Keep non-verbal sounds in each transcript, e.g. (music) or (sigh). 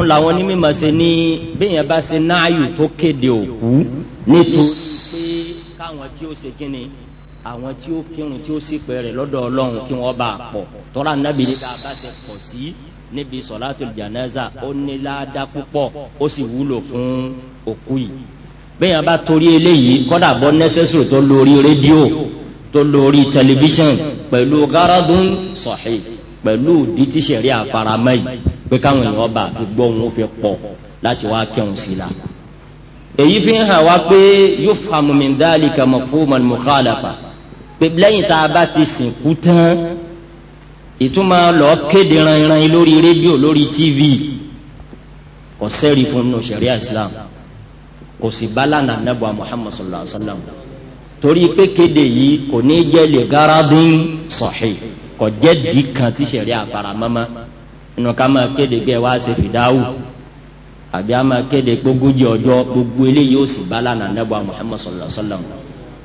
òun làwọn onímọ̀ ṣe ní bẹ́ẹ̀yẹn bá ṣe náàyù tó kéde òkú nítorí pé káwọn tí ó ṣe kíni àwọn tí ó kírun tí ó sì pẹ́ rẹ̀ lọ́dọ̀ kí wọ́n bá a pọ̀ tọ́lá nàbí ní ká bá ṣe pọ̀ sí níbi sọ̀látùl jánásà ó ní ládàá púpọ̀ ó sì wúlò fún òkú yìí bẹ́ẹ̀yẹn bá torí eléyìí kọ́dà bọ́ nẹ́sẹ̀sìrì tó lórí rédíò tó lórí tẹlifíṣàn pẹ̀lú gáradùn sọ̀hìn pẹ̀lú ìdí tíṣẹ̀rí àfaramẹ́yìí pé káwọn èèyàn bá fi gbọ́ òun fi pọ̀ láti wá kẹ́hùn sí la. èyí fi ń hàn wá pé yufhamu min dhalika mafhumul mukhalafa pé lẹ́yìn tá a bá ti sìnkú tán ìtumọ̀ lọ kéde ranran lórí rédíò lórí tv kò sẹ́rí fún nù sẹ̀ríà islam kò sì bálànà nàbọ̀ muhammad sallallahu alaihi wa sallam torí pé kéde yìí kò ní jẹ́ lè garadin sahih kò jẹ́ dìkan tí sẹ̀ríà faramama inú ká máa kéde pé ẹ wá ṣe fìdáwù àbí a máa kéde gbogójì ọjọ́ gbogbo eléyìí ó sì bá lànà nẹ́bọ̀ Muhammad sallallahu alaihi wasallam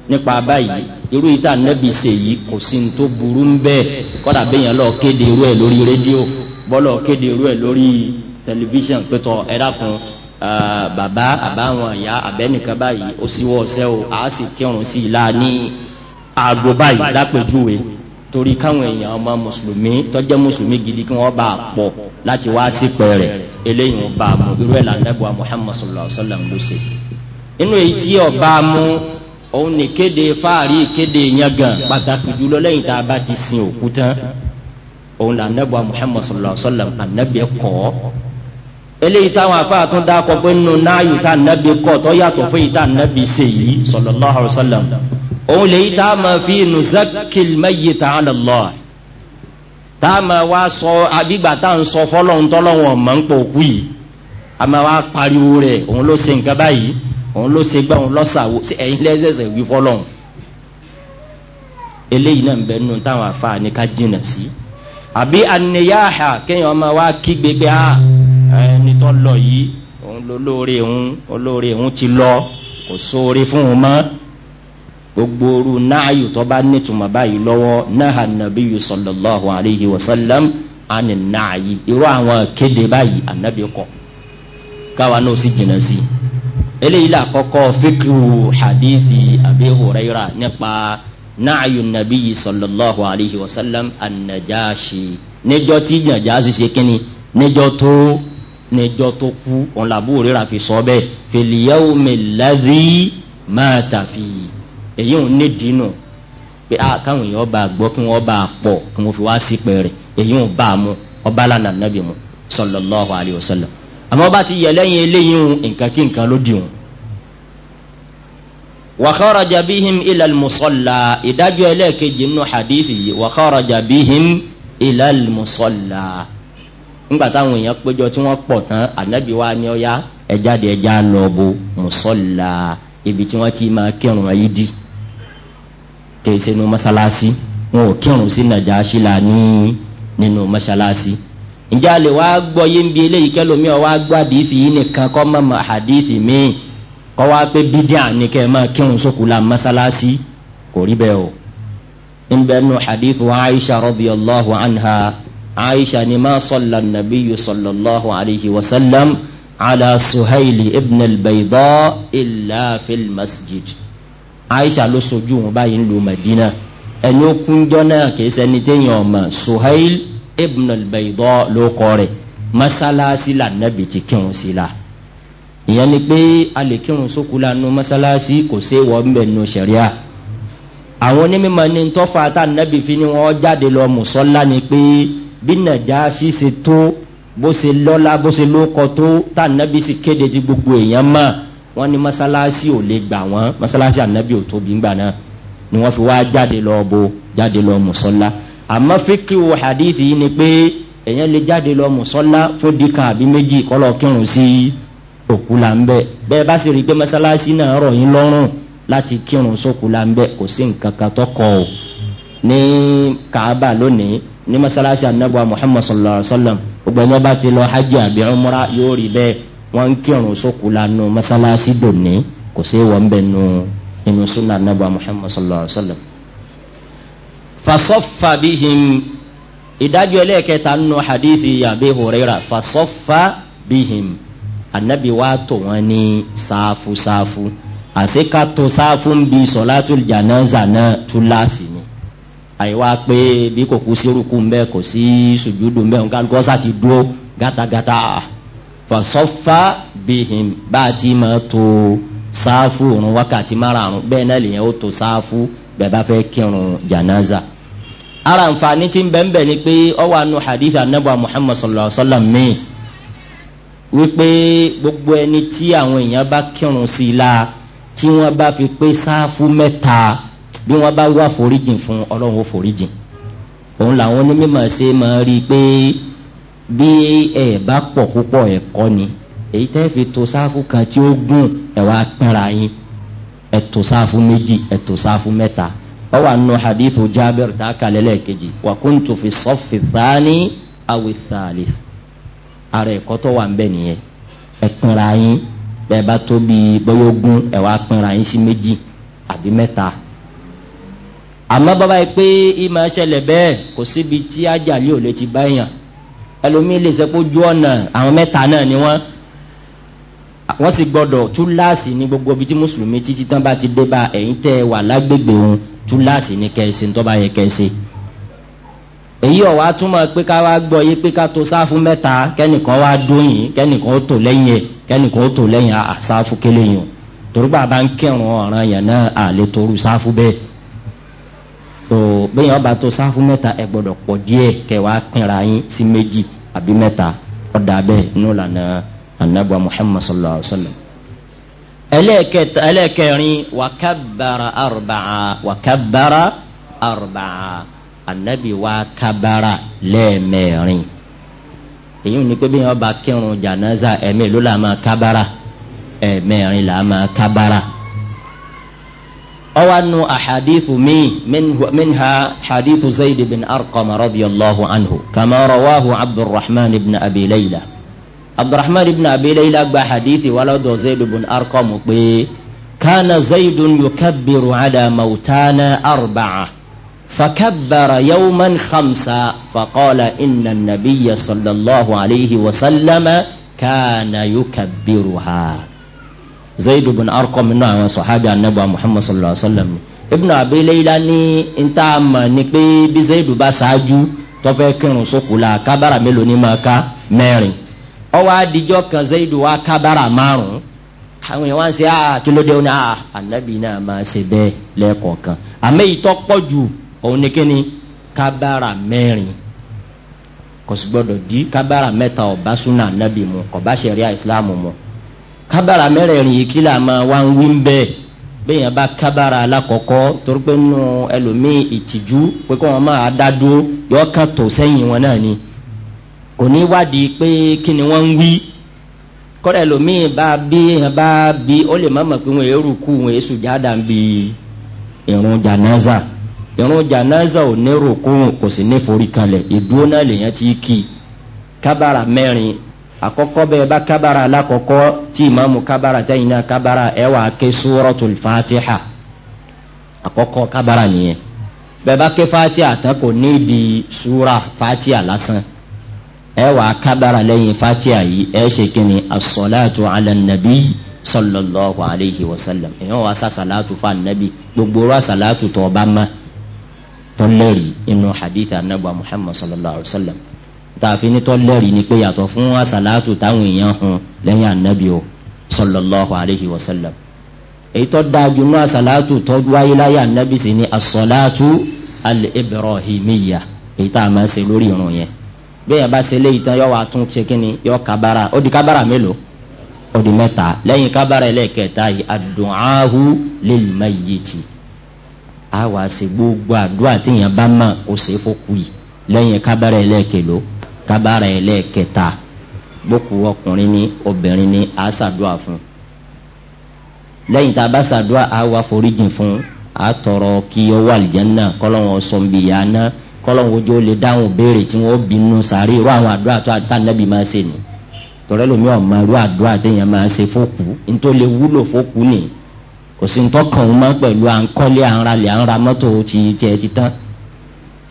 nípa báyìí irú ìta nẹ́bí ṣe yìí kò sí ní tó burú ń bẹ́ẹ̀ kọ́dà béèyàn lọ kéde irú ẹ̀ lórí rédíò bọ́lọ̀ kéde irú ẹ̀ lórí tẹlifíṣàn pẹ̀tọ̀ ẹ̀dàkùn bàbá àbáwọn ìyá àbẹ́nìkan báyìí ó sì wọ́ ọ̀sẹ́ o àá sì kírun sí i láà ní báyìí lápèjúwe. torí káwọn èèyàn ọmọ mùsùlùmí tọ́jẹ́ mùsùlùmí gidi kí wọ́n bá pọ̀ láti wá sí pẹ̀rẹ̀ eléyìí wọn bá mú irú ẹ̀ lànàbọ̀ muhammad sallallahu alayhi wa sallam ló ṣe. inú èyí tí ọba mú òun ní kéde fáàrí kéde pàtàkì jùlọ lẹ́yìn tá a bá ti sin òkú tán òun lànàbọ̀ muhammad sallallahu alayhi wa sallam kọ́ òun lè yí tá a máa fi nùzákìl mẹ́yì tàn án lọ tá a máa wá sọ abígbà tá à ń sọ fọlọ́hún tọ́lọ́hún ọ̀mọ́ ń pò kú yìí a máa wá pariwo rẹ̀ òun ló ṣe nǹkan báyìí òun ló ṣe gbà òun lọ́sàwó ẹ̀yin lẹ́sẹ̀sẹ̀ wí fọlọ́hún eléyìí náà ń bẹ nínú táwọn afáà ní ká jìnnà sí àbí àníyáhà kéèyàn máa wá kígbe pé a ah, ẹni tó lọ yìí òun lolóore òun olóore òun ti lọ kò sóore fún òun mọ́ gbogbo oru náàyò tó bá nítumọ̀ báyìí lọ́wọ́ náà nàbíyù sọlọ́láhu aleyhi wa sallam àni náàyì irú àwọn kéde báyìí ànábì kọ káwa náà sì jìnnà sí i eléyìí là kọ́kọ́ fíkìrù hadithi àbí hùrẹ́yìrà nípa náàyò nàbíyì sọlọ́láhu aleyhi wa sallam ànàjáṣe níjọ́ tí nàjáṣe ṣe kínni níjọ́ tó níjọ́ tó kú òun fi sọ bẹ́ẹ̀ fèlìyàwó mi lẹ́rìí máa tàfi èyí ò ní dínú pé a ah, káwọn èèyàn bá gbọ́ kí wọ́n bá pọ̀ kí wọ́n fi wá sí pẹ̀rẹ̀ èyí ò bá mu ọba lànà nàbì mu sallallahu alayhi wa sallam àmọ́ bá ti yẹ lẹ́yìn eléyìí ń nǹkan kí nǹkan ló dìhun. wa kharaja bihim ilal musalla ìdájọ́ ẹlẹ́ẹ̀kejì nínú hadithi yìí wa kharaja bihim ilal musalla táwọn èèyàn péjọ tí wọ́n pọ̀ tán ànábì wa ni ó yá ẹ jáde ẹ já lọ bo musalla ibi tí wọ́n ti máa kírun ayídí kìí ṣe nu mọ́ṣáláṣí wọn ò kírun sí Nàjáṣì là ní nínú mọ́ṣáláṣí ǹjẹ́ a lè wá gbọ́ yé ń bi eléyìí kẹlòmíì ọ̀ wá gbọ́ àdìsí yìí nìkan kọ́ mọ́ mọ́ àdìsí míì kọ́ wá pé bídíà ni kẹ́ ẹ máa kírun sókù la mọ́ṣáláṣí kò rí bẹ́ẹ̀ o ń bẹ́ẹ̀ nu hadithu Aisha radiyallahu anha Aisha ni ma salla nabiyyu sallallahu alayhi wa sallam ala suhaili ibn albaidọ́ illa fil masjid aisha ló sojú wọn báyìí ń lu madina ẹni ó kúnjọ náà kìí ṣẹni téèyàn ọmọ suhail ibn albaidọ́ ló kọ rẹ̀ masalasi la nabi ti kírun sí la ìyẹn ni pé a lè kírun sókú lanu masalasi kò sí wọ́n ń bẹ̀ nu sẹ̀ríà àwọn onímọ̀ ní tọ́fà tá nabi fi ni wọ́n jáde lọ mùsọ́lá ni pé bí nàjà ṣíṣe tó bó ṣe lọ́lá bó ṣe lóko tó tá ànábì sì kéde tí gbogbo èèyàn mọ̀ wọ́n ní mọ́sálásí ò lè gbà wọ́n mọ́sálásí ànábì ò tóbi ńgbà náà ni wọ́n fi wá jáde lọ bo jáde lọ mùsọ́lá àmọ́ fíkì wò hadith yìí ni pé èèyàn lè jáde lọ mùsọ́lá fódìkà àbí méjì kọ́lọ̀ kírun sí òkú là ń bẹ̀ bẹ́ẹ̀ bá sì rí i pé mọ́sálásí náà rọ̀ yín lọ́rùn láti kírun sókú là ń bẹ̀ kò sí nǹkan kan tọkọ ní kàábà lónìí ní masalasi anabu muhammad sallallahu alaihi wa sallam ọgbọ̀n bá ti lọ hajj àbí umra yóò rí bẹ́ẹ̀ wọ́n ń kírun sókù lanu masalasi dòní kò sí wọ́n bẹ̀ nu inú sunna anabu muhammad sallallahu alaihi wa sallam. fasọ́fà bihim ìdájọ́ ẹlẹ́ẹ̀kẹta nínú hadithi yabe horeira fasọ́fà bihim anabi wa tó wọn ní sáfù sáfù àṣekàtò sáfù ń bi sọ̀látù jànáza náà túláàsì àyíwá pé bí kò kú sí rúkú ń bẹ kò sí sùjúdù ń bẹ nǹkan kọ́sà ti dúró gátagátá fàṣọfà bihim bá a ti máa to sáfù òrùn wákàtí márààrún bẹ́ẹ̀ náà lèyẹn ó to sáfù bẹ́ẹ̀ bá fẹ́ kírun jànáza. ara nfaani ti ń ni pé ọwọ́ anu hadith anabu muhammad sallallahu alaihi wa sallam mi wípé gbogbo ẹni tí àwọn èèyàn bá kírun sí i la tí wọ́n bá fi pé sáfù mẹ́ta bí wọ́n bá wá foríjìn fún ọlọ́run ó foríjìn òun làwọn onímọ̀ ṣe máa rí i pé bí ẹ bá pọ̀ púpọ̀ ẹ̀kọ́ ni èyí tẹ́ fi to sáfù kan tí ó gùn ẹ̀ wá pínra yín ẹ̀ tó sáfù méjì ẹ̀ tó sáfù mẹ́ta ọ wà nù hadith jabir tá a kalẹ̀ lẹ́ẹ̀kejì wà kúntù fi sọ́fì tání awi thalith ara ẹ̀kọ́ tó wà ń bẹ̀ nìyẹn ẹ̀ yín bẹ́ẹ̀ bá tóbi bọ́yọ́gún ẹ̀ pínra yín sí méjì àbí mẹ́ta àmọ́ bàbá yìí pé ìmọ̀ ẹsẹ̀lẹ̀ bẹ́ẹ̀ kò síbi tí ajáli ò lè ti bá èèyàn ẹlòmíì lè sẹ́kó ju ọ̀nà àwọn mẹ́ta náà ni wọ́n wọ́n sì gbọ́dọ̀ túláàsì ní gbogbo ibi tí mùsùlùmí títí tán bá ti dé bá ẹ̀yìn tẹ́ wà lágbègbè òun túláàsì ní kẹ́sì tó bá yẹ kẹ́sì. èyí ọ̀wá túmọ̀ pé ká wá gbọ́ yé pé ká tó sáfù mẹ́ta kẹ́nìkan wá dóyìn kẹ́nìkan ó tò lẹ́yìn ẹ̀ kẹ́nìkan ó tò lẹ́yìn àsáfù kéléyìn o torí bàbá ń kírun ọ̀ràn yẹn náà àlétorú sáfù bẹ́ẹ̀ so bẹ́yìn ọba tó sáfù mẹ́ta ẹ gbọ́dọ̀ pọ̀ díẹ̀ kẹwàá pinra yín sí méjì àbí mẹ́ta ọ̀dà bẹ́ẹ̀ nù lànà anabuwa muhammad sallallahu alaihi wa sallam. ẹlẹ́ẹ̀kẹrin wàkàbàrà arba'a wàkàbàrà arba'a anabi wàkàbàrà lẹ́ẹ̀mẹ́rin èyí ni pé bẹ́yìn ọba kírun jànáza ẹ̀mẹ́ ló là kábàrà ẹ̀mẹ́rin là kábàrà. ọwọ́ nu àhàdífù míì minha àhàdífù zayd bin arqam radiyallahu anhu kama rawahu abdulrahman ibn abi layla abdulrahman ibn abi layla gba àhàdífì wàlọ́dọ̀ zayd bin arqam pé kánà zayd yukabbiru ala mawtana arba'a. فكبر يوما خمسا فقال إن النبي صلى الله عليه وسلم كان يكبرها zaid ibn arqam nínú àwọn sọ̀hábì anábọ̀ muhammad sallallahu alayhi wa sallam ibn abi layla ní níta mà ní pé bí zaid bá ṣáájú tọ́fẹ́ kírun sókù la kábàrà mélòó ní máa ká mẹ́rin ọwọ́ adijọ́ kan zaid wá kábàrà márùn-ún àwọn èèyàn wá ń ṣe ah kí ló dé wọn ah anabi náà máa ṣe bẹ́ẹ̀ lẹ́ẹ̀kọ̀ọ̀kan àmọ́ ìtọ́ pọ̀ jù òun ni kíni kábàrà mẹ́rin kò di kábàrà mẹ́ta ọ̀bá súnà anabi mu ọ̀bá sẹ̀ríà ìsìláàmù mu kábàrà mẹ́rẹ̀ẹ̀rin yìí kí là máa wá ń wí ń bẹ́ẹ̀ bẹ́yàn bá kábàrà alákọ̀ọ́kọ́ torí pé nù ẹlòmíì ìtìjú pé kí wọ́n máa dádó yọ kàn tó sẹ́yìn wọn náà ni kò ní wádìí pé kí ni wọ́n ń wí kọ́dà ẹlòmíì bá bí èèyàn bá bí ó lè má mọ̀ pé wọ́n èrú kú wọ́n èsù jáda ń bi ìrun jànáza ìrun jànáza ò ní rò kóhùn kò sì ní forí kalẹ̀ ìdúró náà lèèyàn ti kì kábàrà mẹ́rin àkọ́kọ́ bẹ́ẹ̀ bá kábàrà alákọ̀ọ́kọ́ tí ìmáàmù kábàrà tẹ́yìn náà kábàrà ẹ̀ wà ké suratul fatiha àkọ́kọ́ kábàrà nìyẹn bẹ́ẹ̀ bá ké fatiha tán kò ní di sura fatiha lásán ẹ̀ wà kábàrà lẹ́yìn fatiha yìí ẹ̀ ṣe kíni ala nabi sallallahu alayhi wa sallam èèyàn wà sá salatu fa nabi gbogbo wa salatu tó ma tó lẹ́rìí hadith anabu muhammad sallallahu alayhi wa sallam tààfin nítọ́ lẹ́rìí ni pé yàtọ̀ fún asàlátù táwọn èèyàn hun lẹ́yìn ànábì o sọlọ́lọ́hu aleyhi wa sallam èyí tó dájú mọ́ asàlátù tó wáyé láyé ànábì sí ni asọ́látù al èyí tá a máa ṣe lórí irun yẹn bẹ́ẹ̀ yẹn bá ṣe léyìí tán yọ wá tún ṣe kí ni yọ kábàrà ó di kábàrà mélòó ó di mẹ́ta lẹ́yìn kábàrà ẹlẹ́kẹta yìí adùnàáhu lil-mayyiti ṣe gbogbo àdúrà téèyàn bá mọ̀ ó ṣe é fó kù kábàárà ẹlẹ́ẹ̀kẹta bókù ọkùnrin ni obìnrin ni a ṣàdúrà fún lẹ́yìn tá a bá ṣàdúrà a wá foríjìn fún a tọrọ kí ọ wà lìjẹ́nà kọ́lọ́wọ́n sọ̀nbìyà náà kọ́lọ́wọ́n ojú ó lè dáhùn béèrè tí wọ́n bínú sàárè irú àwọn àdúrà tó àtànẹ́bí máa ṣe nù tọ̀rẹ́ lomi ọ̀ma irú àdúrà téèyàn máa ṣe fókù nítorí lè wúlò fókù nì kò sí ní tọkàn wọn pẹ̀lú à ń kọ́lé à ń ralẹ̀ à ń ra mọ́tò ti tiẹ̀ ti tán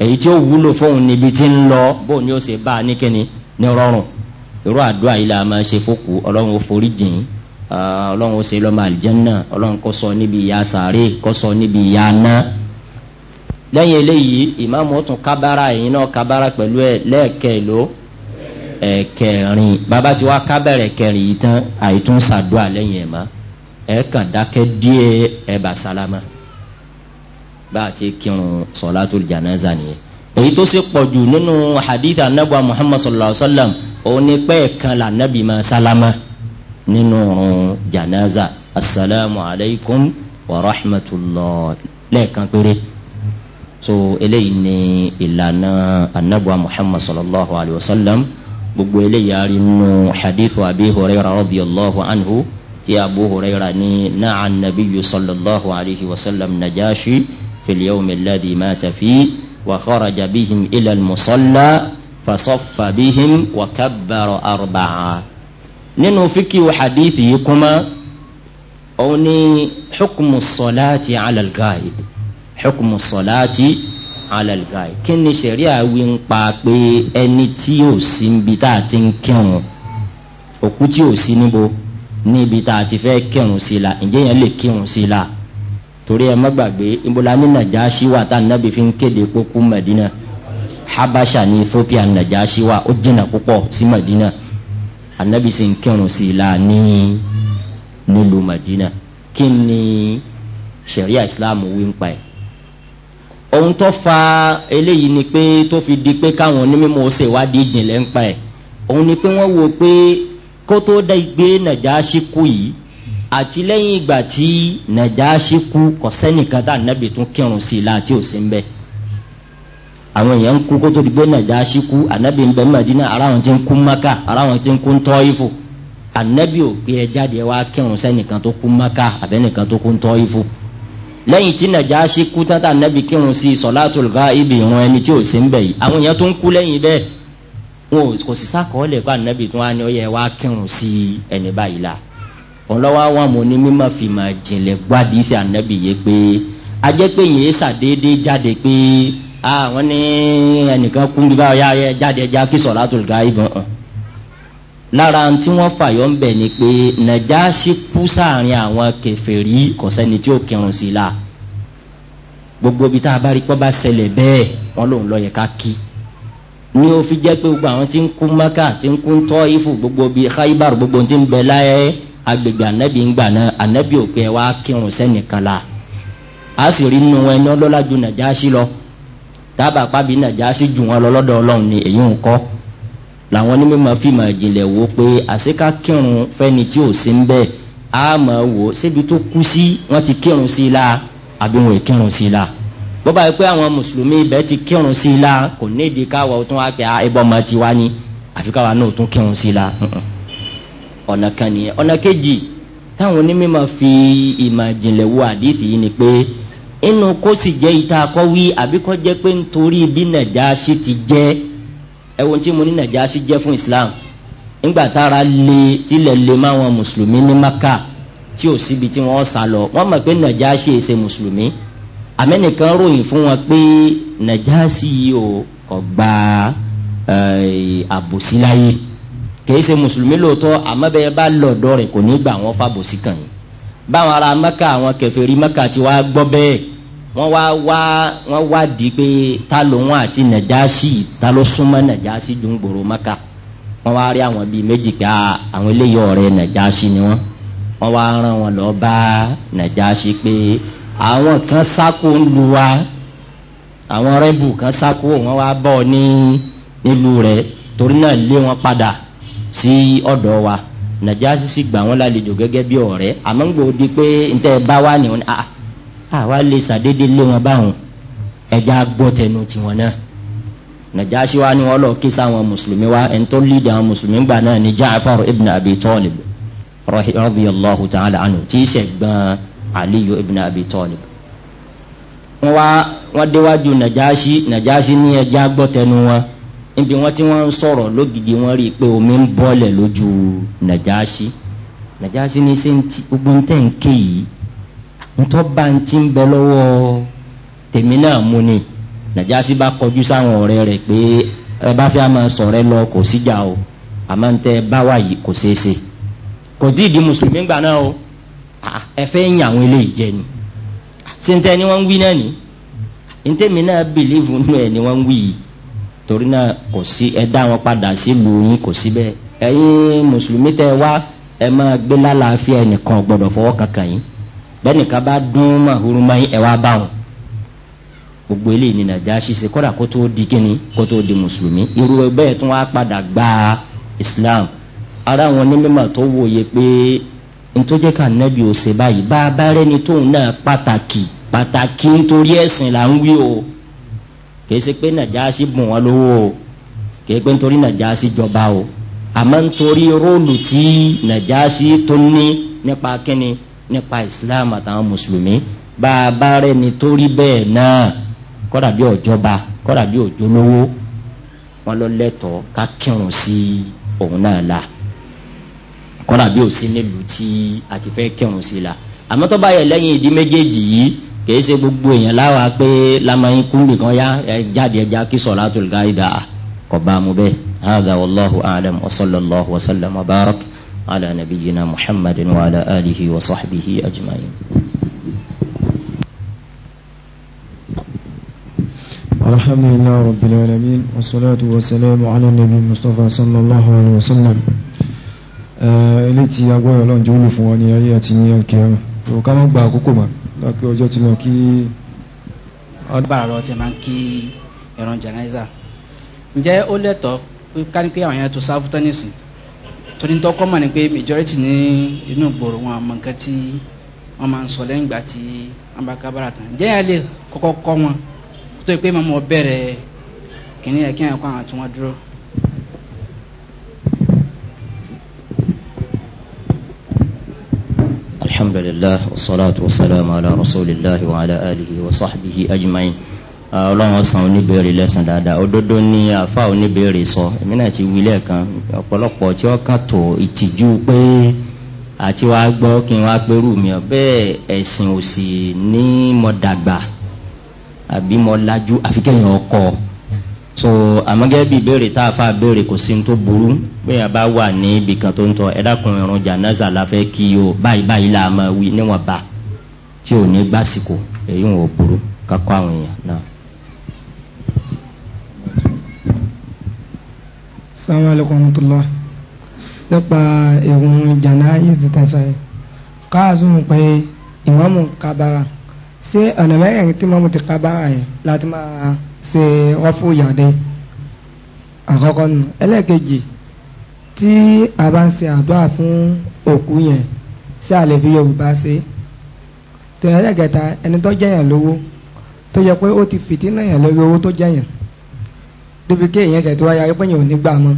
èyí tí ó wúlò fóun níbi tí ń lọ bó ni ó ṣe bá a ní kíni ní rọrùn irú àdúrà yìí la máa ṣe fókù ọlọ́run ó forí jìn ọlọ́run ó ṣe lọ́mọ àlìjẹ́nà ọlọ́run kó sọ níbi ìyá sàárè kó sọ níbi ìyá náà lẹ́yìn eléyìí ìmáàmù tún kábára ẹ̀yìn náà kábára pẹ̀lú ẹ̀ lẹ́ẹ̀kẹ́ ló ẹ̀kẹrin bàbá tí wàá kábẹ̀rẹ̀ kẹrin yìí tán àìtún lẹ́yìn ẹ̀ má ẹ̀ dákẹ́ díẹ̀ ẹ̀ bà sálámà bá a ti kírun solatul janaza nìyẹn èyí tó sì pọ̀jù nínú hadith anabu muhammad sallallahu alaihi wa sallam òun ni pẹ́ẹ́ kan la nabi ma salama nínú janaza asalaamu alaykum wa rahmatulah lẹ́ẹ̀kan péré so eléyìí ni ìlànà anabu muhammad sallallahu alaihi wa sallam gbogbo eléyìí ari nínú hadith abi huraira radiyallahu anhu ti abu huraira ni naa nabiyu sallallahu alaihi wa sallam najashi. في اليوم الذي مات فيه وخرج بهم إلى المصلى فصف بهم وكبر أربعة ننو فكي وحديثكما أوني حكم الصلاة على الغائب حكم الصلاة على الغائب كني شريعة وين أني تيو سنبتاتين كنو òkú tí ò sí níbo níbi tá a ti torí ẹ mọ́gbàgbé ìbúlá ní nàjàásí wà tá nàbì fi ń kéde kókó mẹ̀dínà habasha ní ethiopia nàjàásí wà ó jìnà púpọ̀ sí mẹ̀dínà ànábì sì ń kírun sí la ní nílùú mẹ̀dínà kí ni sẹ̀ríà islam wí ń pa ẹ̀ ohun tó fa eléyìí ni pé tó fi di pé káwọn onímọ̀ ó ṣèwádìí ìjìnlẹ̀ ń pa ẹ̀ òun ni pé wọ́n wo pé kó tó dá nàjàásí kú yìí àti lẹ́yìn ìgbà tí nàjáṣí kú kò sẹ́nìkan tá nàbì tún kírun sí i láti òsì ń bẹ àwọn èèyàn ń kú kó tó di pé nàjáṣí kú ànábì ń bẹ mẹ́dínà ara wọn ti ń kú mẹ́kà ara wọn ti ń kú tọ́ífù ànábì ò gbé ẹ jáde wá kírun sẹ́nìkan tó kú mẹ́kà àbẹ́nìkan tó kú tọ́ífù lẹ́yìn tí nàjáṣí kú tán tá nàbì kírun sí i sọ̀látùl gáíbì ìrun ẹni tí òsì ń bẹ yìí àwọn èèyàn tó ń kú lẹ́yìn bẹ́ẹ̀ wọn kò sì sákọ̀ọ́lẹ̀ pé ànábì tún wá ní ọ ọlọ́wọ́ àwọn àmọ́ ní mímọ́ fi máa jìnlẹ̀ gbádìí fi ànábì yé pé ajẹ́ pé yìí ṣàdédé jáde pé àwọn ní ẹnìkan kú bí báyọ̀ yá jáde ẹja kí sọ̀rọ̀ àtòlùkà ìbọn hàn lára tí wọ́n fàyọ̀ ń bẹ̀ ni pé nàjàṣì kú sáàrin àwọn kẹfẹ́rí kò tí ó kírun sí la gbogbo bí tá a bá rí pọ́ bá ṣẹlẹ̀ bẹ́ẹ̀ wọ́n lòun lọ yẹ ká kí ní o fi jẹ́ pé gbogbo àwọn tí ń kú mẹ́kà tí ń kú tọ́ ìfù gbogbo bíi khaibar gbogbo tí ń bẹ láyé agbègbè anabi ń gbà náà anabi ò pé ẹ wá kírun sẹ́nìkan la a sì rí inú ẹni ọlọ́lá ju nàjàásí lọ tábà pàbí nàjàásí jù wọn lọ lọ́dọ̀ ni èyí ń kọ́ làwọn onímọ̀ fi máa jìnlẹ̀ wo pé àṣekà kírun fẹ́ni tí ò sí ń bẹ́ẹ̀ a máa wò síbi tó kú sí wọ́n ti kírun sí i la àbí wọn kírun sí i la bọ́bá yìí pé àwọn mùsùlùmí ibẹ̀ ti kírun sí i la kò ní ìdí káwọ́ tún wá pé ah, ẹbọ ọmọ tiwa ni àfi káwa náà tún kírun sí i la. Uh -uh ọ̀nà kan nìyẹn ọ̀nà kejì táwọn onímọ̀ fi ìmọ̀ ìjìnlẹ̀ wo àdìsí yìí ni pé inú kó sì jẹ́ ìta akọ́wí àbí kọ́ jẹ́ pé nítorí bí nàjàṣí ti jẹ́ ẹ̀wọ̀n tí mo ní nàjàṣí jẹ́ fún Islam nígbà tára le tilẹ̀ le máwọn mùsùlùmí ní Maka tí ò síbi tí wọ́n sá lọ wọ́n mọ̀ pé nàjàṣí èsè mùsùlùmí amẹ́nìkan ròyìn fún wọn pé nàjàṣí yìí ò kọ̀ gba àbòsí láyé kìí ṣe mùsùlùmí lóòótọ́ àmọ́ bẹ́ẹ̀ bá lọ́dọ̀ rẹ̀ kò ní gbà wọ́n fàbòsí kàn yín báwọn ará mẹ́kà àwọn kèfèrí mẹ́kà ti wá gbọ́ bẹ́ẹ̀ wọ́n wá wá wọ́n wá di pé ta ló wọn àti nàjàsí ta ló súnmọ́ nàjàsí ju ń gbòòrò mẹ́kà wọ́n wá rí àwọn bíi méjì ká ah, àwọn eléyìí ọ̀rẹ́ nàjàsí ni wọ́n wọ́n wá rán wọn lọ bá nàjàsí pé àwọn kan sáko ń lu wa àwọn rẹ́bù kan sáko wọ́n wá bọ̀ ní nílùú rẹ̀ torí náà lé wọn padà sí ọ̀dọ̀ wa nàjàsí sì gbà wọ́n lálejò gẹ́gẹ́ bí ọ̀rẹ́ àmọ́ ń gbòó di pé ntẹ́ bá wà ní wọn ni ah, àwa ah, lè sàdédé lé wọn báwọn ẹja gbọ́ tẹnu tiwọn náà nàjàsí wa ni wọ́n lọ ké sáwọn mùsùlùmí wa ẹni tó lídìí àwọn mùsùlùmí gbà náà ni jaafar ibn abi tọ́lib Allahu ta'ala anu, tí í sẹ̀gbọ́n aliyu ibn abi tọ́lib wọ́n wá wọ́n déwájú nàjàsí nàjàsí ní ẹja gbọ́ tẹnu wọn níbi wọn tí wọn ń sọ̀rọ̀ lógìdì wọn rí i pé omi ń bọ́lẹ̀ lójú nàjáṣí nàjáṣí ní ṣe ti gbogbo ń tẹ̀ ń ké yìí ntọ́ bá ń ti ń bẹ lọ́wọ́ tèmi náà mú ni nàjáṣí bá kọjú sáwọn ọ̀rẹ́ rẹ̀ pé ẹ bá fẹ́ máa sọ̀rẹ́ lọ kò síjà o àmọ́ ń tẹ báwa yìí kò ṣeé ṣe kò tí ì di mùsùlùmí gbà náà o ẹ fẹ́ yìn àwọn eléyìí jẹ ni ṣé ń ni wọ́n ń wí náà ni ntẹ́mi náà bìlíìfù nù ẹ̀ ni wọ́n ń wí yìí. torí náà kò sí ẹ dá wọn padà sílùú yín kò sí bẹ́ẹ̀ ẹ̀yin mùsùlùmí tẹ wá ẹ máa gbé lálàáfíà ẹnìkan gbọdọ̀ fọwọ́ kankan yín bẹ́ẹ̀nìkan bá dún màhúrú mayín ẹ wá bá wọn gbogbo eléyìí ni nàìjíríà ṣiṣẹ́ kódà kó tó di kíni kó tó di mùsùlùmí irú bẹ́ẹ̀ tún wá padà gba islam ara wọn ní mímọ̀ tó wòye pé ntọ́jẹ́ ká nẹ́bi òsè báyìí bá a bá tóun náà pàtàkì pàtàkì nítorí ẹ̀sìn là ń wí o. kìí ṣe pé nàjàásí bùn wọn lówó o kìí pé nítorí nàjàásí jọba o àmọ́ nítorí róòlù tí nàjàásí tó ní nípa kíni nípa islam àtàwọn mùsùlùmí bá a bá rẹ̀ nítorí bẹ́ẹ̀ náà kọ́dà bí òjọba kọ́dà bí òjolówó wọn lọ lẹ́tọ̀ọ́ ká kírun sí òun náà la kọ́dà bí òsín nílùú tí a ti fẹ́ kírun sí la. Si àmọ́ tó bá yẹ lẹ́yìn ìdí méjèèjì yìí kìí ṣe gbogbo èèyàn láwa pé lamọ́yìn kúndì kan yá jáde ẹja kí solatul gaida kò bá mu bẹ́ẹ̀ hada wallahu alam wa sallallahu wa sallam wa barak ala nabiyyina muhammadin wa ala alihi wa sahbihi ajma'in. الحمد لله رب العالمين والصلاة والسلام على النبي المصطفى صلى الله عليه وسلم ilé tí agbára ọlọ́njẹ́ olùfún wa tó ká mọ́ gba àkókò ma lọ́kẹ́ ọjọ́ tí lọ kí. ọdún lọ ti máa ń kí ẹran jẹnáìzà ǹjẹ́ ó lẹ́tọ̀ pé ká ní pé àwọn yẹn tó sáfù tẹ́nìsì mọ̀ ni pé majority ní inú gbòòrò wọn àmọ́ nǹkan tí wọ́n máa ń sọ lẹ́yìn ìgbà tí wọ́n bá pé الحمد لله والصلاة والسلام على رسول الله وعلى آله وصحبه أجمعين ọlọ́run ọ̀sán oníbèrè lẹ́sàn dáadáa òdodo ni àfa oníbèrè sọ èmi náà ti wí lẹ́ẹ̀kan ọ̀pọ̀lọpọ̀ tí ó kàn tó ìtìjú pé àti wàá gbọ́ kí n wá pẹ́rù mi ọ bẹ́ẹ̀ ẹ̀sìn òsì ní mo dàgbà àbí mo lajú àfikẹ́yìn ọkọ̀ ọ̀ so àmọ́gẹ́ bí ìbéèrè tá a fa béèrè kò sí tó burú pé a bá wà ní ibì kan tó ń tọ́ ẹ dákun ìrun jàǹdàzà la fẹ́ kí o báyìí báyìí la máa wí níwọ̀n bá tí ò ní gbásìkò èyí ò burú kakọ́ àwọn èèyàn náà. sàmú alaykum tula nípa ìrun jàǹdà ìsì tẹ̀sán yìí káàsù ń pè ìmáàmù kábàrà ṣé ọ̀nà mẹ́rin tí mọ́mù ti kábàrà yẹn láti máa ṣe wọ́n fún ìyàdé àkọ́kọ́ nù ẹlẹ́ẹ̀kejì tí a bá ń ṣe àdúrà fún òkú yẹn sí àlè fi yorùbá ṣe tó yẹ ẹlẹ́ẹ̀kẹta ẹni tó jẹ́yàn lówó tó yẹ pé ó ti fìtínà yàn lórí owó tó jẹ́yàn débi kí èèyàn ṣètò ayé ayépéyàn ò ní gbà mọ́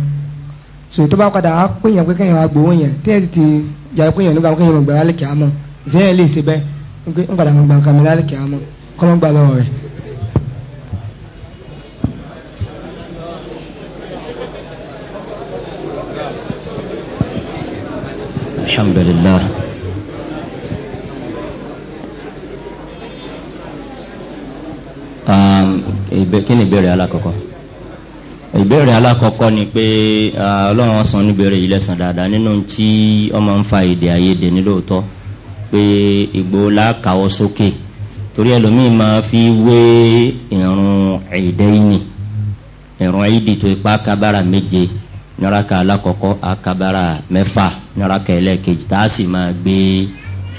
sòtò bá padà á péyàn pé kéèyàn á gbowó yẹn tí ẹ ti yàrá péyàn nígbà kéèyàn mọ̀ gbà lálẹ́ kìá mọ́ ìṣẹ́yìn lè ṣe bẹ́ẹ̀ ń padà mọ̀ gbà kàmí lálẹ́ kìá mọ́ kọ́ mọ́ gbà lọ́wọ́ rẹ̀. الحمد لله um, kí ni ìbéèrè alákọ̀ọ́kọ́ ìbéèrè alákọ̀ọ́kọ́ ni pé uh, ọlọ́run ọ̀sán níbèrè ìlẹ́sàn dáadáa nínú tí ọmọ ń fa èdè àyèdè nílòótọ́ pé ìgbò lákàwọ́ sókè torí ẹlòmíì máa fi wé ìrùn ẹ̀ẹ́dẹ́yìn ìrùn ẹ̀ẹ́dì tó ipá kábàrà méje níraka alákọ̀ọ́kọ́ akabara mẹ́fà níraka ẹlẹ́ẹ̀kejì tá a sì máa gbé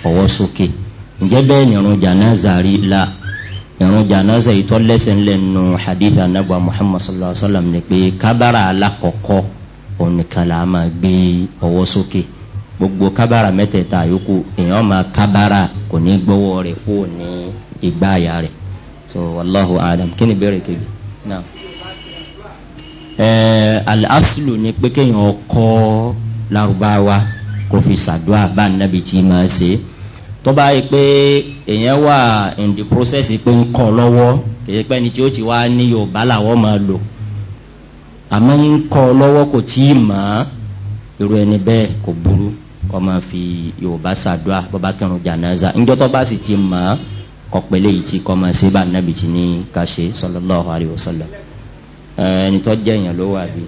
ọwọ́ sókè ǹjẹ́ bẹ́ẹ̀ nìrun jànáza la nìrun jànáza yìí tọ́ lẹ́sẹ̀ ńlẹ̀ hadith anabu muhammad sallallahu alayhi wa sallam ni pé kabara alákọ̀ọ́kọ́ ònìkan là á gbé ọwọ́ sókè gbogbo kabara mẹ́tẹ̀ẹ̀ta yòókù èèyàn máa kabara kò ní gbọ́wọ́ rẹ̀ kó ní ìgbáàyà rẹ̀ so wàlláhu alam kí ni bẹ́ẹ̀rẹ̀ kejì náà. Eh, alásìlù ni pé kéèyàn ọkọ larubawa kò fi ṣàdúrà bá nàbì tí ma ṣe tó bá yẹ pé èèyàn wà in the process pé ń kọ lọ́wọ́ kìí pẹ́ ni tí ó ti wá ní yorùbá làwọn máa lò àmọ́ ń kọ lọ́wọ́ kò tí ì mọ̀ ọ́ kò burú kọ́ máa fi yorùbá ṣàdúrà bọ́bá kẹrùn jànáza tó bá sì ti mọ̀ ọ́ kọ̀pẹ́lẹ́ yìí tí kọ́ máa ṣe bá nàbì tí ní ẹni tó jẹ́ èèyàn lówó àbí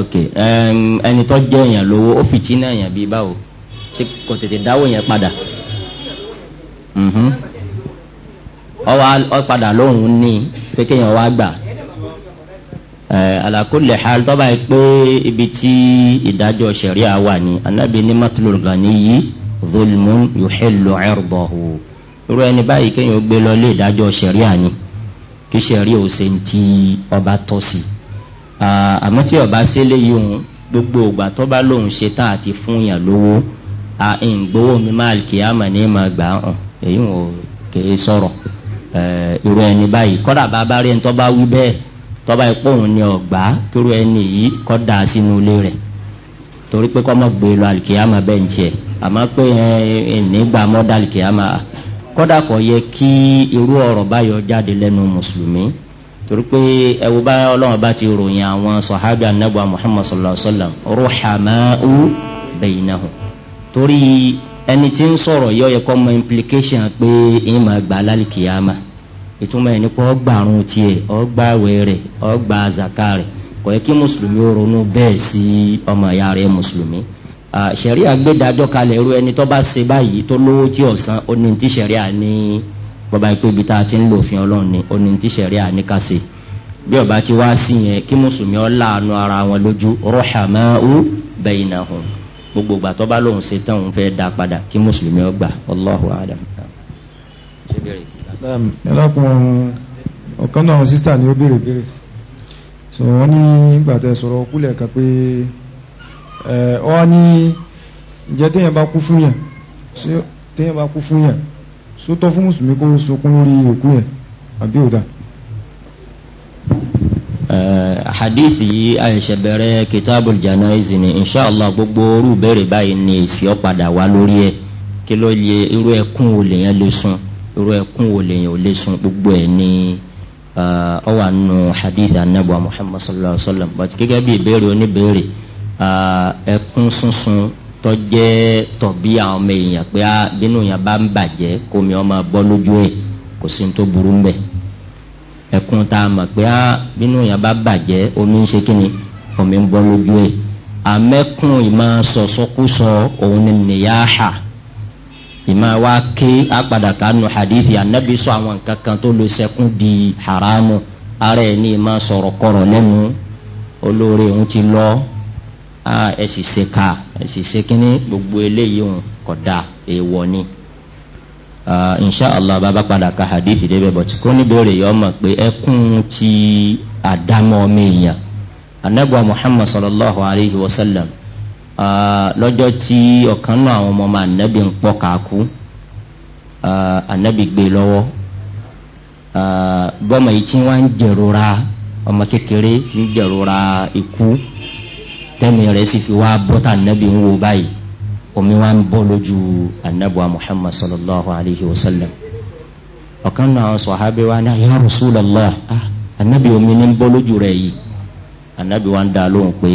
ok ẹni tó jẹ́ èèyàn lówó ó fìtí náà èèyàn bíi báwo ṣé kò tètè dáwó yẹn padà ọ mm-hmm. padà lóhùn ní pé kéèyàn wá gbà alakule xaal tɔba yi kpe ibi tí ìdájọ́ sariya wà ní anabi ní matulul gani yi zulmun yuxilu cirdohu irú ẹni báyìí kéèyàn gbé lọ lé ìdájọ́ sariya ni kí sẹ̀rí ò ṣe ń ti ọba tọ́ sí i àmọ́ tí ọba ṣẹlẹ̀ yìí òun gbogbo ògbà tó bá lòun ṣe tán àti fún yàn lówó à ń gbowó mi máa kì í àmọ̀ ní ma gbà hàn èyí ò kèé sọ̀rọ̀ irú ẹni báyìí kọ́dà bá bá rí ẹni tó bá wí bẹ́ẹ̀ tó bá ipò òun ni ọ̀gbá kírú ẹni yìí kọ́ da sínú ilé rẹ̀ torí pé kọ́ mọ̀ gbé lọ àlìkìyàmọ̀ bẹ́ẹ̀ ń tiẹ̀ àmọ́ pé ẹ̀ ẹ̀ nígbà mọ́ dá àlìkìyàmọ̀ à. kódà kò yẹ kí irú ọ̀rọ̀ báyọ̀ jáde lẹ́nu mùsùlùmí torí pé ẹwù bá ọlọ́run bá ti ròyìn àwọn sọ̀hábì anábọ̀ muhammad sallallahu alayhi wa sallam ruhamau bainahum torí ẹni tí ń sọ̀rọ̀ yọ yẹ kọ́ mọ implication pé ìyẹn máa gbà lálìkìyàmà ìtumọ̀ ẹni pé ọgbàrún tiẹ̀ ọgbàwẹ̀ rẹ̀ ọgbà àzàkà rẹ̀ kò yẹ kí mùsùlùmí ronú bẹ́ẹ̀ sí ọmọ ìyá ṣẹ̀rí àgbédájọ́ kalẹ̀ irú ẹni tó bá ṣe báyìí tó lówó tí ọ̀sán ó ní ti ṣẹ̀rí àní bọ́bá yìí pé ibi tá a ti ń lò òfin ọlọ́run ni ó ní ti ṣẹ̀rí àní ká ṣe bí ọba ti wá sí yẹn kí mùsùlùmí ọ láàánú ara wọn lójú rọ́ṣàmáú bainahum gbogbo ìgbà tó bá lóun ṣe tán òun fẹ́ dá padà kí mùsùlùmí ọ gbà Allahu a'lam. ọ̀kan náà sísítà ni ó béèrè béèrè sọ̀rọ̀ wọn ní ìgbà tẹ sọ̀rọ̀ kúlẹ̀ kan pé ọ ní ìjẹ́ téèyàn bá kú fún yàn ṣé téèyàn bá kú fún yàn ṣó tọ́ fún mùsùlùmí kó sunkún lórí òkú yẹn àbí ò dá. hadithi yìí àìṣe bẹ̀rẹ̀ kitabul janaizi ni inshàlá gbogbo orú bẹ̀rẹ̀ báyìí ni èsì ọ̀ padà wá lórí ẹ̀ kí ló yẹ irú ẹkún wo lèèyàn lè sun irú ẹkún wo lèèyàn ò lè sun gbogbo ẹ̀ ní ọ wà nù hadith anabu muhammad sallallahu alaihi wa sallam but gẹ́gẹ́ bí ìbéèrè oníbéèrè. ẹkún sunsun tọ́jẹ́ tọ̀bí àwọn ọmọ èèyàn pé ah, bínú yẹn bá ń bàjẹ́ kómi ọmọ bọ́ lójú ẹ̀ kò sí ní tó burú mbẹ̀ ẹkún tá a pé ah, bínú yẹn bá omi ń ṣe kíni omi ń bọ́ lójú ẹ̀ amẹ́kùn ìmọ̀ sọ̀sọ́kúsọ òun ni nìyáhà ìmọ̀ wa ké apàdà kanu hadithi anabi sọ àwọn nǹkan kan tó lo sẹ́kún di haramu ara ni ní ìmọ̀ sọ̀rọ̀ kọ̀rọ̀ lẹ́nu òun ẹ̀sì ṣe ká ẹ̀sì ṣe kíní gbogbo eléyìí òun kódà èèwọ̀ ni. insha allah bàbá padà ka hadith débẹ̀ bọ̀ tí kò ní béèrè yọ ọmọ pé ẹkún ti àdámọ́ ọmọ èèyàn anabu muhammad sallallahu alayhi wa sallam lọ́jọ́ tí ọ̀kan náà àwọn ọmọ ọmọ anabi ń pọ̀ káàkú anabi gbé lọ́wọ́ bọ́mọ yìí tí wọ́n ń jẹ̀rora ọmọ kékeré tí ń jẹ̀rora ikú tẹ́mi rẹ̀ sì fi wá bọ́tà ànábì ń wo báyìí omi wá ń bọ́ lójú ànábùwà muhammad sallallahu alayhi wa sallam ọ̀kan náà àwọn sọ̀hábẹ́ wa náà yàrá rasulallah ànábì omi ní ń bọ́ lójú rẹ̀ yìí ànábì wa ń dá lóhùn pé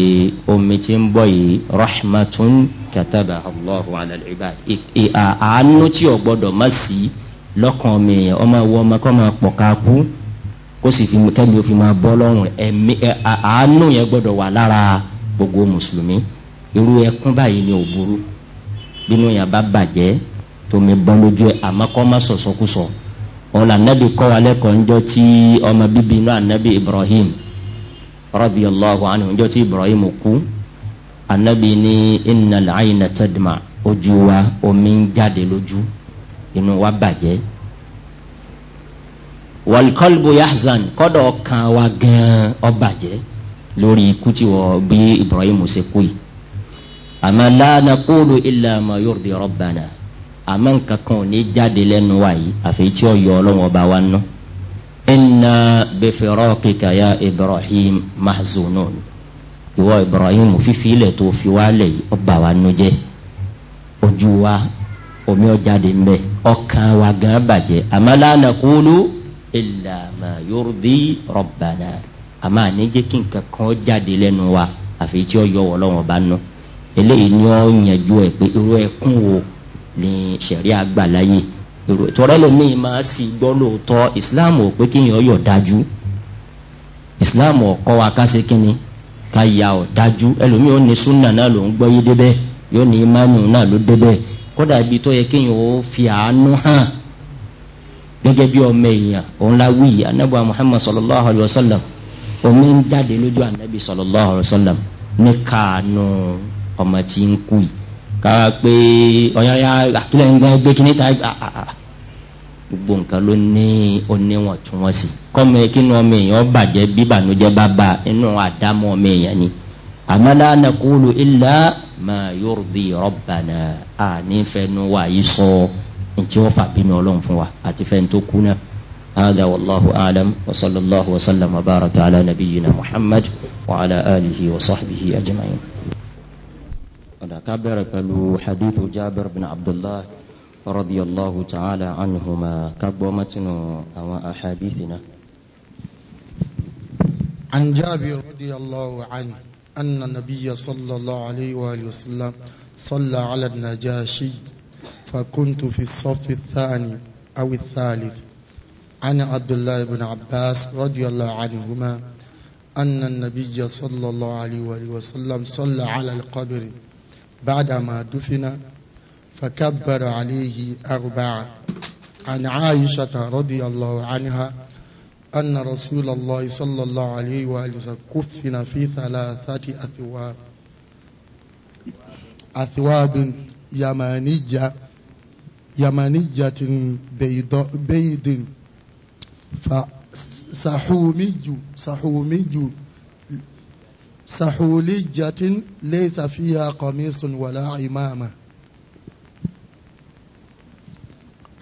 omi ti ń bọ́ yìí rahmatun kataba allahu alal ibad àánú tí o gbọ́dọ̀ má sí lọ́kàn mi ọmọ ìwọ ọmọ kọ́ máa pọ̀ ká kú kó sì fi kẹ́mi ó fi máa bọ́ lọ́rùn ẹ̀mí àánú yẹn gbọ́dọ̀ wà lára. gbogbo mùsùlùmí irú ẹkún báyìí ni ò burú bínú yẹn bá bàjẹ́ tómi bọ́n lójú ẹ àmọ́ má sọ̀sọ́kùsọ òun ànábì kọ́ wa lẹ́kọ̀ọ́ Ibrahim rọ́bì allahu anhu ńjọ́ tí Ibrahim kú ànábì ní inna al wa omi ń jáde lójú inú wa bàjẹ́ wal yahzan kọ́dọ̀ kan wa gan ọ bàjẹ́. lórí ikú tí wọ́n bí ibrahim ṣe kú yìí àmọ́ lánà kóòlù ilà àmọ́ yóò di rọ́bànà àmọ́ nǹkan kan ò ní jáde lẹ́nu wa yìí àfi tí ó yọ ọlọ́wọ́n bá wa nú. inna bẹfẹ̀rọ̀ kíkà ya ibrahim mahzunun ìwọ ibrahim fífi ilẹ̀ tó fi wá lẹ̀ yìí ọba wa nú jẹ́ ojú wa omi ọ̀jáde ń bẹ̀ ọkàn wa gan bàjẹ́ àmọ́ lánà kóòlù ilà àmọ́ yóò di rọ́bànà. a àníjẹ́ kí nǹkan kan jáde lenu wa àfi tí ó yọ wọ́ lọ́wọ́ bá nù eléyìí ni ó yànjú ẹ pé irú ẹkún wo ni sẹ̀rí àgbà láyè irú ìtọ́rẹ́ ma máa sì gbọ́ lóòótọ́ ìsìláàmù ò pé kéèyàn yọ̀ dájú ìsìláàmù ọ̀kọ́ wa ká ṣe kínni ká ya ọ̀dájú ẹlòmíì ó ní súnà náà ló ń gbọ́ yé débẹ̀ yóò ní náà ló débẹ̀ kódà ibi tó yẹ fi àánú hàn gẹ́gẹ́ bí ọmọ èèyàn òun la wí anábọ̀ muhammad wa omi ń jáde lójú anabi sallallahu alaihi wasallam ní kaanu ọmọ tí ń kú yìí kára pé ọ̀yáyá àkílẹ̀ ń gbọ́ gbé kíní ta gbogbo nǹkan ló ní oníwọ̀ntúnwọ̀nsì kọ́mi kínú ọmọ èèyàn bàjẹ́ bíbànújẹ́ bá ba inú àdámọ́ ọmọ èèyàn ni àmàlà nàkúlù ilà máa yurdi rabbana ànífẹ́nu wa yìí sọ ntí wọ́n fà bínú ọlọ́run fún wa àti fẹ́ni tó kú náà. هذا والله أعلم وصلى الله وسلم وبارك على نبينا محمد وعلى آله وصحبه أجمعين كبر حديث جابر بن عبد الله رضي الله تعالى عنهما كبومتنا أو أحاديثنا عن جابر رضي الله عنه أن النبي صلى الله عليه وآله وسلم صلى على النجاشي فكنت في الصف الثاني أو الثالث عن عبد الله بن عباس رضي الله عنهما أن النبي صلى الله عليه وسلم صلى على القبر بعدما دفن فكبر عليه أربعة عن عائشة رضي الله عنها أن رسول الله صلى الله عليه وسلم كفن في ثلاثة أثواب أثواب يمانية يمانية بيض, بيض فسحومي سحومي سحولية ليس فيها قميص ولا عمامة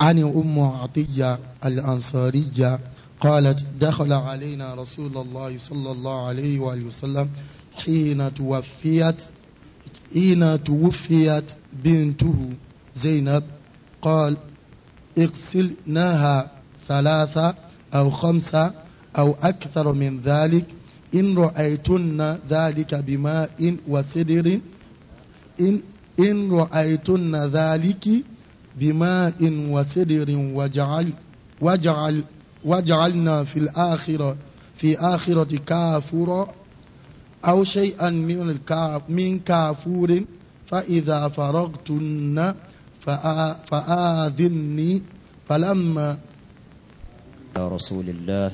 عن أم عطية الأنصارية قالت دخل علينا رسول الله صلى الله عليه وآله وسلم حين توفيت حين توفيت بنته زينب قال اغسلناها ثلاثة أو خمسة أو أكثر من ذلك إن رأيتن ذلك بماء وسدر إن إن رأيتن ذلك بماء وسدر وجعل وجعل وجعلنا في الآخرة في آخرة كافورا أو شيئا من من كافور فإذا فرغتن فآذني فلما رسول الله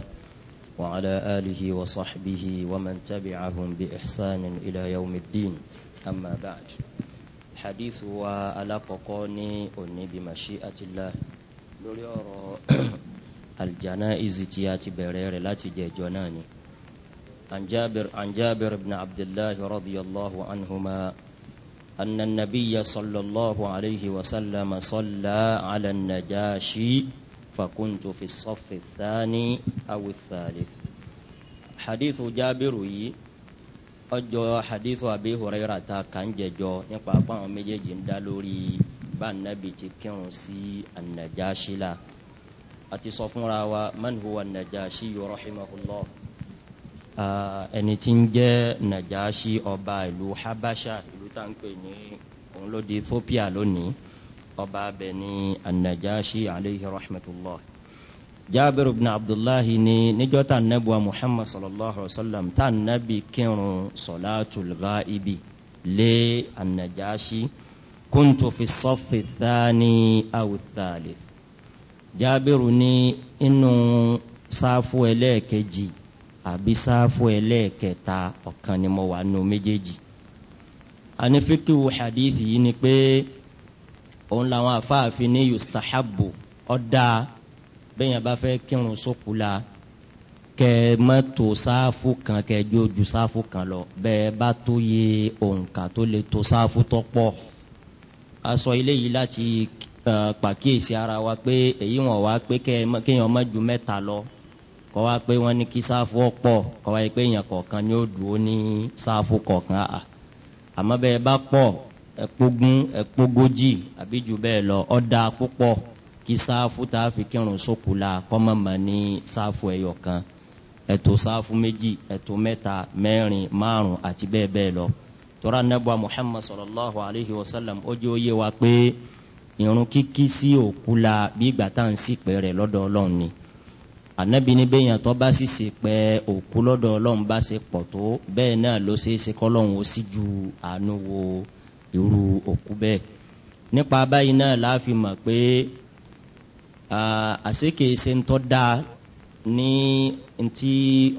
وعلى آله وصحبه ومن تبعهم بإحسان إلى يوم الدين أما بعد حديث قوني أني بمشيئة الله نريد (clears throat) الجنائز تياتي برير لا تجي جناني عن جابر, عن جابر بن عبد الله رضي الله عنهما أن النبي صلى الله عليه وسلم صلى على النجاشي فكنت في الصف الثاني أو الثالث حديث جابر يي ọjọ́ hadith abi huraira ta kàn jẹjọ nípa apá àwọn méjèèjì ń dá lórí bá nàbì ti kírun sí ànàjáṣí la àti sọ fúnra wa man huwa ànàjáṣí yorùhìmahulọ ẹni tí ń jẹ́ ànàjáṣí ọba ìlú habasha ìlú tá ń pè ní òun ló di ethiopia lónìí ọba abẹ ní anajashi aleyhi rahmatulah jaabir ibn abdullahi ni níjọ́ tá nabuwa muhammad sallallahu alaihi wa sallam tá nabi kírun solatul ghaibi lé anajashi kuntu fi sọfi thani awu thali jaabiru ni inú sáfù ẹlẹ́ẹ̀kejì àbí sáfù ẹlẹ́ẹ̀kẹta ọ̀kan ni mo wà nù méjèèjì anifikiru hadithi yìí ni pé òun làwọn afáàfin ní yustahabu ọ̀dà bẹ́ẹ̀ yẹn bá fẹ́ kírun sókù la kẹ mọ́tò sáfù kan kẹ jó ju sáfù kan lọ bẹ́ẹ̀ bá tó yẹ òǹkà tó lè tó sáfù tó pọ̀ a sọ ilé yìí láti pàkíyèsí ara wa pé èyí wọn wá pé kéèyàn má ju mẹ́ta lọ kọ́ wa pé wọ́n ní kí sáfù ọ̀pọ̀ kọ́ wa pé èèyàn kọ̀ọ̀kan ni ó dùn ó ní sáfù kọ̀ọ̀kan àmọ́ bẹ́ẹ̀ bá pọ̀ ẹ̀pógún ẹ̀pógójì àbí jù bẹ́ẹ̀ lọ ọ̀dà púpọ̀ kí sáfù tá a fi kírun sókù la kọ́mọ̀mọ̀ ní sáfù ẹ̀yọ̀ kan ẹ̀tọ́ sáfù méjì ẹ̀tọ́ mẹ́ta mẹ́rin márùn àti bẹ́ẹ̀ bẹ́ẹ̀ lọ tọ́ra nẹ́bùa muhammad sallallahu alayhi wa sallam ó jẹ́ òye wa pé irun kíkí sí òkú la bí ìgbà tá à ń sì pẹ́ rẹ̀ lọ́dọ̀ ọlọ́run ni ànábi ní bẹ́yàn tó bá sì ṣe pẹ́ òkú lọ́dọ̀ ọlọ́run bá ṣe pọ̀ tó bẹ́ẹ̀ náà ló ṣe ṣe kọ́lọ́run ó sì ju àánú wo irú òkú bẹ́ẹ̀ nípa báyìí náà láàfin mọ̀ pé àṣekè ṣe ń tọ́ da ní ntí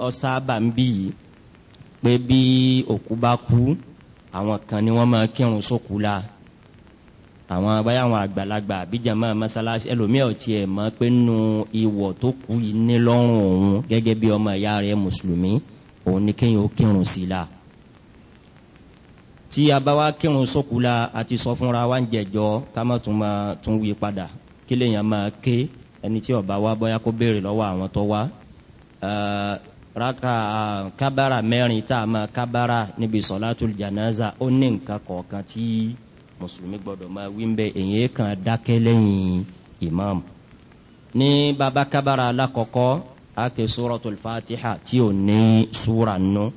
ọ̀sáàbà ń bì yìí pé bí òkú bá kú àwọn kan ni wọ́n máa kírun sókú la àwọn abáyá àwọn àgbàlagbà àbíjàmọ́ mọ́sálásí ẹlòmíà ò tiẹ̀ mọ́ pé nínú ìwọ̀ tó kú yìí ní lọ́rùn òun gẹ́gẹ́ bí ọmọ ìyá rẹ̀ mùsùlùmí òun ni kéèyàn ó kírun sí i la tí a bá wá kírun sókù la àti sọ fúnra wa ń jẹjọ ká má tún máa tún wí padà kí lèèyàn máa ké ẹni tí ọba wa bóyá kó béèrè lọ́wọ́ àwọn tó wá raka kábàrà mẹ́rin tá a máa kábàrà níbi sọ̀látùl jànáza ó ní nǹkan kọ̀ọ̀kan tí mùsùlùmí gbọ́dọ̀ máa wí ń bẹ èyí kan dákẹ́ lẹ́yìn imam ní baba kábàrà alákọ̀ọ́kọ́ a kè suratul fatiha tí ò ní súra nù. No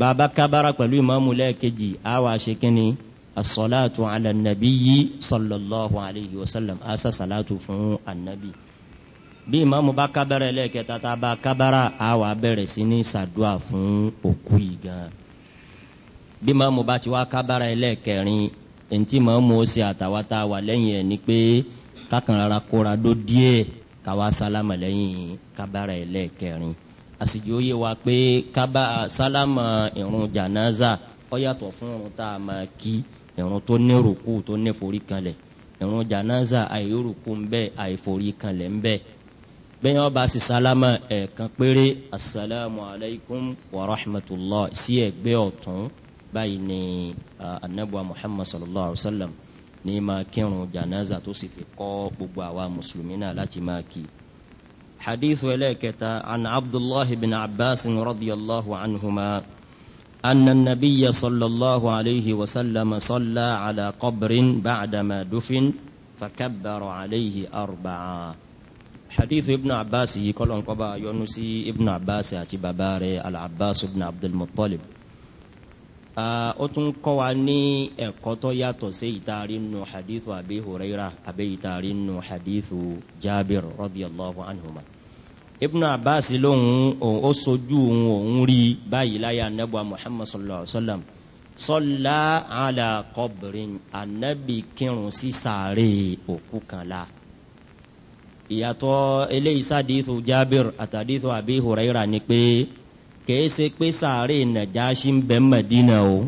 bàbá kábára pẹ̀lú ìmáàmù lẹ́ẹ̀kejì a wà ṣe kíni asọ́látù alànàbí yí sallallahu alayhi wa sallam asa salatu fún annabi bí ìmáàmù bá kábára lẹ́ẹ̀kẹta tá a bá kábára a wà bẹ̀rẹ̀ sí ní sàdúà fún òkú yìí gan bí ìmáàmù bá ti wá kábára lẹ́ẹ̀kẹrin ntí ìmáàmù ó ṣe àtàwátá wà lẹ́yìn ẹ̀ ni pé kákan rárá kóra dó díẹ̀ káwá sálámà lẹ́yìn kábára àsìjò yé wa pé kábà sálámà ìrun jànáza ọ yàtọ̀ fún ìrun tá a máa kí ìrun tó ní rùkú tó ní forí kanlẹ̀ ìrun jànáza àìrùkú ń àìforí kanlẹ̀ ń bẹ bẹ́ẹ̀ ọba sì sálámà ẹ̀ẹ̀kan péré asalaamu alaykum wa rahmatulah sí ẹ̀gbẹ́ ọ̀tún báyìí ni anabuwa muhammad sallallahu alayhi wa sallam ní máa kírun jànáza tó sì fi kọ́ gbogbo àwa mùsùlùmí náà láti máa kí i. حديث إليكتا عن عبد الله بن عباس رضي الله عنهما أن النبي صلى الله عليه وسلم صلى على قبر بعدما دفن فكبر عليه أربعا حديث ابن عباس يقول أن قبا يونسي ابن عباس أتي بباري العباس بن عبد المطلب ó tún kọ́ ياتو ní حديث tó yàtọ̀ أبي تارين حديث جابر رضي الله عنهما ibn abbas lóhun òun ó sojú òun òun rí báyìí láyé anabu muhammad sallallahu alaihi wa sallam sọlá àlà kọbìrin anabi kírun sí sàárè òkú kan la ìyàtọ̀ eléyìí sádìítu jábìr àtàdìítu àbí hùrẹ́rà ni pé kìí ṣe pé sàárè nàjáṣí ń bẹ́ mẹ́dínà o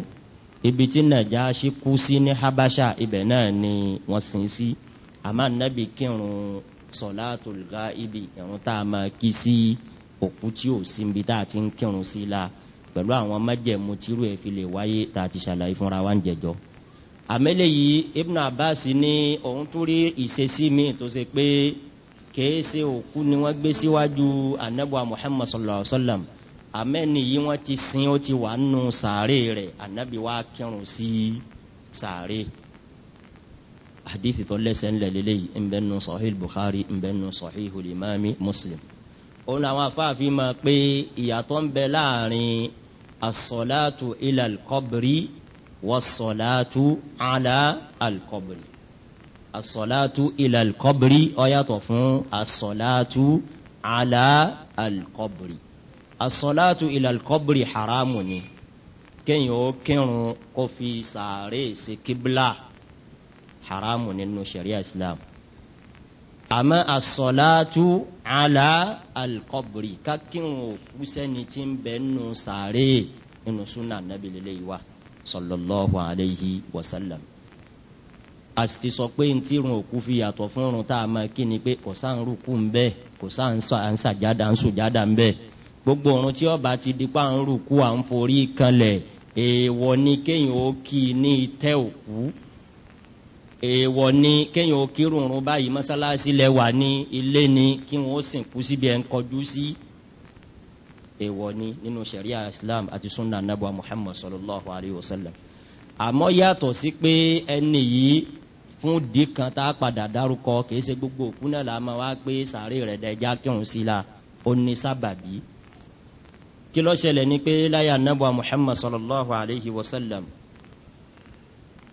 ibi tí nàjáṣí kú sí ní habasha ibẹ̀ náà ni wọ́n sin sí àmọ́ anabi kírun sọ̀látùl gáíbì ìrun tá a máa kí sí òkú tí ò sí ibi tá a ti ń kírun sí la pẹ̀lú àwọn májẹ̀mú tírú ẹ̀ fi lè wáyé tá a ti ṣàlàyé fúnra wa ń jẹjọ́ àmẹ́lẹ̀ yìí ibn abbas ní òun tó rí ìṣesí mi tó ṣe pé kèé ṣe òkú ni wọ́n gbé síwájú anabuwa muhammad sallallahu alaihi wa sallam àmẹ́ni yìí wọ́n ti sin ó ti wà nù sàárè rẹ̀ anabi kírun sí sàárè. Si, hadithi tó lẹ́sẹ̀ ńlẹ̀ lélẹ́yìí ńbẹ́nu sahih bukhari ńbẹ́nu sahih limami muslim òun làwọn afáàfin máa pé ìyàtọ̀ ń bẹ láàrin asọ̀láàtù ilà alkọ́bìrì wasọ̀láàtù àlà alkọ́bìrì asọ̀láàtù ilà alkọ́bìrì ó yàtọ̀ fún asọ̀láàtù àlà alkọ́bìrì asọ̀láàtù ilà alkọ́bìrì haramu ni kéèyàn ó kírun kó fi sàárè sí kíbla haramu nínú sharia islam àmọ́ asọ̀látú ala alkọbìrì kákíhùn òkú sẹ́ni tí ń bẹ nù sàárè nínú súnà nàbí lélẹ̀ ìwà sallallahu alayhi wa sallam a ti sọ pé ntí irun òkú fi yàtọ̀ fún irun tá a máa kí ni pé kò sáà ń rúkú ń bẹ́ẹ̀ kò sáà ń sàjádà ń sòjádà ń bẹ́ẹ̀ gbogbo irun tí ọba ti di pa ń rúkú à ń forí kanlẹ̀ èèwọ̀ ni kéèyàn ó kí i ní ìtẹ́ òkú èèwọ̀ ni kéèyàn kírùnrún báyìí mọ́sálásí lẹ́wà ní ilé ni kí wọ́n sìnkú síbi ẹ̀ ń kọjú sí èèwọ̀ ni nínú sẹ̀ríà islam àti sunna nabuwa muhammad sallallahu alayhi wa sallam àmọ́ yàtọ̀ sí pé ẹni yìí fún di kan tá a padà dárúkọ kìí ṣe gbogbo òkú náà la máa wá pé sàárè rẹ̀ dẹja kírun sí la ó ní sábàbí kí ló ṣẹlẹ̀ ni pé láyà nabuwa muhammad sallallahu alayhi wa sallam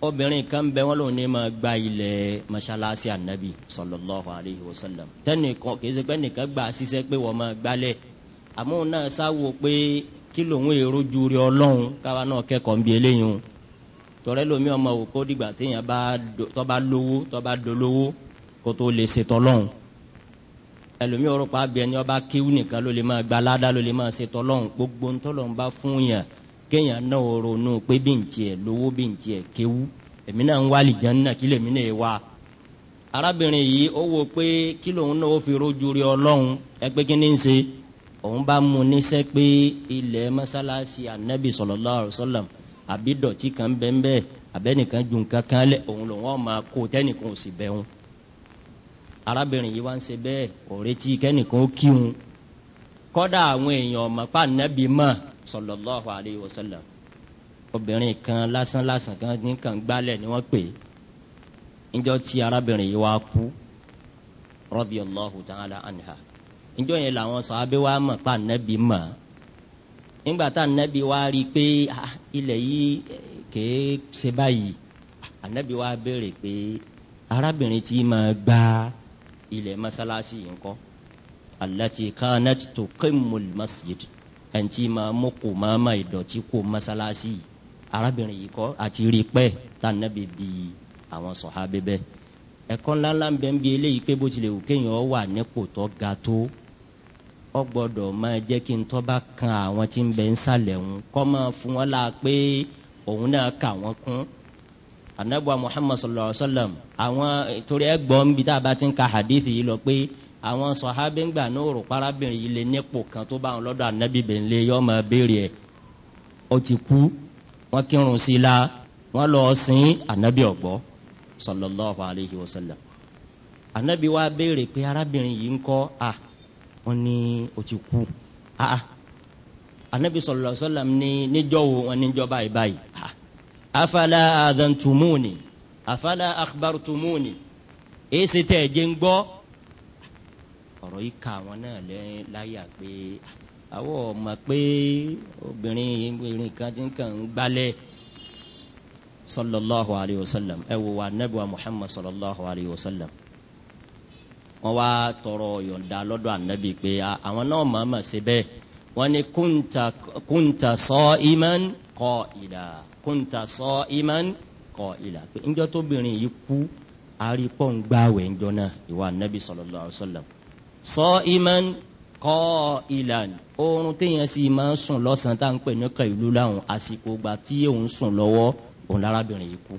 obìnrin kan bẹ wọn lòun ní ma gba ilẹ̀ masalasi anabi sallallahu alayhi wa sallam tẹnì kan kì í ṣe pé nìkan gba ṣiṣẹ́ pé wọ́n ma gbalẹ̀ àmọ́ náà sáwọ́ pé kí lòun èrò ju rí ọlọ́run káwa náà kẹ́kọ̀ọ́ bí eléyìí o tọ́rẹ́ lomi ọmọ wò kó dìgbà téèyàn bá tọ́ba lówó tọ́ba dolówó kó tó lè ṣètọ́ lọ́hùn ẹlòmí ọ̀rọ̀ pa ni ọba kéwù nìkan ló lè máa gbalada ló lè máa ṣètọ́ lọ́hùn gbogbo ntọ́lọ́hùn bá fún yàn kéèyàn náà ronú pé bí n tiẹ̀ lówó bí n tiẹ̀ kéwú èmi náà ń wá àlìjánná kí lèmi náà wá arábìnrin yìí ó wo pé kí lòun náà ó fi rojú rí ọlọ́run ẹgbẹ́ kí ni ń ṣe òun bá níṣẹ́ pé ilẹ̀ mọ́sálásí anabi sallallahu alaihi wasallam kan ju nǹkan kan lẹ̀ òun lòun ọ̀ máa kó tẹ́nìkan ò sì bẹ̀ wọn. arábìnrin yìí wá ń ṣe bẹ́ẹ̀ kẹ́nìkan ó kí wọn anabi sallallahu alayhi wa sallam obìnrin kan lásánlásán kan nìkan gbálẹ̀ ni wọ́n pè é níjọ́ tí arábìnrin yìí wá kú radiyallahu ta'ala anha níjọ́ yẹn làwọn sàábé wa mọ̀ pa nẹ́bi mọ̀ nígbà tá nẹ́bi wa rí i pé ah, ilẹ̀ yìí eh, kèé ṣe báyìí ànẹ́bi wa béèrè pé arábìnrin tí máa gba ilẹ̀ mọ́sálásí yìí ńkọ́ allati kanat tuqimmul masjid ẹ̀ǹtí máa mú kò ma ìdọ̀tí kò mọ́sálásí arábìnrin yìí kọ́ àti rí pẹ́ tànàbí bí àwọn sọ̀hábẹ́ bẹ́ẹ̀ ẹ̀kọ́ ńláńlá ń bẹ ń bi eléyìí pé bó tilẹ̀ wù kéèyàn wà nípò tó ga tó ọ gbọ́dọ̀ máa jẹ́ kí n tọ́ kan àwọn tí ń bẹ ń sàlẹ̀ ń kọ́ máa fún wọn la pé òun náà kà wọ́n kún anabuwa muhammadu sallallahu alaihi wa sallam àwọn torí ẹ gbọ́ ń bi tá a bá ti ń ka hadith yìí lọ pé àwọn sọ̀hábí ń gbà náà rò parábìnrin yìí lè nípò kan tó bá wọn lọ́dọ̀ ànábì bẹ̀ńlẹ̀ yọ ọmọ béèrè ẹ̀ ó ti kú wọ́n kírun sí i la wọ́n lọ sin ànábì ọ̀gbọ́ sallallahu alayhi wa sallam ànábì wa béèrè pé arábìnrin yìí ń kọ́ à wọ́n ní ó ti kú àà ànábì sallallahu alayhi sallam ní níjọ́ wo wọn níjọ́ báyìí báyìí à afala adantumuni afala akhbartumuni èsì tẹ̀ jẹ́ ń gbọ́ ọ̀rọ̀ yìí ka àwọn náà láyà pé àwọn ọmọ pé obìnrin obìnrin kan ti ń kàn ń gbálẹ̀ sallallahu alayhi wa sallam ẹ wo wa nabi wa muhammad sallallahu alayhi wa sallam wọn wá tọrọ yọ̀ǹda lọ́dọ̀ anabi pé àwọn náà màmá ṣe bẹ́ẹ̀ wọn ni kunta kunta sọ iman kọ ìlà kunta sọ iman kọ ìlà pé ńjọ́ tóbìnrin yìí kú arípọ̀ ń gbàwẹ̀ ńjọ́ náà ìwà anabi sallallahu alayhi wa sallam sa'iman qa'ilan oorun téèyàn sì máa ń sùn lọ́sàn-án tá à ń pè ní kẹ̀lú láwọn àsìkò ìgbà tí òun sùn lọ́wọ́ òun lárábìnrin yìí kú.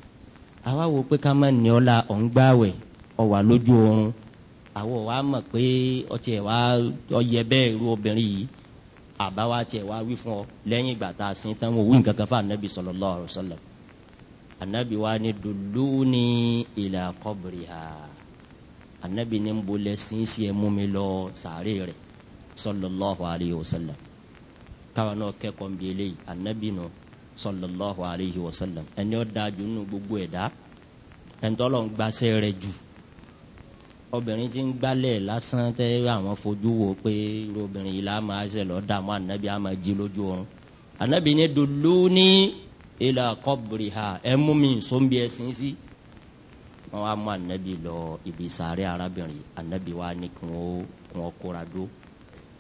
àwa wo pé ká má ní ọlá ọ̀n gbààwẹ̀ ọ̀wà lójú oorun àwọn wa mọ̀ pé ọtí ẹ̀ wá ọyẹ bẹ́ẹ̀ irú obìnrin yìí àbá wa tiẹ̀ wá wí fún ọ lẹ́yìn ìgbà tá a sin tán wọn wí nǹkan kan fún anabi sallallahu alaihi wasallam anabi wa ni dulluni ila qabriha anabi ni n bolẹ̀ sinsin ẹ mi lọ sàárè rẹ̀ sallallahu alayhi wa sallam káwa náà kẹ́kọ̀ọ́ nbí eléyìí anabi nù sallallahu alayhi wa sallam ẹni da dájú nù gbogbo ẹ̀dá ẹ̀ńtọ́lọ́ ń gbàsẹ́ rẹ̀ jù obìnrin tí ń gbálẹ̀ lásán tẹ́ àwọn fojú wo pé obìnrin yìí la máa ṣe dààmú anabi àmà jí lójú oorun anabi ni dùlú ní ila qabriha ẹ mú mi sóńbi ẹ sinsin wọn wá mú anabi lọ ibi sàárẹ arábìnrin anabi wa ni kí wọn wọn kóra dó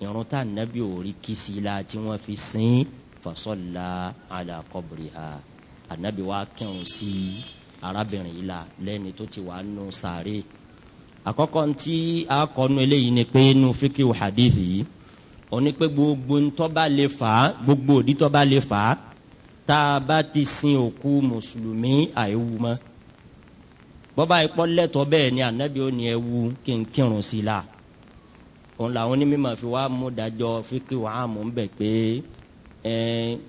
irun tá anabi ò rí kìsì la tí wọn fi sin fasọlá alakọbìrì ha anabi wa kírun sí arábìnrin yìí la lẹni tó ti wà nù sàárẹ àkọ́kọ́ ntí akọnu eléyìí ni pé nu fíkìw hadith yìí òní pé gbogbo ntọ́ba lè fà gbogbo òdì tọ́ba lè fà ti sin òkú mùsùlùmí àìwú mọ́ bọ́bá ipọ́ lẹ́tọ̀ bẹ́ẹ̀ ni ànábì ó ní ẹwu kí n kírun sí la òun làwọn onímọ̀ fi wá mú dájọ́ fíkì wàá mú bẹ̀ pé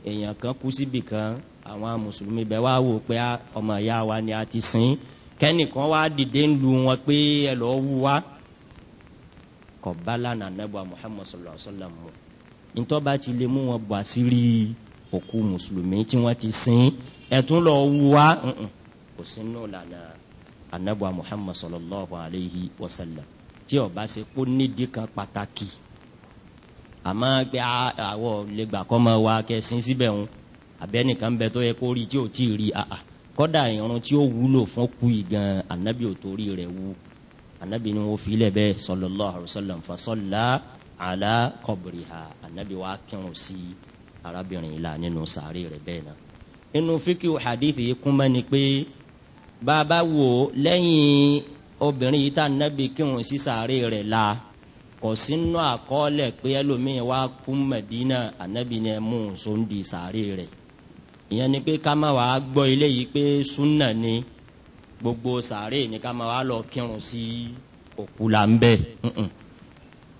èèyàn kan kú síbì kan àwọn mùsùlùmí bẹ́ẹ̀ wá wò pé ah, ọmọ ìyá wa ni a ti sìn kẹ́nìkan wá dìde ń lu wọn pé ẹ lọ́ọ́ wú wa kọ̀ bá lánàá nẹ́bà muhammed sọlọ sọlọ mu ntọ́ba ti lè mú wọn bọ̀ àṣírí òkú mùsùlùmí tí wọ́n ti sìn ẹ̀tún lọ́ọ́ wú wa kò sínú lànà anabuwa muhammad sallallahu alayhi wa sallam tí o bá ṣe kó nídìí kan pàtàkì àmọ́ gbé àwọ̀ lè gbà kọ́ máa wá kẹsìn síbẹ̀ ń abẹ́nìkan bẹ tó yẹ kó rí tí ò tí ì rí àà kọ́dà irun tí ó wúlò fún kú igan anabi ò torí rẹ̀ wú anabi ni wọ́n fi ilẹ̀ bẹ́ẹ̀ sallallahu alayhi wa sallam fasọ́lá àlá kọ̀bìrìhà anabi wa kírun sí arábìnrin ìlà nínú sàárè rẹ̀ bẹ́ẹ̀ náà inú fíkì hadith yìí kún mẹ́ni pé bàbá wo lẹ́yìn obìnrin yìí tá nẹ́bi kírun sí sàárè rẹ̀ la kò sínú àkọọ́lẹ̀ pé ẹlòmíín wá kú mẹ̀dínà ànẹ́bi ni ẹ mú un sóńdì sàárè rẹ̀ ìyẹn ni pé ká má wàá gbọ́ ilé yìí pé súnà ni gbogbo sàárè ni ká má wàá lọ kírun sí òkú la ń bẹ̀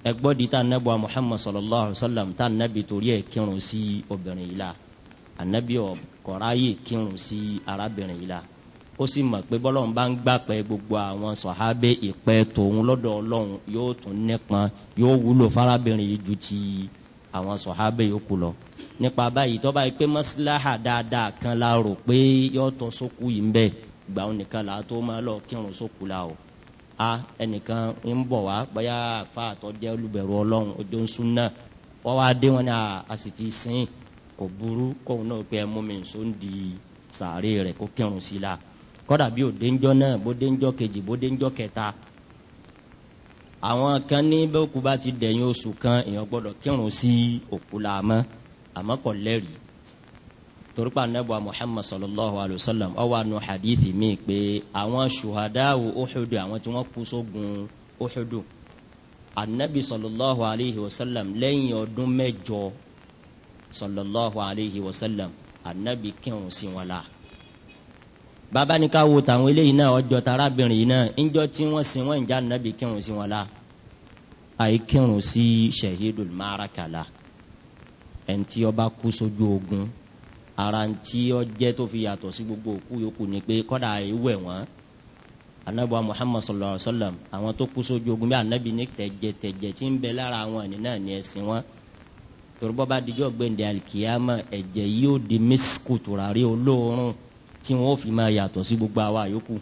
ẹgbọ́ di tá nẹ́bọ̀ muhammad sallallahu alayhi wa sallam tá nẹ́bi torí ẹ̀ kírun sí obìnrin yìí la ànẹ́bi ọ̀kọ̀ráyè kírun sí arábìnrin yìí la ó sì mọ̀ pé bọ́lọ́run bá ń gbà pé gbogbo àwọn sọ̀hábẹ́ ìpẹ́ tòun lọ́dọ̀ ọlọ́run yóò tún nípọn yóò wúlò farabirin yìí ju ti àwọn sọ̀hábẹ́ yòókù lọ. nípa báyìí tọ́ba yìí pé mọ́síláhà dáadáa kan la rò pé yóò tọ́ sókù yìí ń bẹ̀ gbà ó nìkan là á tó máa lọ kírun sókù la o. a ẹnìkan ń bọ̀ wá bóyá àfa àtọ́jẹ́ olùbẹ̀rù ọlọ́run ojú ń sún náà wọ́n wá dé wọn ni a sì ti sàárè rẹ̀ kó kírun sí la kọ́dà bí òdéńjọ́ náà bódéńjọ́ kejì bódéńjọ́ kẹta àwọn kan ní bókú bá ti dẹ̀yìn oṣù kan èèyàn gbọ́dọ̀ kírun sí òkú la mọ́ àmọ́ kò lẹ́rìí torípa anábọ̀ muhammad sallallahu alayhi wa sallam ọwọ́ àánú hadithi mi pé àwọn suhadáwò òhudu àwọn tí wọ́n kú sógun òhudu anabi sallallahu alayhi wa sallam lẹ́yìn ọdún mẹ́jọ sallallahu alayhi wa sallam anabi kírun sí wọn la bàbá ní ká wo tàwọn eléyìí náà ọjọ́ tarábìnrin yìí náà ńjọ́ tí wọ́n sin wọ́n ìjà nàbì kírun sí wọn la àyè kírun sí shahidul marakala ẹni ọba kú sójú ogun ara ntí ọjẹ́ tó fi yàtọ̀ sí gbogbo òkú yòókù ni pé kọ́dà ewé wọn anabuwa muhammad sallallahu alaihi wa sallam àwọn tó kú sójú ogun bí anabi ní tẹ̀jẹ̀tẹ̀jẹ̀ tí ń bẹ lára àwọn ẹni náà ní ẹ̀sìn wọn torúbọ́ bá dijọ́ gbẹ̀ndẹ̀ alikiyama ẹ̀jẹ̀ yóò di misku turari olóorun tí wọn ò fi máa yàtọ̀ sí gbogbo àwa yòókù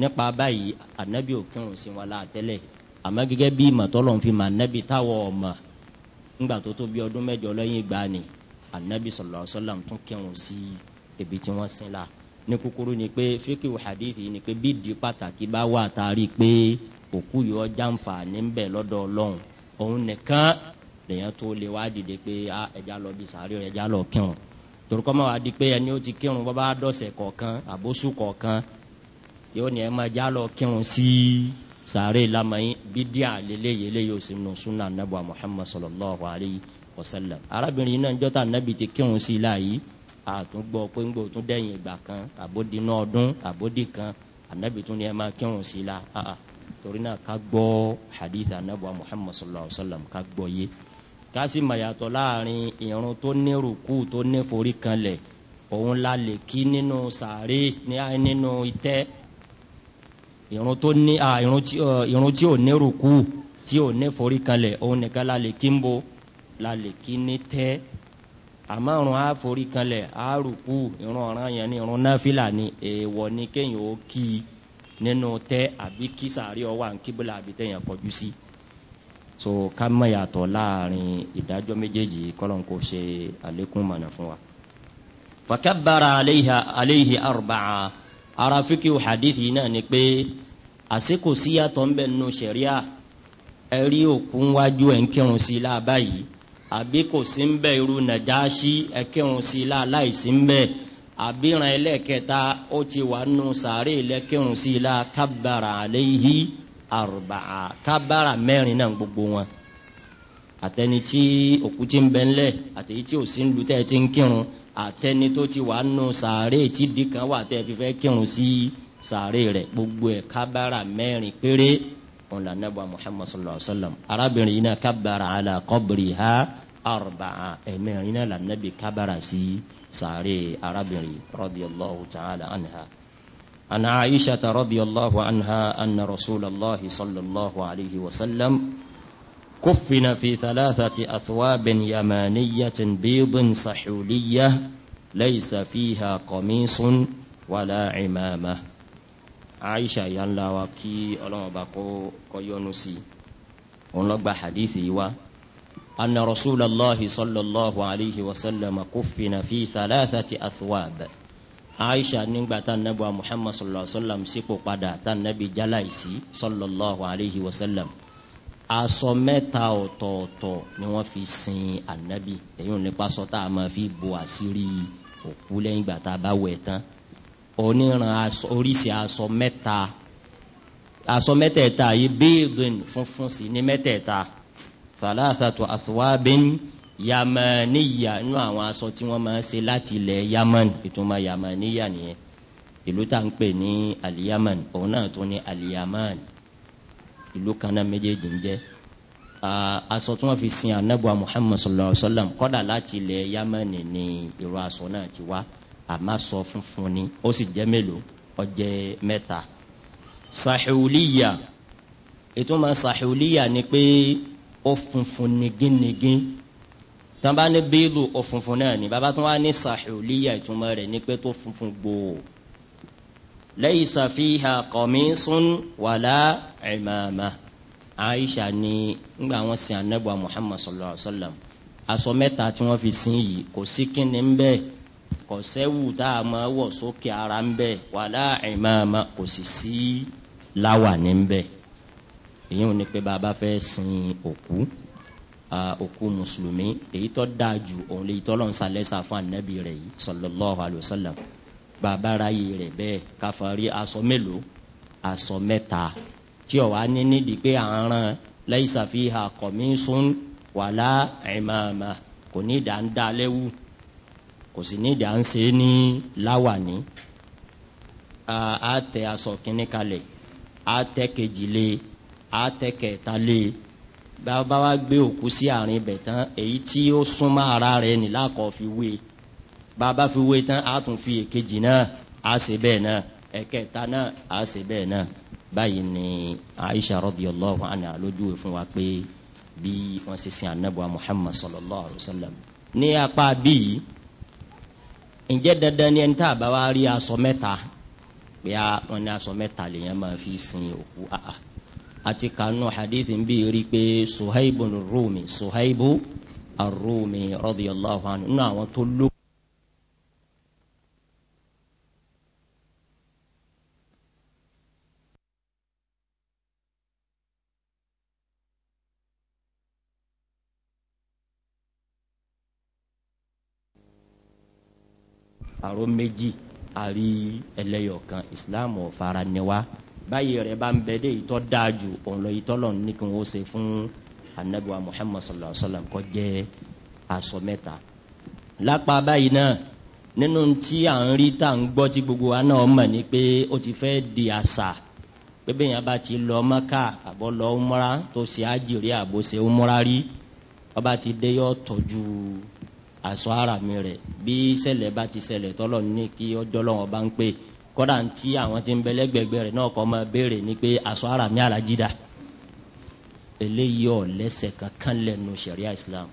nípa báyìí ànábì òkèrùn sí wọn la tẹ́lẹ̀ àmọ́ gẹ́gẹ́ bí ìmọ̀tọ́lọ̀ ń fi mọ ànábì táwọn ọmọ ńgbà tó tó bí ọdún mẹ́jọ lẹ́yìn ìgbà ni ànábì sallallahu alaihi wasallam tún kírun sí ibi tí wọ́n sin la ní kúkúrú ni pé fíkì hadith ni pé bí di pàtàkì bá wà tari pé òkú yìí ọjà ń fà ní bẹ̀ lọ́dọ̀ ọlọ́run òun nìkan lèyàn tó lè wá dìde pé ah, ẹja lọ bí sàárè ẹja lọ kírun torúkọ ma wà di pé ẹni ó ti kírun bọ́ bá dọ̀sẹ̀ kọ̀ọ̀kan àbóṣù kọ̀ọ̀kan yóò ní ẹ máa já lọ kírun sí sàárè lamẹ́yìn bídíà lélẹ́yìí eléyìí ò sí nù súnà nàbọ̀ muhammad sallallahu alayhi wa sallam. arábìnrin yìí náà ń jọ́ta nàbì ti kírun sí i láàyè àtúngbọ́ pé ń gbò tún dẹ́yìn ìgbà kan àbódìínà ọdún àbódì kan ànábì tún ní ẹ máa kírun sí la torí náà ká gbọ́ hadith ànábọ̀ muhammad sallallahu alayhi wa sallam ká gbọ́ yé kásì mọ̀yàtọ̀ láàrin ìrun tó ní rùkú tó ní forí kanlẹ̀ òun la lè kí nínú sàárè nínú itẹ́ ìrun tó ní ìrun tí ò ní rùkú tí ò ní forí kanlẹ̀ òun nìkan la lè kí ń bo la lè kí ní tẹ́ àmọ́ ìrun á forí kanlẹ̀ á rùkú ìrun ọ̀ràn yẹn ni ìrun náfìlà ni èèwọ̀ ni kéèyàn ó kí nínú tẹ́ àbí kí sàárè ọwọ́ à àbí tẹ̀yàn kọjú sí. Si so ká mọ̀ yàtọ̀ láàrin ìdájọ́ méjèèjì kọ́lọ́n kò ṣe àlékún mọ̀nà fún wa. fàkàbàrà àléhì àrùbàá ara fíkì hadith yìí náà ni pé àsìkò síyàtọ̀ ń bẹ̀ nínú sẹ̀ríà ẹ̀rí òkú wájú ẹ̀ ń kírun sí i láàbá yìí àbí kò sí ń bẹ̀ irú nàjáṣí ẹ̀ kírun sí i ń bẹ̀ àbíran ẹlẹ́ẹ̀kẹta ó ti wà nínú sàárè lẹ́kírun sí lá kábàrà àléhì àrùbàá arba'a kábàrà mẹ́rin náà gbogbo wọn àtẹni tí òkú ti ń bẹ ńlẹ̀ àtẹni tí ò sí ń lu tẹ́ ẹ ti ń kírun àtẹni tó ti wà nù sàárè tí di kan wà tẹ́ ẹ fi fẹ́ kírun sí sàárè rẹ̀ gbogbo ẹ̀ kábàrà mẹ́rin péré wọn là nẹ́bà Muhammad sallallahu alayhi wa sallam arábìnrin yìí náà kábàrà ala qabriha arba'a ẹ̀mẹ́rin náà là nẹ́bi kábàrà sí sàárè arábìnrin radiyallahu ta'ala anha. عن عائشة رضي الله عنها أن رسول الله صلى الله عليه وسلم كفن في ثلاثة أثواب يمانية بيض سحولية ليس فيها قميص ولا عمامة عائشة يلا وكي ألم بقو كيونسي ونلقى حديثي و أن رسول الله صلى الله عليه وسلم كفن في ثلاثة أثواب aisha nígbà tá anabi wa muhammad sallallahu alaihi wa sallam sípò padà tá anabi jalaisi sallallahu alaihi wa sallam aṣọ mẹ́ta ọ̀tọ̀ọ̀tọ̀ ni wọ́n fi sin anabi èyí ò nípa sọ tá a máa fi bo àṣírí òkú lẹ́yìn ìgbà tá a bá wẹ̀ tán oníran oríṣi aṣọ mẹ́ta aṣọ mẹ́tẹ̀ẹ̀ta yìí bíi dùn funfun sí ní mẹ́tẹ̀ẹ̀ta thalathatu athwabin yamaniya inú àwọn aṣọ tí wọ́n máa ń ṣe láti ilẹ̀ yaman ìtumọ̀ yamaniya nìyẹn ìlú tá ń pè ní aliyaman òun náà tún ní aliyaman ìlú kan náà méjèèjì ń jẹ́ aṣọ tí wọ́n fi sin anabu muhammad sallallahu alaihi wa sallam kọ́dà láti ilẹ̀ yaman ní irú aṣọ náà ti wá àmọ́ aṣọ funfun ni ó sì jẹ́ mélòó ó jẹ́ mẹ́ta sahuliya ìtumọ̀ ni pé ó funfun nigínigín. Nigin tán bá ní bílù òfunfun náà ni bàbá tó wá ní sàhùlíyà ìtumọ̀ rẹ̀ ní pé tó funfun gbòò laysa fiha qamisun wala imama aisha ni ngbà wọn sin anabu muhammad sallallahu alaihi wa sallam aṣọ mẹ́ta tí wọ́n fi sin yìí kò sí kíni ń bẹ́ẹ̀ kò sẹ́wù tá a máa wọ̀ sókè ara ń bẹ́ẹ̀ wala imama kò sì sí láwà ní ń bẹ́ẹ̀ èyí ò ní pé bàbá fẹ́ sin òkú òkú mùsùlùmí èyí tó dáa jù òun lè tọ́ lọ́n sa lẹ́sà fún rẹ̀ yìí sallallahu alayhi wa sallam bàbá ráyè rẹ̀ bẹ́ẹ̀ káfárí aṣọ mélòó aṣọ mẹ́ta tí ọ̀wá ní nídìí pé àárán laysa fiha qamisun wala imama kò ní ìdá ń dá lẹ́wù kò sì ní ìdá ń ṣe é ní láwàní a tẹ aṣọ kínní kalẹ̀ a tẹ kejì lé bàbá wa gbé òkú sí àárín ibẹ̀ tán èyí tí ó súnmọ́ ara rẹ̀ ní lákọ̀ fi wé bàbá fi wé tán a fi èkejì náà a ṣe bẹ́ẹ̀ náà ẹ̀kẹta náà a ṣe bẹ́ẹ̀ náà báyìí ni aisha radiyallahu anha lójúwe fún wa pé bí wọ́n ṣe sin anabuwa muhammad sallallahu alayhi wa sallam ní apá bíi ǹjẹ́ dandan ni ẹni tá a bá wa rí aṣọ mẹ́ta pé a wọn ní aṣọ mẹ́ta lèèyàn máa fi sin òkú àà àti kanu hadith ń bí rí pé suhaibu rumi suhaibu arumi radiyallahu anhu nínú àwọn tó ló. àrò méjì àrí ẹlẹ́yọ̀kan islam ọ̀fara ni wá báyìí rẹ̀ bá ń bẹ dé ìtọ́ dáa jù òun lọ ìtọ́ lọ́n ní kí wọ́n ṣe fún anabiwa muhammad sallallahu alaihi wa sallam kọ́ jẹ́ aṣọ mẹ́ta. lápá báyìí náà nínú tí à ń rí tá à ń gbọ́ tí gbogbo wa náà mọ̀ ni pé ó ti fẹ́ di àṣà pé bẹ́yìn abá ti lọ mọ́kà àbọ̀ lọ umra tó ṣe àjèrè àbò ṣe umra rí ọba ti dé yọ tọ́jú aṣọ ara mi rẹ̀ bí ṣẹlẹ̀ bá ti ṣẹlẹ̀ tọ́lọ̀ ní kí ọjọ́ lọ́wọ́ bá ń pè é kọ́dà tí àwọn ti ń bẹ lẹ́gbẹ̀gbẹ̀ rẹ̀ náà kọ́ máa béèrè ni pé aṣọ ara mi alájídá eléyìí ọ̀ lẹ́sẹ̀ kankan lẹ́nu sẹ̀ríà islam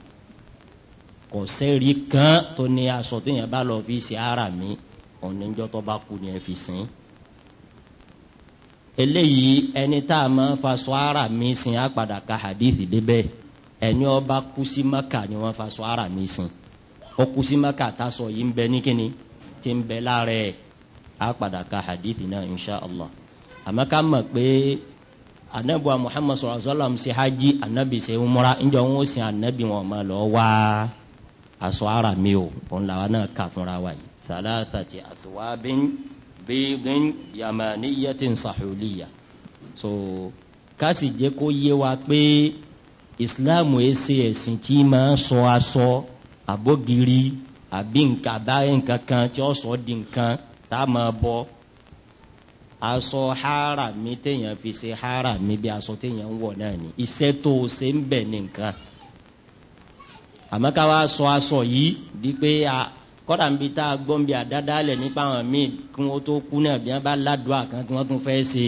kò sẹ́rí kan tó ní aṣọ téèyàn bá lọ fi ṣe ara mi òníjọ́ tó bá kú ni fi sìn eléyìí ẹni tá a máa fa aṣọ ara mi sìn á ka hadithi débẹ̀ ẹni ọba kú sí maka ni wọ́n fa aṣọ ara mi sìn ó kú sí maka tá a sọ yìí ń bẹ ní kíni ti ń bẹ lára ẹ̀ á padà ka hadithi náà insha allah àmọ́ ká mọ̀ pé anabiwa muhammad sallallahu alaihi wa sallam ṣe hajj anabi ṣe umra njẹ́ wọn ó sin anabi wọn ma lọ wá aṣọ ara mi o òun làwọn náà kà fúnra wa yìí salatati aswabin beegin yamaniyatin sahuliya so kasi jẹ kó yé wa pé ìsìláàmù ẹsẹ ẹsìn tí máa sọ aṣọ abógiri àbí nǹkan abáyé nǹkan kan tí ó sọ di nǹkan. So, tá a máa bọ́ aṣọ hara mi téèyàn fi ṣe hara mi bí aṣọ téèyàn ń wọ̀ náà ni iṣẹ́ tó o ṣe ń bẹ̀ ní nǹkan àmọ́ ká wá sọ aṣọ yìí bí pé a kọ́dà ń bi tá a gbọ́n bí àdáda lẹ̀ nípa àwọn míì kí wọ́n tó kú náà bí wọ́n bá ládùá kan kí wọ́n tún fẹ́ ṣe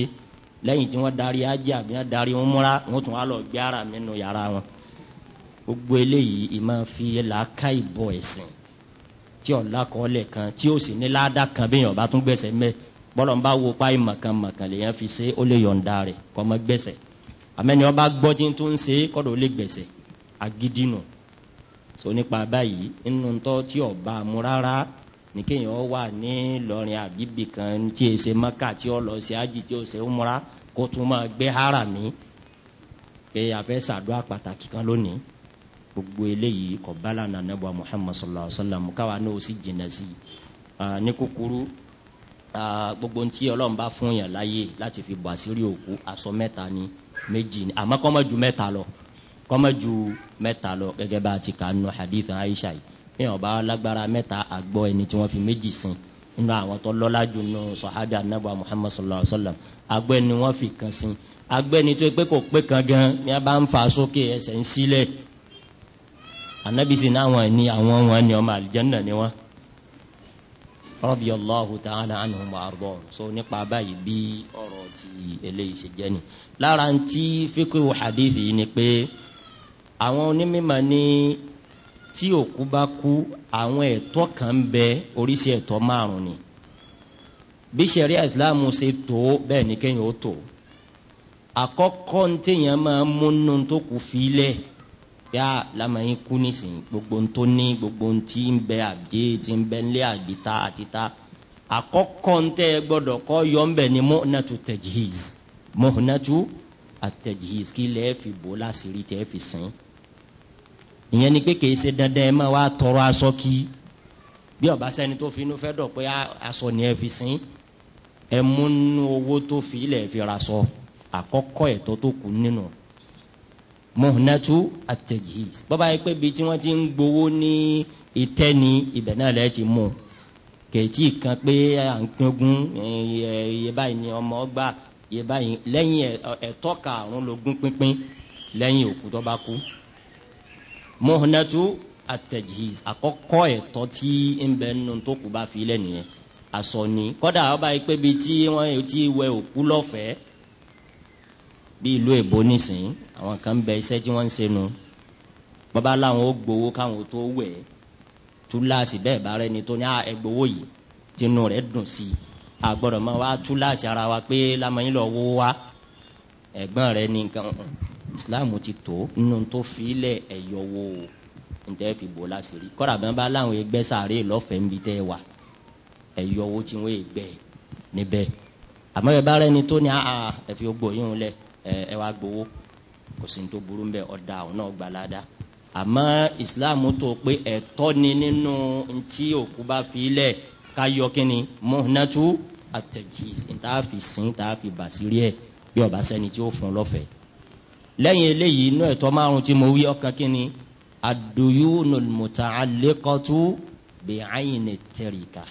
lẹ́yìn tí wọ́n darí ajé àbí wọ́n darí wọn múra wọ́n tún wá lọ gbé ara mi nù yàrá wọn gbogbo eléyìí ìmọ̀ fi làákà ìbọ̀ ẹ̀sìn tí ọ̀la kọ́ọ̀lẹ̀ kan tí ó sì ní láàdá kan bí yọ̀ọ̀bá tún gbẹ̀sẹ̀ mẹ́ bọ́lọ̀ ń bá wo páì mọ̀kan mọ̀kan lèyàn fi ṣe ó lè yọ̀ǹda rẹ̀ kọ́ mọ́ gbẹ̀sẹ̀ àmẹ́ni ọba gbọ́ tí tó ń ṣe kọ́dọ̀ ó lè gbẹ̀sẹ̀ agídínù so nípa báyìí nínú tọ́ tí ọba mu rárá ní kéèyàn wà ní lọrin àbíbì kan tí è ṣe mọ́kà tí ó lọ ṣe ájì tí ó ṣe ń múra kó tún máa gbé hárà mi pé àfẹ́ sàdúrà pàtàkì kan lónìí gbogbo eléyìí kọ bala nanabu muhammad sallallahu alaihi wa sallam káwa n'o si jìnnà sí ní kúkúrú gbogbo ntí ọlọ́run bá fún yàn láyè láti fi bọ̀ àṣírí òkú aṣọ mẹ́ta ni méjì ni àmọ́ kọ́ mọ́ ju mẹ́ta lọ kọ́ mọ́ ju mẹ́ta lọ gẹ́gẹ́ bá a ti kà nù hadith aisha yìí ní ọba lágbára mẹ́ta àgbọ̀ ẹni tí wọ́n fi méjì sin nínú àwọn tó lọ́lá jù nù sọ̀hádà nabà muhammad sallallahu alayhi wa sallam àgbẹ̀ ni wọ́n fi kan sin àgbẹ̀ ni tó pé kò pé kan gan ni a bá ń fa sókè ẹsẹ̀ ń anábìsí náwọn ní àwọn wọn ní ọmọ àlìjẹ́nà ni wọ́n rọ́bì allahu ta'ala anu ma'arbọ̀ so nípa báyìí bí ọ̀rọ̀ ti eléyìí ṣe jẹ́ ni lára ń tí fíkúrú hadith yìí ni pé àwọn onímọ̀ ní tí òkú bá kú àwọn ẹ̀tọ́ kan ń bẹ oríṣi ẹ̀tọ́ márùn ni bí sẹ̀ríà ìsìláàmù ṣe tó bẹ́ẹ̀ ni kéèyàn ó tó àkọ́kọ́ ń téèyàn máa múnú tó kù fílẹ̀ pé à ah, lámàáyín kú nísìnyí gbogbo ń tó ní gbogbo ń tí ń bẹ àbí tí ń bẹ ńlé àbíta àti ta àkọ́kọ́ ń gbọ́dọ̀ kọ́ yọ ń bẹ̀ ni mọ́nàtú tẹ̀jìhìz mọ́nàtú àtẹ̀jìhìz kí lẹ́ẹ̀ fi bò láṣìírí tẹ́ fi sìn ìyẹn ni pé kìí ṣe dandan ẹ máa wá tọrọ aṣọ kí bí ọba sẹni tó fi inú fẹ́ dọ̀ pé ah, aṣọ ni ẹ fi sìn ẹ múnú owó tó fi ilẹ̀ fi ra àkọ́kọ́ ẹ̀tọ́ tó kù nínú muhnatu at-tajhiz bọ́ba yẹ pé bíi tí wọ́n ti ń gbowó ní ìtẹ́ ni ibẹ̀ náà lẹ́ ti mú un kèétí kan pé à ń pingun iye báyìí ni ọmọ ọgbà iye báyìí lẹ́yìn ẹ̀tọ́ karùn-ún lógún pínpín lẹ́yìn òkú tó bá kú muhnatu at àkọ́kọ́ ẹ̀tọ́ tí ń bẹ nínú tó kù bá fi lẹ́nìyẹn aṣọ ni kọ́dà ọba yìí pé bíi tí wọ́n ti wẹ òkú lọ́fẹ̀ẹ́ bí ìlú èbó nísìnyí àwọn kan bẹ iṣẹ́ tí wọ́n ń ṣe nu bàbá làwọn ó gbowó káwọn tó wẹ̀ túláàsì bẹ́ẹ̀ bá rẹ ni tó ní ẹgbowó yìí tinú rẹ̀ dùn sí i àgbọ̀dọ̀ máa wá túláàsì ara wa pé lamọ̀yìn lọ wó wa ẹ̀gbọ́n rẹ ní nǹkan Islam ti tó nínú tó fi lẹ̀ ẹ̀yọ̀ wo ntẹ́ fi bò láṣìírí kọ́ra bẹ́ẹ̀ bá láwọn ẹgbẹ́ sáré lọ́fẹ̀ẹ́ ń bi tẹ́ wà ẹ̀yọ̀ wo tí wọ́n gbẹ níbẹ̀ àmọ́ ẹ bá rẹ ni tó ní ẹ fi gbòyún lẹ̀ ẹ wá gbowó kò sí ní tó burú bẹ́ẹ̀ ọ̀dà àwọn náà gbà ládàá àmọ́ islam tó pé ẹ̀tọ́ ni nínú tí òkú bá fi lẹ̀ ká yọ kíni mọ́nàtú àtẹ̀jìs tá a fi sìn tá a fi bà sírí ẹ̀ bí ọba sẹ́ni tí ó fún lọ́fẹ̀ẹ́ lẹ́yìn eléyìí inú ẹ̀tọ́ márùn tí mo wí ọkàn kíni ad-duyunul muta'alliqatu bi'ayni at-tarika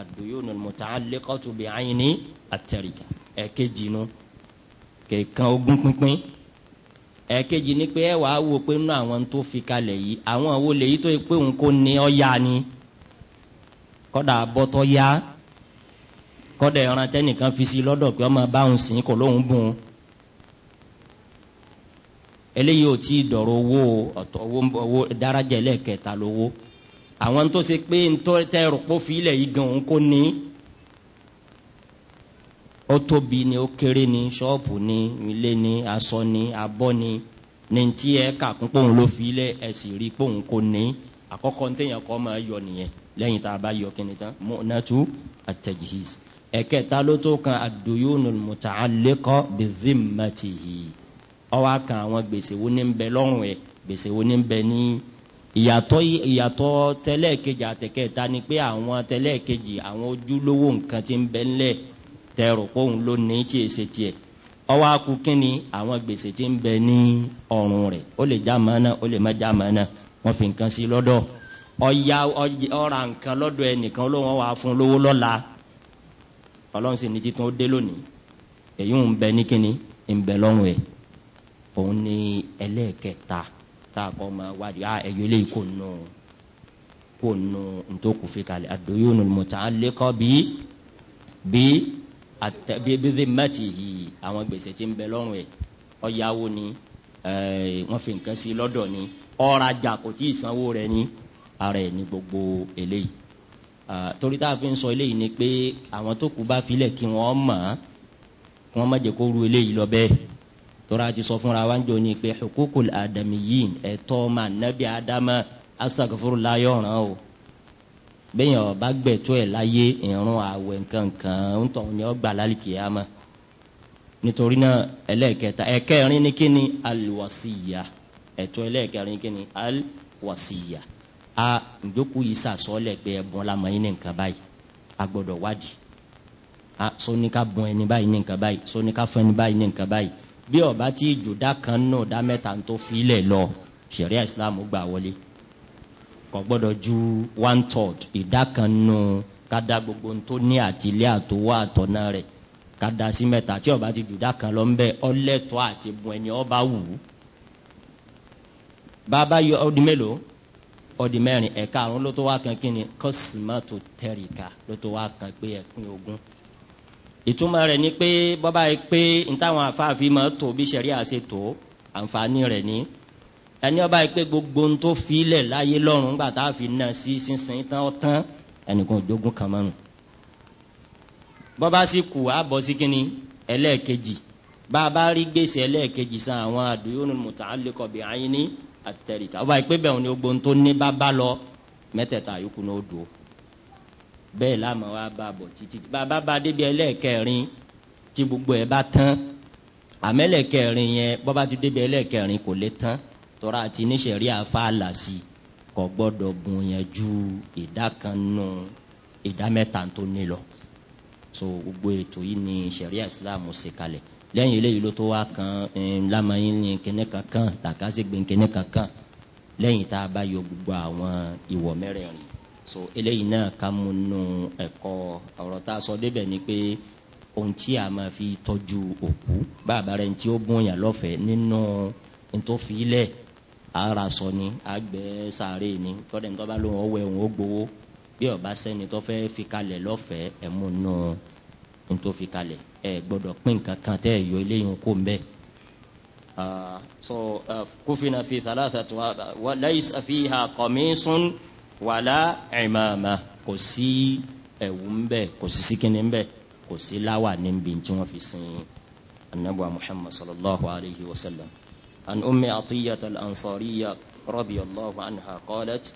ad-duyunul muta'alliqatu bi'ayni at-tarika ẹ̀kejì nu. No kẹ̀kan ogún pínpín ẹ̀kejì ni pé ẹ wàá wo pé nínú àwọn tó fi kalẹ̀ yìí àwọn wo lèyí tó pé òun kò ní ọ̀ya ni kọ́dà bọ́tọ̀ ya kọ́dà ẹran tẹ́nìkan fi si lọ́dọ̀ pé ọmọ báwọn sìn kò lóun bùn un eléyìí ò tí ì dọ̀rọ̀ owó ọ̀tọ̀ owó owó dárájà ẹlẹ́kẹta lówó àwọn tó ṣe pé ntọ́ tẹ́ rò fi ilẹ̀ yìí gan òun kò ní ó tóbi ni ó kéré ni ṣọ́ọ̀bù ni ilé ni aṣọ ni abọ́ ni ní tí ẹ kà kún pòun ló fi ilé ẹ sì rí pòun kò ní àkọ́kọ́ ní téèyàn kọ́ máa yọ nìyẹn lẹ́yìn tá a bá yọ kíni tán mọ́nàtú àtẹ̀jìhìs ẹ̀kẹta ló tó kan àdóyónú mùtàlẹ́kọ́ bìvìmàtìhì ọwọ́ kan àwọn gbèsè wo ní bẹ lọ́rùn ẹ̀ gbèsè wo ní bẹ ní ìyàtọ̀ ìyàtọ̀ tẹ́lẹ̀kejì àtẹ̀kẹta ni pé àwọn tẹ́lẹ̀kejì àwọn ojúlówó nǹkan ti ń bẹ ńlẹ̀ tẹ́rù póun ló ní tí è ṣe tiẹ̀ ọwọ́ akú kínni àwọn gbèsè tí ń bẹ ní ọrùn rẹ̀ ó lè já mọ́nà ó lè má já mọ́nà wọ́n fi nǹkan sí lọ́dọ̀ ọya ọra nǹkan lọ́dọ̀ ẹnìkan olóhùn wà fún lówó lọ́la ọlọ́run sì ní títún ó dé lónìí èyí ń bẹ ní kínni ń bẹ lọ́rùn ẹ̀ òun ní ẹlẹ́ẹ̀kẹta tá a kọ́ ma wádìí ẹ̀yọ́ lè kó nù kó nù ntòkùnfin kalẹ̀ àdóyún mọ̀tàn bíi bíi. àtẹ̀bíbíde mẹ́tì yìí àwọn gbèsè tí ń bẹ lọ́rùn ẹ̀ ọ̀yàwó ni eh, wọ́n fi nǹkan sí lọ́dọ̀ ni ọ̀rajà kò tí ì sanwó rẹ̀ ni ara ẹ̀ ní gbogbo eléyìí torí tá a fi ń sọ eléyìí ni pé àwọn tó kù bá filẹ̀ kí wọ́n mọ̀ kí wọ́n má jẹ́ kó ru eléyìí lọ bẹ́ẹ̀ tora ti sọ fúnra wa ń jọ ni pé hukukul adamiyin ẹ̀tọ́ ọmọ anabi adama astagfurulayi ọ̀ràn o bẹ́yìn ọba gbẹ̀tọ́ ẹ̀ láyé ìrún àwẹ̀ nkankan ń tọ̀ ní ọgbà lálìkì àmọ́ nítorí náà ẹlẹ́ẹ̀kẹta ẹ̀kẹrin ní kíni alùwàsíyà ẹ̀tọ́ ẹlẹ́ẹ̀kẹrin kíni alùwàsíyà a ìjókòó yìí sàsọ́ọ́lẹ̀ pé ẹ̀bùn la mọ̀ yín ní nǹkan báyìí a gbọ́dọ̀ wádìí a sóníkà bùn ẹni báyìí ní nǹkan báyìí sóníkà fún ẹni báyìí ní nǹkan báyìí bí ọba tí ìjòdá kan náà dá mẹ́ta tó fi ilẹ̀ lọ sẹ̀ríà ìsìlámù gbà wọlé kò gbọ́dọ̀ ju one third ìdá kan nù kada gbogbo tó ní àtìlé àtòwọ́ àtọ̀nà rẹ̀ kada sí mẹ́ta tí ọba ti dùdá kan lọ ń bẹ ọlẹ́tọ̀ àti bùn ẹni ọba wù ú. bàbá yọ ọdún mélòó ọdún mẹ́rin ẹ̀ka àrùn ló tó wá kan kíni kọ́sìmọ́tò tẹ̀ríkà ló tó wá kan pé ẹ̀kún ogun. ìtumọ̀ rẹ̀ ni pé bọ́bá yìí pé ní táwọn afáàfin máa tó bí sẹ̀ríà ṣe tó àǹfààní rẹ̀ ni ẹni ọba yìí pé gbogbo ń tó filẹ̀ láyé lọ́rùn gbà tá a fi nà sí sísìn tán tán ẹnìkan òjogún kan mọ́nu. bọ́bá sì kù á bọ̀ sí kínní ẹlẹ́ẹ̀kejì bá a bá rí gbèsè ẹlẹ́ẹ̀kejì san àwọn àdúyónú mùtàlẹ́kọ̀ bí ayé ní àtẹ̀ríkà ọba yìí pé bẹ̀rù ni gbogbo ń tó ní bá bá lọ mẹ́tẹ̀ẹ̀ta yòókù ní odò bẹ́ẹ̀ láàmú wa bá a bọ̀ títí bàbá bá a débi ẹlẹ́ẹ̀kẹrin tí gbogbo ẹ̀ bá tán àmẹ́lẹ̀kẹrin yẹn bọ́bá ti débi ẹlẹ́ẹ̀kẹrin kò lè tán tọ́ra àti níṣẹ̀rí àfàlà sí kò gbọ́dọ̀ gùn yẹn ju ìdá kan nù ìdá mẹ́ta tó ní lọ so gbogbo ètò yìí ni sẹ̀ríà islam ṣe kalẹ̀ lẹ́yìn eléyìí ló tó wá kan ńlámọ̀yìn eh, ní kíní kankan làkàṣègbè kíní kankan lẹ́yìn tá a bá yọ gbogbo àwọn ìwọ̀ mẹ́rẹ̀ẹ̀rin so eléyìí náà ká mú nù ẹ̀kọ́ ọ̀rọ̀ tá a sọ débẹ̀ ni pé ohun tí a máa fi tọ́jú òkú bàbá rẹ̀ tí ó bún yàn nínú ntòfilẹ̀ ara sọ ni àgbẹ̀ sáré ni kọ́dẹ̀ ní tọ́ba ló wọn wẹ̀ wọn ó gbowó bí ọba sẹ́ni tó fẹ́ fi kalẹ̀ lọ́fẹ̀ẹ́ ẹ̀ nù ní tó fi kalẹ̀ ẹ̀ gbọ́dọ̀ pín nǹkan kan tẹ́ ẹ̀ yọ eléyìí kó ń bẹ́ẹ̀. so kófin àfi thalatha tí wọn láyé àfihàn kọ̀mísùn wàlá ìmàmà kò sí ẹ̀wù ń bẹ̀ kò sí síkínní ń bẹ̀ kò sí láwà níbi tí wọ́n fi sin anabu muhammad sallallahu alayhi wa sallam. عن أم عطية الأنصارية رضي الله عنها قالت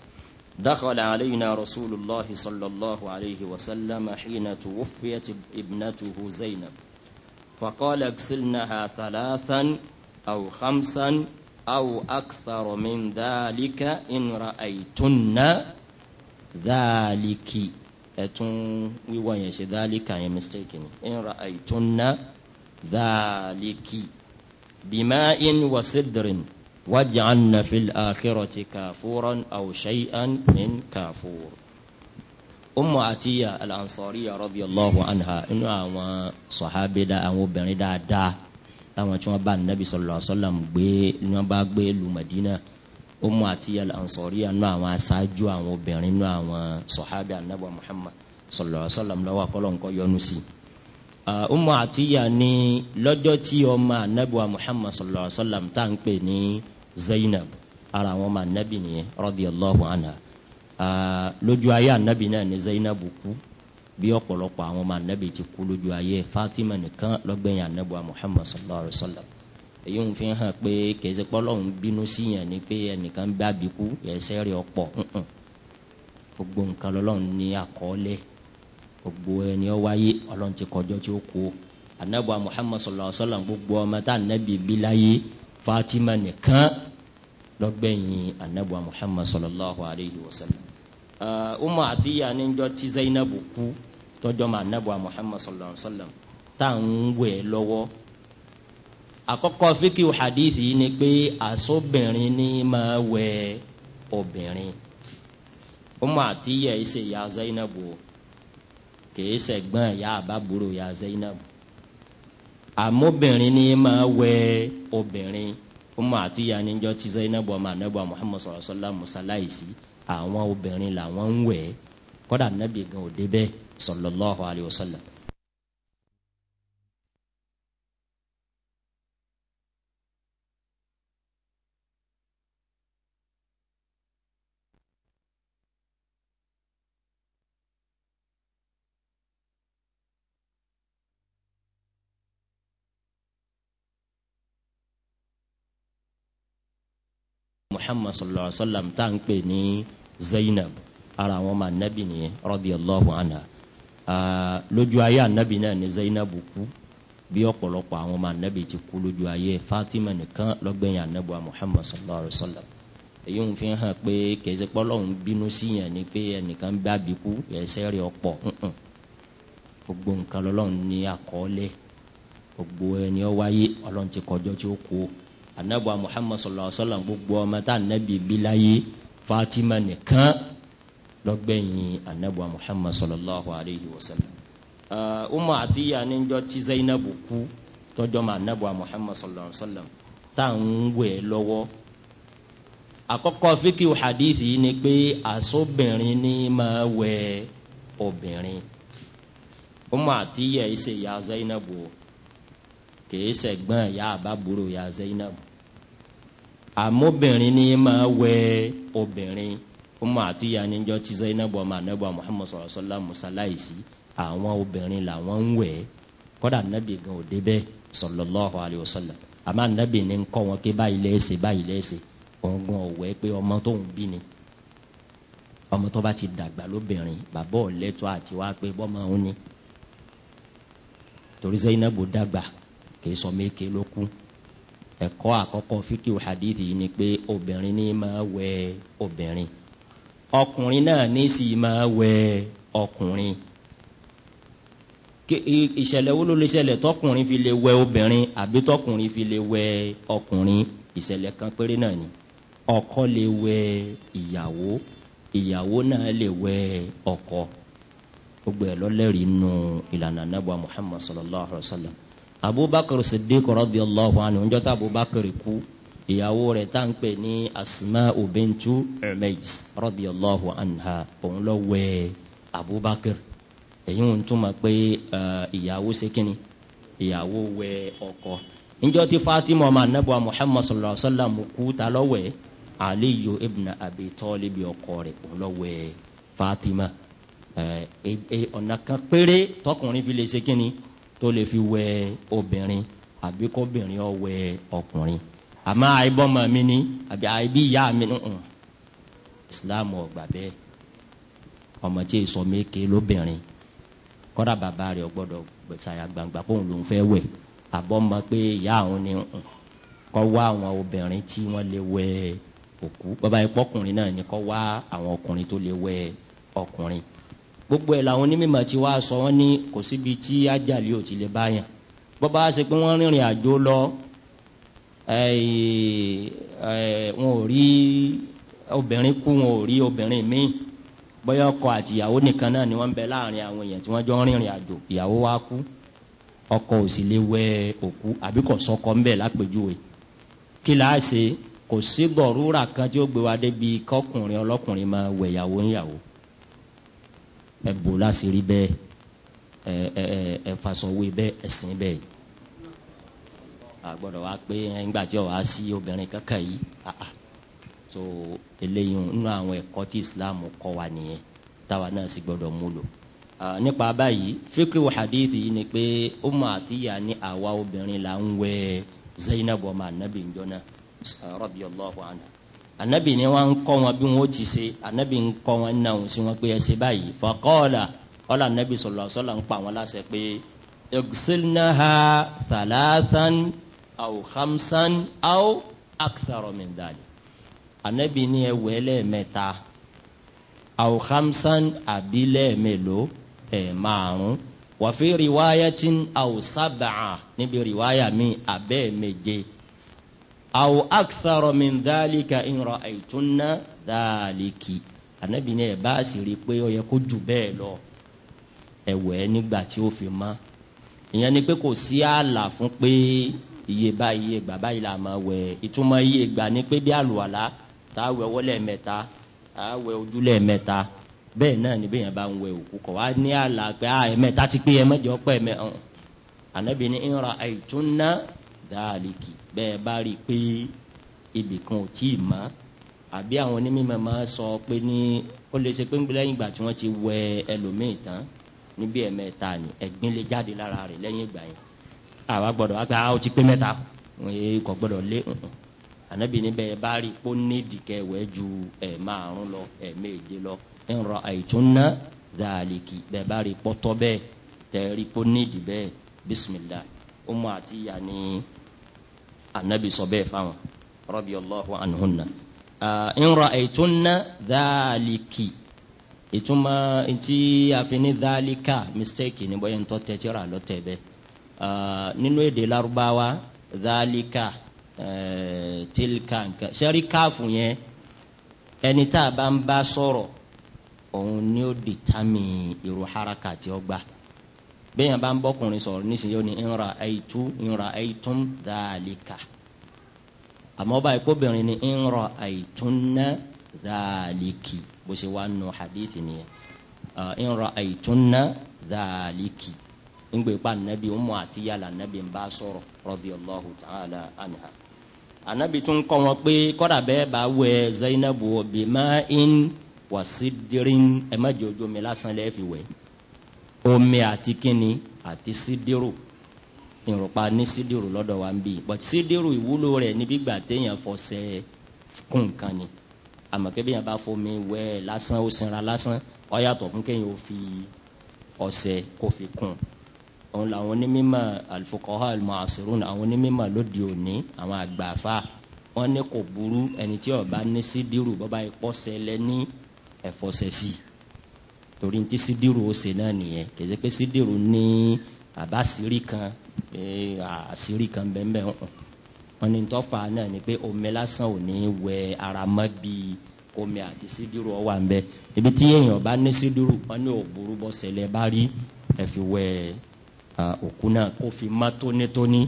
دخل علينا رسول الله صلى الله عليه وسلم حين توفيت ابنته زينب فقال اغسلنها ثلاثا أو خمسا أو أكثر من ذلك إن رأيتن ذلك أتون ذلك يا مستيكني يعني. إن رأيتن ذلك بماء وصدر واجعلنا في الآخرة كافورا أو شيئا من كافور أم عتية الأنصارية رضي الله عنها إنه أما صحابي دا أما بني دا دا أما تشوى بان النبي صلى الله عليه وسلم بي نبا بي لمدينة أم عتية الأنصارية إنه أما ساجو أما بني إنه أما صحابي النبي محمد صلى الله عليه وسلم لو أقول أنكو يونسي Uh, Ummu Atiyya ní lọ́jọ́ tí ọmọ anabiwa Muhammad sallallahu alaihi wa sallam tá à ń pè ní Zainab ara àwọn ọmọ anabi nìyẹn radiyallahu anha uh, lójú ayé anabi náà ni Zainab kú bí ọ̀pọ̀lọpọ̀ àwọn ọmọ anabi ti kú lójú ayé Fatima nìkan lọ́gbẹ̀yìn anabiwa Muhammad sallallahu alaihi wa sallam èyí ń fi hàn pé kèsì pọ́lọ́hún bínú sí yẹn ni pé ẹnìkan bá bí kú ẹsẹ̀ rẹ̀ ọ̀pọ̀ gbogbo nǹkan lọ́lọ́run ní àkọọ́lẹ̀ gbogbo ẹni ọ wáyé ọlọ́run ti kọjọ́ tí ó kú anabuwa muhammad sallallahu alaihi wa sallam gbogbo ọmọ tá anabi bí láyé fatima nìkan lọ́gbẹ̀yìn anabuwa muhammad sallallahu alaihi wa sallam. umu atiya ni njọ ti zainabu ku tọjọ ma anabuwa muhammad sallallahu alaihi wa sallam tá à ń wẹ̀ lọ́wọ́ àkọ́kọ́ fíkì hadithi ni pé asobìnrin ni máa wẹ̀ obìnrin umu atiya ẹ̀ ṣe ya zainabu o kìí sẹ̀gbọ́n ìyá àbábúrò ìyá Zainab àmóbìnrin ni máa wẹ obìnrin ọmọ àtúnyà níjọ tí Zainab ọmọ anabu Muhammad sọlọ sọlá musalaisi àwọn obìnrin làwọn ń wẹ kódà nàbì gan òde bẹ́ẹ̀ sallallahu alayhi wa sallam muhammad sallallahu alaihi wa sallam tá à ń pè ní zainab ara àwọn ọmọ anabi nìyẹn radiyallahu anha lójú ayé anabi náà ni zainab kú bí ọ̀pọ̀lọpọ̀ àwọn ọmọ anabi ti kú lójú ayé fatima nìkan lọ́gbẹ̀yìn anabi wa muhammad sallallahu alaihi wa sallam èyí ń fi hàn pé kèsì pọ́lọ́hún bínú sí yẹn ni pé ẹnìkan ń bá bíkú ẹ̀sẹ̀ rẹ̀ ọ̀pọ̀ gbogbo nǹkan lọ́lọ́run ní àkọọ́lẹ̀ gbogbo ẹni ọ wáyé ọlọ́run ti kọjọ́ tí ó kú o anabuwa muhammad sallallahu alaihi wa sallam gbogbo ọmọ tá anabi bilaye fatima nìkan lọ́gbẹ̀yìn anabuwa muhammad sallallahu alaihi wa sallam. umu atiya ni njọ ti zainabu ku tọjọ ma anabuwa muhammad sallallahu alaihi wa sallam tá n wẹ lọ́wọ́ àkọ́kọ́ fíkì hadithi ni pé asobìnrin ni máa wẹ obìnrin umu atiya ise ya zainabu kìí sẹ̀gbọ́n ìyá àbábúrò ya zainab àmóbìnrin ní ma wẹ obìnrin ọmọ àtúnyà níjọ tí zainabu ọmọ anabu muhammad sọlá sọlá musalaisi àwọn obìnrin làwọn ń wẹ kọ́dà anabi gan òde bẹ́ẹ̀ sọlọ́lọ́hu alayhiṣọ́lá àmọ́ anabi ní ń kọ́ wọn pé báyìí lẹ́sẹ̀ báyìí lẹ́sẹ̀ òun gan ọ̀wẹ́ pé ọmọ tó ń bí ni ọmọ tó bá ti dàgbà lóbìnrin bàbá ọ̀lẹ́tọ̀ àti wá pé bọ́mọ òun ni torí zainabu dàgbà kì í sọ méke ló kú ẹ̀kọ́ àkọ́kọ́ fíkìú hadithi ni pé obìnrin ní máa wẹ obìnrin ọkùnrin náà ní sì máa wẹ ọkùnrin ìṣẹ̀lẹ̀ wo ló lè ṣẹlẹ̀ tọkùnrin fi lè wẹ obìnrin àbí tọkùnrin fi lè wẹ ọkùnrin ìṣẹ̀lẹ̀ kan péré náà ni ọkọ lè wẹ ìyàwó ìyàwó náà lè wẹ ọkọ gbogbo ẹ̀ lọ́lẹ́rìí nù ìlànà anábọ̀ muhammad sallallahu alayhi wa sallam abubakar siddiq radiyallahu anhu ń jọta abubakar kú ìyàwó rẹ̀ tá n pè ní asma obintu umais radiyallahu anha òun lọ wẹ abubakar èyí ń túmọ̀ pé ìyàwó sekini ìyàwó wẹ ọkọ níjọ tí fatima ọmọ anabuwa muhammad sallallahu alaihi wa sallam kú ta lọ wẹ aliyu ibn abi tọ́lẹ̀ ọkọ rẹ̀ òun lọ wẹ fatima ọ̀nà kan péré tọkùnrin fi lè sekini tó lè fi wẹ obìnrin àbí kóbìnrin ọ wẹ ọkùnrin àmọ́ àìbọ́mọ mi ni àbí àìbí ìyá mi ni islam ọgbà bẹ́ẹ̀ ọmọ tí èso méke lóbìnrin kọ́dà bàbá rẹ̀ gbọ́dọ̀ gbẹ̀sàyà gbangba kóun ló ń fẹ́ wẹ̀ àbọ́mọ pé ìyá àwọn ni kọ́ wá àwọn obìnrin tí wọ́n lè wẹ òkú bàbá ìpọ́kùnrin náà ni kọ́ wá àwọn ọkùnrin tó lè wẹ ọkùnrin gbogbo ẹ̀ làwọn onímọ̀ ti wá sọ wọ́n ní kò síbi tí ajali ò ti lè bá yàn bọ́ bá ṣe pé wọ́n rìnrìn àjò lọ wọn ò rí obìnrin kú wọn ò rí obìnrin míì bóyá ọkọ àti ìyàwó nìkan náà ni wọ́n ń bẹ láàrin àwọn èèyàn tí wọ́n jọ ń rìnrìn àjò ìyàwó wa kú ọkọ ò sì lè wẹ òkú àbí kò sọkọ ń bẹ lápèjúwe kí láà ṣe kò sí gọ̀rúrà kan tí ó gbé wa débi kọkùnrin ọlọ́kùnrin máa wẹ̀ ìyàwó ń yàwó ẹ bò láṣìírí bẹ́ẹ̀ ẹ ẹ ẹ fasọ̀wé bẹ́ẹ̀ ẹ̀sìn bẹ́ẹ̀ àgbọ̀dọ̀ wa pé ńgbà tí ọ̀ wá sí obìnrin kankan yìí àà so eléyìí nínú àwọn ẹ̀kọ́ tí Islam kọ́ wa nìyẹn táwa náà sì gbọ́dọ̀ mú lò nípa báyìí fíkì wà hadithi yìí ni pé Ummu Atiyya ní àwa obìnrin là ń wẹ Zainab ọmọ anabi njọ náà radiyallahu anha anabi ni wọn kọ́ wọn bí wọn ó ti ṣe anabi ń kọ́ wọn náà sí wọn pé ẹsẹ báyìí fọkọọlà ọlà anabi sọlọ sọlọ ń pa wọn láṣẹ pé egsilnaha thalathan aw khamsan aw aktharo min dali anabi ni ẹ wẹ lẹ́ẹ̀mẹ́ta aw khamsan àbí lẹ́ẹ̀mélòó márùn wàfi riwaayatin aw sábàá níbi riwaaya mi abẹ́ẹ̀ aw akthara min dhalika in ra'aytunna dhaliki ànábì ní ẹ̀ bá a sì rí i pé ó yẹ kó jù bẹ́ẹ̀ lọ ẹ̀wẹ̀ nígbà tí ó fi mọ́ ìyẹn ni pé kò sí ààlà fún pé iye bá iye gbà báyìí la máa wẹ̀ ìtumọ̀ iye gbà ni pé bí àlùwàlá tá a wẹ̀ ọwọ́ lẹ́ẹ̀mẹ́ta tá a wẹ̀ ojú lẹ́ẹ̀mẹ́ta bẹ́ẹ̀ náà ni bẹ́ẹ̀ bá ń wẹ̀ òkú kọ̀ wá ní ààlà pé a ẹ̀mẹ́ta ti pé ẹ̀mẹ́jọ pẹ́ ẹ̀mẹ́ bẹ́ẹ̀ bá rí i pé ibì kan ò tí ì mọ́ àbí àwọn onímọ̀ máa sọ pé ní ó lè ṣe pé ń gbé lẹ́yìn ìgbà tí wọ́n ti wẹ ẹlòmíì tán níbi ẹ̀mẹ́ta ni ẹ̀gbin lè jáde lára rẹ̀ lẹ́yìn ìgbà yẹn àwa gbọ́dọ̀ wákà ó ti pé mẹ́ta kò gbọ́dọ̀ lé ànábì níbẹ̀ bá rí i pé ó ní ìdìkẹ́ wẹ́ ju ẹ̀ márùn lọ ẹ̀ lọ ń rọ àìtúnná dàlíkì bẹ́ẹ̀ bá rí i pọ́tọ́ bẹ́ẹ̀ tẹ̀ i pé ó ní ìdì bísímìlá ó mú àtìyà ni anabi sọ bẹ́ẹ̀ fáwọn radiyallahu anhunna in ra'aytunna dhaliki ìtumọ̀ tí a fi ní dhalika mistake ni bóyá ń tọ́ tẹ́tí rà lọ́tẹ̀ bẹ́ẹ̀ nínú èdè Lárúbáwá dhalika tilka nǹkan sẹ́rí káàfù yẹn ẹni tá a bá ń bá sọ̀rọ̀ òun ni ó determine irú haraka tí ó gbà bẹ́ẹ̀ bá ń bọ́kùnrin sọ̀rọ̀ nísìnyí ó ní ńra àìtú ńra àìtún dáàlíkà àmọ́ báyìí kóbìnrin ní ńra àìtún ná dáàlíkì bó ṣe wá nù hadith nìyẹn ńra ah, àìtún ná dáàlíkì ńgbè pa nàbí ọmọ àti yàrá nàbí ń bá sọ̀rọ̀ radiyallahu ta'ala anha anabi tún kọ́ wọn pé kọ́dà bẹ́ẹ̀ bá wẹ zainabu bima'in wasidirin ẹ̀ má jẹ́ ojú mi lásán lẹ́ẹ̀ fi omi àti kíni àti sídìrò ìrùpa ní sídìrò lọ́dọ̀ wa ń bì but sídìrò ìwúlò rẹ̀ níbi gbà téèyàn fọṣẹ kún nǹkan ni àmọ́ kébé yẹn bá fomi wẹ̀ lásán ó sinra lásán ó yàtọ̀ fún kéèyàn ó fi ọṣẹ kó fi kún òun làwọn onímọ̀ al-fuqaha àwọn onímọ̀ lóde òní àwọn àgbààfà wọn ní kò burú ẹni tí ó bá ní sídìrò bọ́ba ìpọ́sẹ̀ ẹ̀fọ́sẹ̀ sí i torí ti sídìrú ó ṣe náà nìyẹn kì í ṣe pé sídìrú ní àbá sírí kan àṣírí kan bẹ́ẹ̀ wọn ni tọ́fà náà ni pé omi lásán ò ní wẹ ara mọ́ bí omi àti sídìrú ọ wà ń bẹ ibi tí èèyàn bá ní sídìrú wọn ní òbúrú bọ́ sẹlẹ̀ bá rí ẹ fi wẹ òkú náà kó fi má tónítóní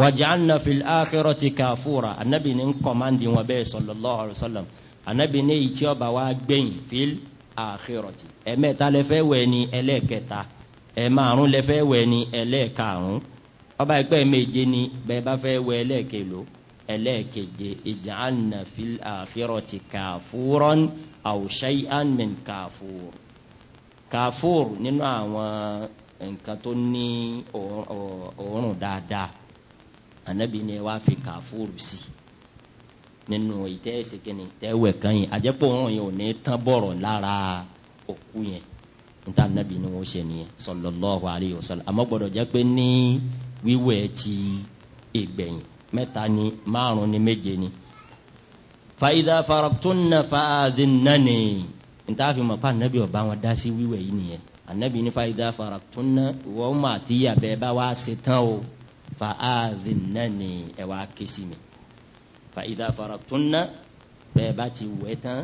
wàjàna fi àkérò ti kàfúrà anabi ní nkọ́mándì wọn bẹ́ẹ̀ sọlọ́lọ́ ọ̀rọ̀ sọlọ́m anabi ní ìtí ọba wa gbẹ̀yìn fílì àkérọ̀tì ẹ̀mẹ́ta lẹ́fẹ́ wẹ̀ ni ẹlẹ́ẹ̀kẹta ẹ̀márùn lẹ́fẹ́ wẹ̀ ni ẹlẹ́ẹ̀karùn ọba ìpẹ́ méje ni bẹ́ẹ̀ bá fẹ́ wẹ̀ ẹlẹ́ẹ̀kẹlò ẹlẹ́ẹ̀keje ìjàánà fi àkérọ̀tì kàfúrọ́n àwùṣẹ́yí àmì kàfúr kàfúr nínú àwọn nǹkan tó ní òórùn dáadáa ànábì ni wàá fi kàfúr sí i nínú ìtẹ́ ìsèkéni tẹ́wẹ̀ kan yìí àjẹpọ̀ òun yìí ò ní tán bọ̀rọ̀ lára òkú yẹn níta nàbì ni wọ́n ṣe nìyẹn sọlọ́lọ́hu aleyhi sọlọ́ àmọ́ gbọ́dọ̀ jẹ́ pé ní wíwẹ̀ ti ìgbẹ̀yìn mẹ́ta ni márùn ni méje ni. fàyidà farabtunna fàádìnnani níta fi mọ̀ pa ànábì ọba wọn dá sí wíwẹ̀ yìí nìyẹn ànábì ní fàyidà farabtunna wọ́n mọ̀ àti yàbẹ̀ bá wá ṣe tán o fàádìnnani ẹ̀ wá ké mi fa idha faragtunna bẹ́ẹ̀ bá ti wẹ̀ tán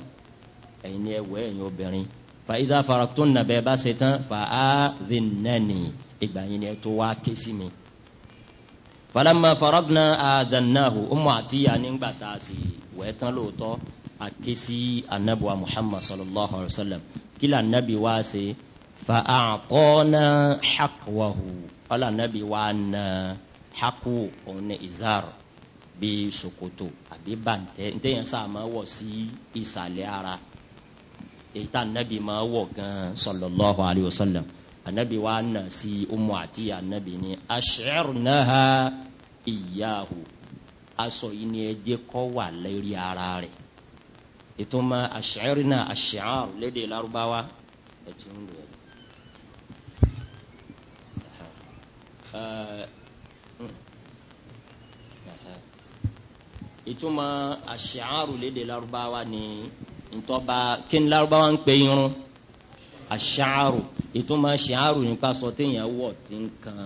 ẹ̀yin ni ẹ wẹ̀ ẹ̀yin obìnrin fa idha faragtunna bẹ́ẹ̀ bá ṣe tán fa aadhinnani ìgbà yẹn ni ẹ tó wá ké sí mi. falamma faragna aadhannahu Ummu Atiyya nígbà tá a sì wẹ̀ tán lóòótọ́ a ké sí anabuwa Muhammad sallallahu alayhi wa sallam kí anabi wá ṣe fa a'tana haqqahu ọ̀là anabi wá na haqqu òun ni bí ṣòkòtò àbí bàǹtẹ́ ntẹ́yẹn sáà máa wọ̀ sí ìsàlẹ̀ ara èyí tá anabi máa wọ̀ gan sallallahu alayhi wa sallam anabi wa nà sí umu àti anabi ni ash'arnaha iyyahu aṣọ yìí ni ẹ jẹ́ wà lérí ara rẹ̀ ìtumọ̀ ash'arna ash'ar lédè Lárúbáwá ẹ̀ ti lò ẹ̀. ìtumọ̀ àṣìárù léde lárúbáwá ni ntọ́ba kí ni lárúbáwá ń pe irun àṣìárù ìtumọ̀ àṣìárù nípa sọ téèyàn wọ̀ tí ń kan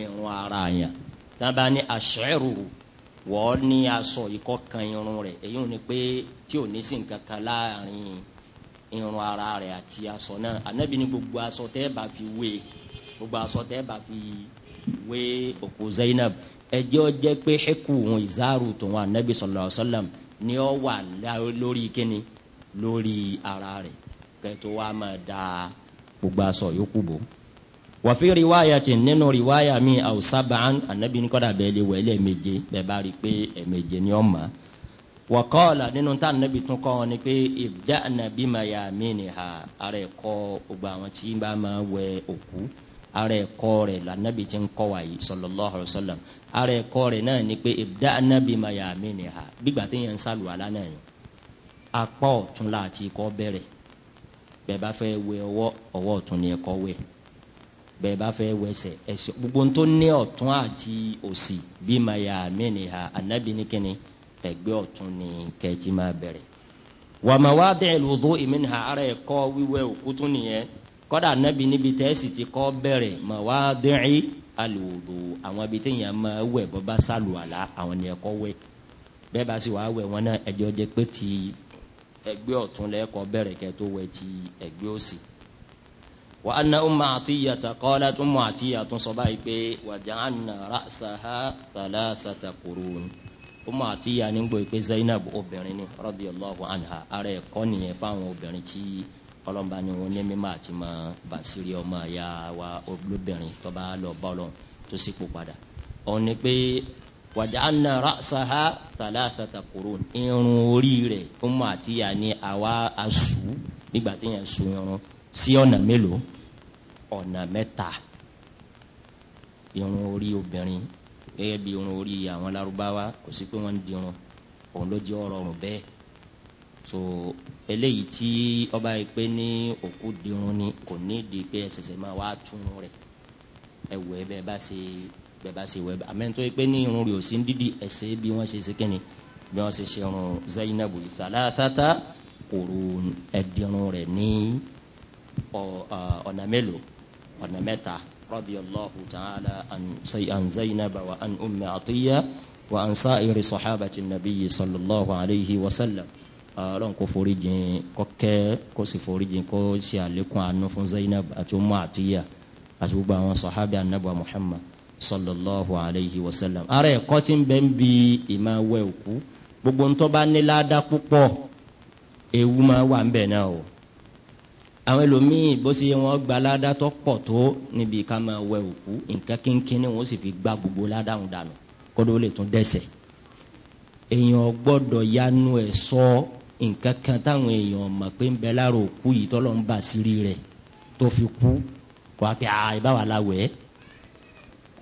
irun ara yẹn tábà ní àṣìárù wọ́n ní aṣọ ìkọ́ kan irun rẹ̀ èyí ò ní pé tí ò ní sí nǹkan kan láàrin irun ara rẹ̀ àti aṣọ náà ànábì ní gbogbo aṣọ tẹ́ bá fi wé gbogbo aṣọ tẹ́ bá fi wé òkú zainab ẹjọ́ jẹ́ pé hẹ́kù òun ìzáàrù tòun ànábì sallallahu alaihi wasallam ni ọ wà lórí kíni lórí ara rẹ̀ kẹtó wa máa da gbogbo aṣọ yòókù bò. wa fi riwayatin nínú riwaya mi aw sab'an ànábì ní kọ́dà bẹ́ẹ̀ lè wẹ̀ lẹ́ẹ̀méje bẹ́ẹ̀ bá rí i pé ẹ̀ẹ̀méje ni ọ mọ̀ wa qala nínú tá ànábì tún kọ́ wọn ni pé ibda'na bimayaminiha ara ẹ̀ gbogbo àwọn tí bá máa wẹ òkú ara ẹ̀kọ́ rẹ̀ lànàbì tí ń kọ́ wa yìí sallallahu alaihi wasallam ara ẹ̀kọ́ rẹ̀ náà ni pé anabi anábì mayami ni ha gbígbà tí yẹn ń sàlùwàlá náà yẹn apá ọ̀tún láti ikọ́ bẹ̀rẹ̀ bẹ́ẹ̀ bá fẹ́ wẹ ọwọ́ ọwọ́ ọ̀tún ni ẹ̀kọ́ wẹ̀ bẹ́ẹ̀ bá fẹ́ wẹsẹ̀ ẹ̀sẹ̀ gbogbo tó ní ọ̀tún àti òsì bí ni ha anábì ni kíni ẹgbẹ́ ọ̀tún ni kẹ́ẹ̀tì máa bẹ̀rẹ̀ wàmàwá ara òkú tún nìyẹn kọ́dà níbi tẹ́ẹ̀sì ti kọ́ alùwòdò àwọn ibi téèyàn máa wẹ̀ bọ́ bá sàlùwàlà àwọn ni ẹ̀kọ́ wẹ̀ bẹ́ẹ̀ bá sì wàá wẹ̀ wọn náà ẹjọ́ jẹ́ pé ti ẹgbẹ́ ọ̀tún lẹ́ẹ̀kọ́ bẹ̀rẹ̀ kẹ́ tó wẹ̀ ti ẹgbẹ́ òsì. wà á na ọmọ àti ìyàtọ̀ kọ́ látún mọ àti sọ wàjà á ra, ọmọ àti pé zainab obìnrin ni rọ́bì àná kọlọmba ni wọn ní mímọ àti mọ basiri ọmọ ya wa olóbìnrin tọba lọ bọlọ tó sì kó padà òun ni pé wàjàna rasaha talatata kurun irun orí rẹ ọmọ àti ya ni àwa asu nígbà tí yẹn sun irun sí ọ̀nà mélòó ọ̀nà mẹ́ta irun orí obìnrin gẹ́gẹ́ bí irun orí àwọn larubawa kò sí pé wọ́n ń dirun òun ló jẹ́ ọ̀rọ̀ ọ̀rùn bẹ́ẹ̀ so eléyìí tí ọba yìí pé ní òkú dirun ni kò ní di pé ẹsẹsẹ máa wá tún rẹ ẹwẹ bẹẹ bá ṣe bẹẹ bá ṣe wẹ bẹẹ àmọ́ nítorí pé ní irun rẹ ò sí dídì ẹsẹ̀ bí wọ́n ṣe ṣe kíni bí wọ́n ṣe ṣe irun zainabu ìfàlàtàtà kòrò ẹ̀dínrún rẹ ní ọ̀nà mélòó ọ̀nà mẹ́ta rọ́bì ọlọ́hu tààlà an zainaba wa àtúyà wa an sáà irin sọ̀hábàtì nàbíyì sọlọ́lọ́hu wa sálàmù ọlọ́run kò forí jìn kọ́kẹ́ kó sì forí jìn kó ṣe àlékún àánú fún zainab àti umu àtúyà àti gbogbo àwọn sọ̀hábì anábà muhammad sallallahu alayhi wa sallam. ara ẹ̀kọ́ ti ń bẹ́ ń bi ìmọ̀ wẹ̀ òkú gbogbo ń tọ́ bá ní ládá púpọ̀ ewu máa wà ń bẹ̀ náà o. àwọn ẹlòmíì bó ṣe wọn gba ládá tó pọ̀ tó níbi ká máa wẹ̀ òkú nǹkan kínkín ni wọ́n sì fi gbá gbogbo ládá wọn dànù kó ló lè tún dẹ́sẹ̀ èèyàn gbọ́dọ̀ yanu ẹ̀ sọ nǹkan kan táwọn èèyàn mọ̀ pé ń bẹ lára òkú yìí tọ́lọ́ ń bà sírí rẹ̀ tó fi kú kó a pè á ìbáwá la ẹ́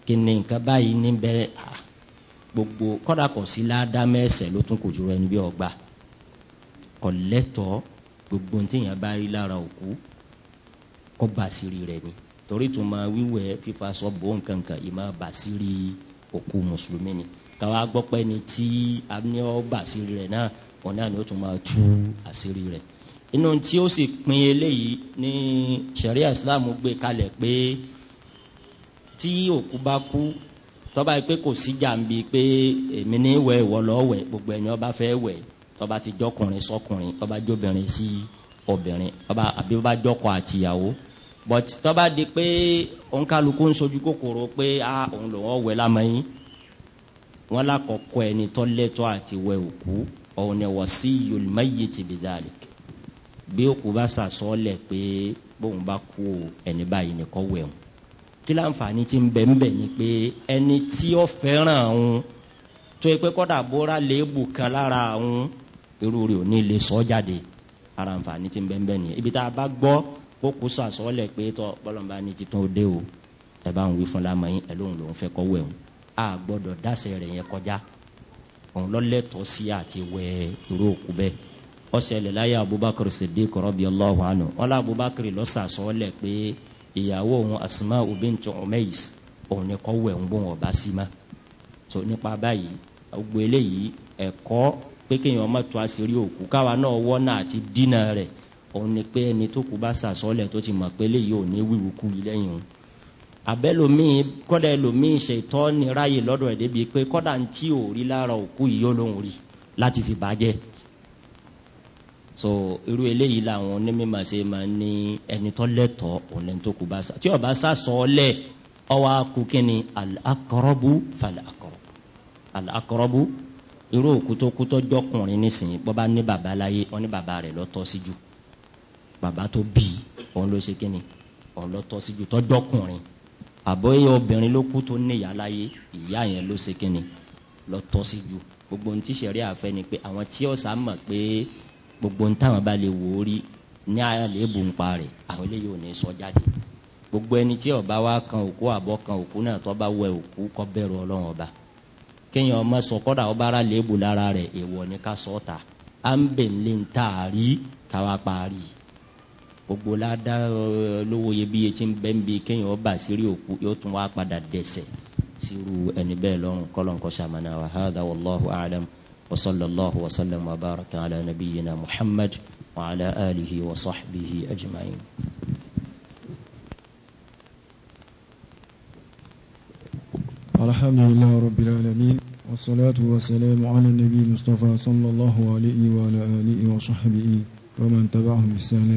kí ni nǹkan báyìí ní bẹ́ẹ̀ gbogbo kọ́dà kọ̀ sí ládàá mẹ́sẹ̀ ló tún kò jùlọ ẹni bí ọgbà kọ̀ lẹ́tọ̀ọ́ gbogbo tíyàn bá rí lára òkú kọ́ bà sírí rẹ̀ ni torí tó máa wíwẹ̀ fífa sọ bó nǹkan kan yìí máa bà sírí òkú mùsùlùmí ni káwa gbọ́ pé tí a ní ọ́ bà sírí rẹ̀ náà òun náà ni ó tún máa tú àṣírí rẹ̀ inú tí ó sì pin eléyìí ní sẹ̀ríà islam gbé kalẹ̀ pé tí òkú bá kú tọ́ba yìí pé kò sí jàǹbi pé èmi ní wẹ̀ ìwọ lọ́ọ́ wẹ̀ gbogbo ẹni ọba fẹ́ wẹ̀ tọ́ba ti jọkùnrin sọkùnrin tọ́ba jóbìnrin sí obìnrin tọ́ba àbí bá jọkọ àtìyàwó but tọ́ba di pé òǹkàlùkù ń sojú kòkòrò pé a òun lòun ọ̀wẹ́ lámẹ́yìn wọn lákọ̀ọ́kọ́ ẹni tọ́lẹ́tọ́ àti wẹ̀ òkú òun ni wasiyul mayyiti bidhalik bí òkú bá sàsọ́ọ́lẹ̀ pé bóun bá kú ẹni báyìí nìkan wẹ̀hún kí láǹfààní ti ń bẹ ń bẹ ni pé ẹni tí ó fẹ́ràn òun tó yẹ pé kọ́dà bóra léèbù kan lára òun irú rẹ̀ ò ní lè sọ jáde ara àǹfààní ti ń bẹ ń ibi tá a bá gbọ́ kó kú sàsọ́ọ́lẹ̀ pé tọ́ bọ́lọ́mbà ni titun ó dé o ẹ bá ń wí fún lamọ̀ ẹ lóun lòún fẹ́ kọ́ wẹ̀hún a gbọ́dọ̀ dáṣẹ́ rẹ̀ yẹn kọjá òun lọ́lẹ́tọ̀ọ́ sí àti wẹ irú òkú bẹ́ẹ̀ ọ̀sẹ̀lẹ̀ láyé abubakar sèdèk rọ́bì ọlọ́hu àná wọn lá abubakar lọ́sàsọ́ọ́lẹ̀ pé ìyàwó òun asma obìntu ọmẹ́yìs òun ni kọ́ wẹ̀ ń bọ̀ wọn bá sí ma tó nípa báyìí gbogbo eléyìí ẹ̀kọ́ pé kéèyàn ọmọ tó àṣírí òkú káwa náà wọ́n náà ti dínà rẹ̀ òun ni pé ẹni tó kú bá sàsọ́ọ́lẹ̀ tó ti mọ̀ pé eléyìí ò ní wíwú kú lẹ́yìn òun abẹ́lòmíì kọ́dà ẹlòmíì ṣètọ́ ni ráyè lọ́dọ̀ ẹ̀ débi pé kọ́dà ń tí ò rí lára òkú yìí yóò lóun rí láti fi bàjẹ́ so irú eléyìí làwọn onímọ̀ ṣe máa ń ní ẹni tó lẹ́tọ̀ọ́ òun lẹ́ni tó kú bá sá tí ọba sá sọ ọ lẹ̀ ọwọ́ akú kínni al-akọrọ́bù fal-akọrọ́ al-akọrọ́bù irú òkú tó kú tó jọkùnrin nísìnyí bọ́ bá ní bàbá láyé wọ́n ní bàbá rẹ̀ lọ́tọ́ sí jù bàbá tó bí òun ló ṣe kínni òun lọ́tọ́ sí jù tó jọkùnrin àbọ̀yẹ obìnrin ló kú tó níyà láyé ìyá yẹn ló ṣe kíni lọ tọ́ sí ju gbogbo ohun tí sẹ̀rí àfẹ́ ni pé àwọn tí ọ̀sà mọ̀ pé gbogbo ohun táwọn bá lè wò ó rí ní àlébù ń pa rẹ̀ àwọn eléyìí ò ní sọ jáde gbogbo ẹni tí ọba wa kan òkú àbọ̀ kan òkú náà tọ́ bá wẹ òkú kọ́ bẹ̀rù ọlọ́run ọba kéèyàn ọmọ sọ kọ́dà ọba ara lèébù lára rẹ̀ èèwọ̀ ní ká sọ́ọ̀ta à ń bè ń lé ń tààrí káwá parí yìí gbogbo ládá lówó iyebíye tí ń bẹ́ ń bi kéèyàn ọba sírí òkú yóò tún wá padà dẹ̀sẹ̀ sírú ẹni bẹ́ẹ̀ lọ́rùn kọ́lọ́nkọ́ sàmánà wa hàdà wàlláhu àdàm wasallallahu wasallam wa baraka ala nabiyina muhammad wa ala alihi wa sahbihi ajma'in. alhamdulilah rabbil alamin wasalaatu wasalaamu ala nabi mustapha sallallahu alayhi wa ala alihi wa sahbihi wa man tabacahu bisaani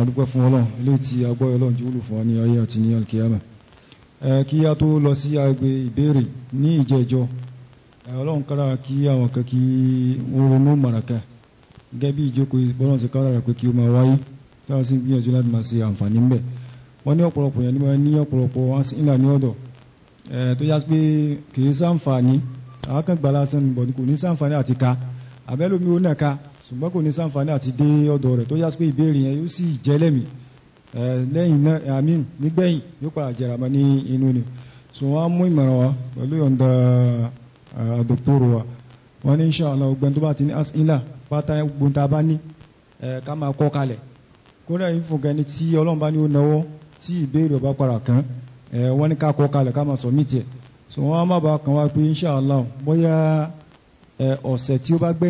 àdúgbẹ́ fún ọlọ́run ilé tí agbọ́yọ̀ ọlọ́run jùlọ fún wa ayé àti ní alkiyama kí a tó lọ sí agbe ìbéèrè ní ìjẹjọ ọlọ́run kárára kí àwọn kan kí wọ́n ronú màràkà gẹ́gẹ́ bí ìjókòó bọ́lọ́n sí kárára pé kí ó máa wáyé táwọn sì ń gbìyànjú láti máa ṣe àǹfààní ń bẹ̀ wọ́n ní ṣùgbọ́n kò ní sáǹfààní àti dé ọ̀dọ̀ rẹ̀ tó yá sí pé ìbéèrè yẹn yóò sì jẹ́ lẹ́mí lẹ́yìn náà àmín nígbẹ̀yìn yóò padà jẹ̀ràmọ́ ní inú ni so wọ́n á mú ìmọ̀ràn wa pẹ̀lú yọ̀ǹda dọ́kítọ́rù wa wọ́n ní insha Allah ọgbẹ́ni tó bá ti ní asílà pátá gbóǹta bá ní ká máa kọ́ kalẹ̀ kódà yìí fún kẹni tí ọlọ́run bá ní ó náwó tí ìbéèrè so wọ́n á má bàa kàn wá pé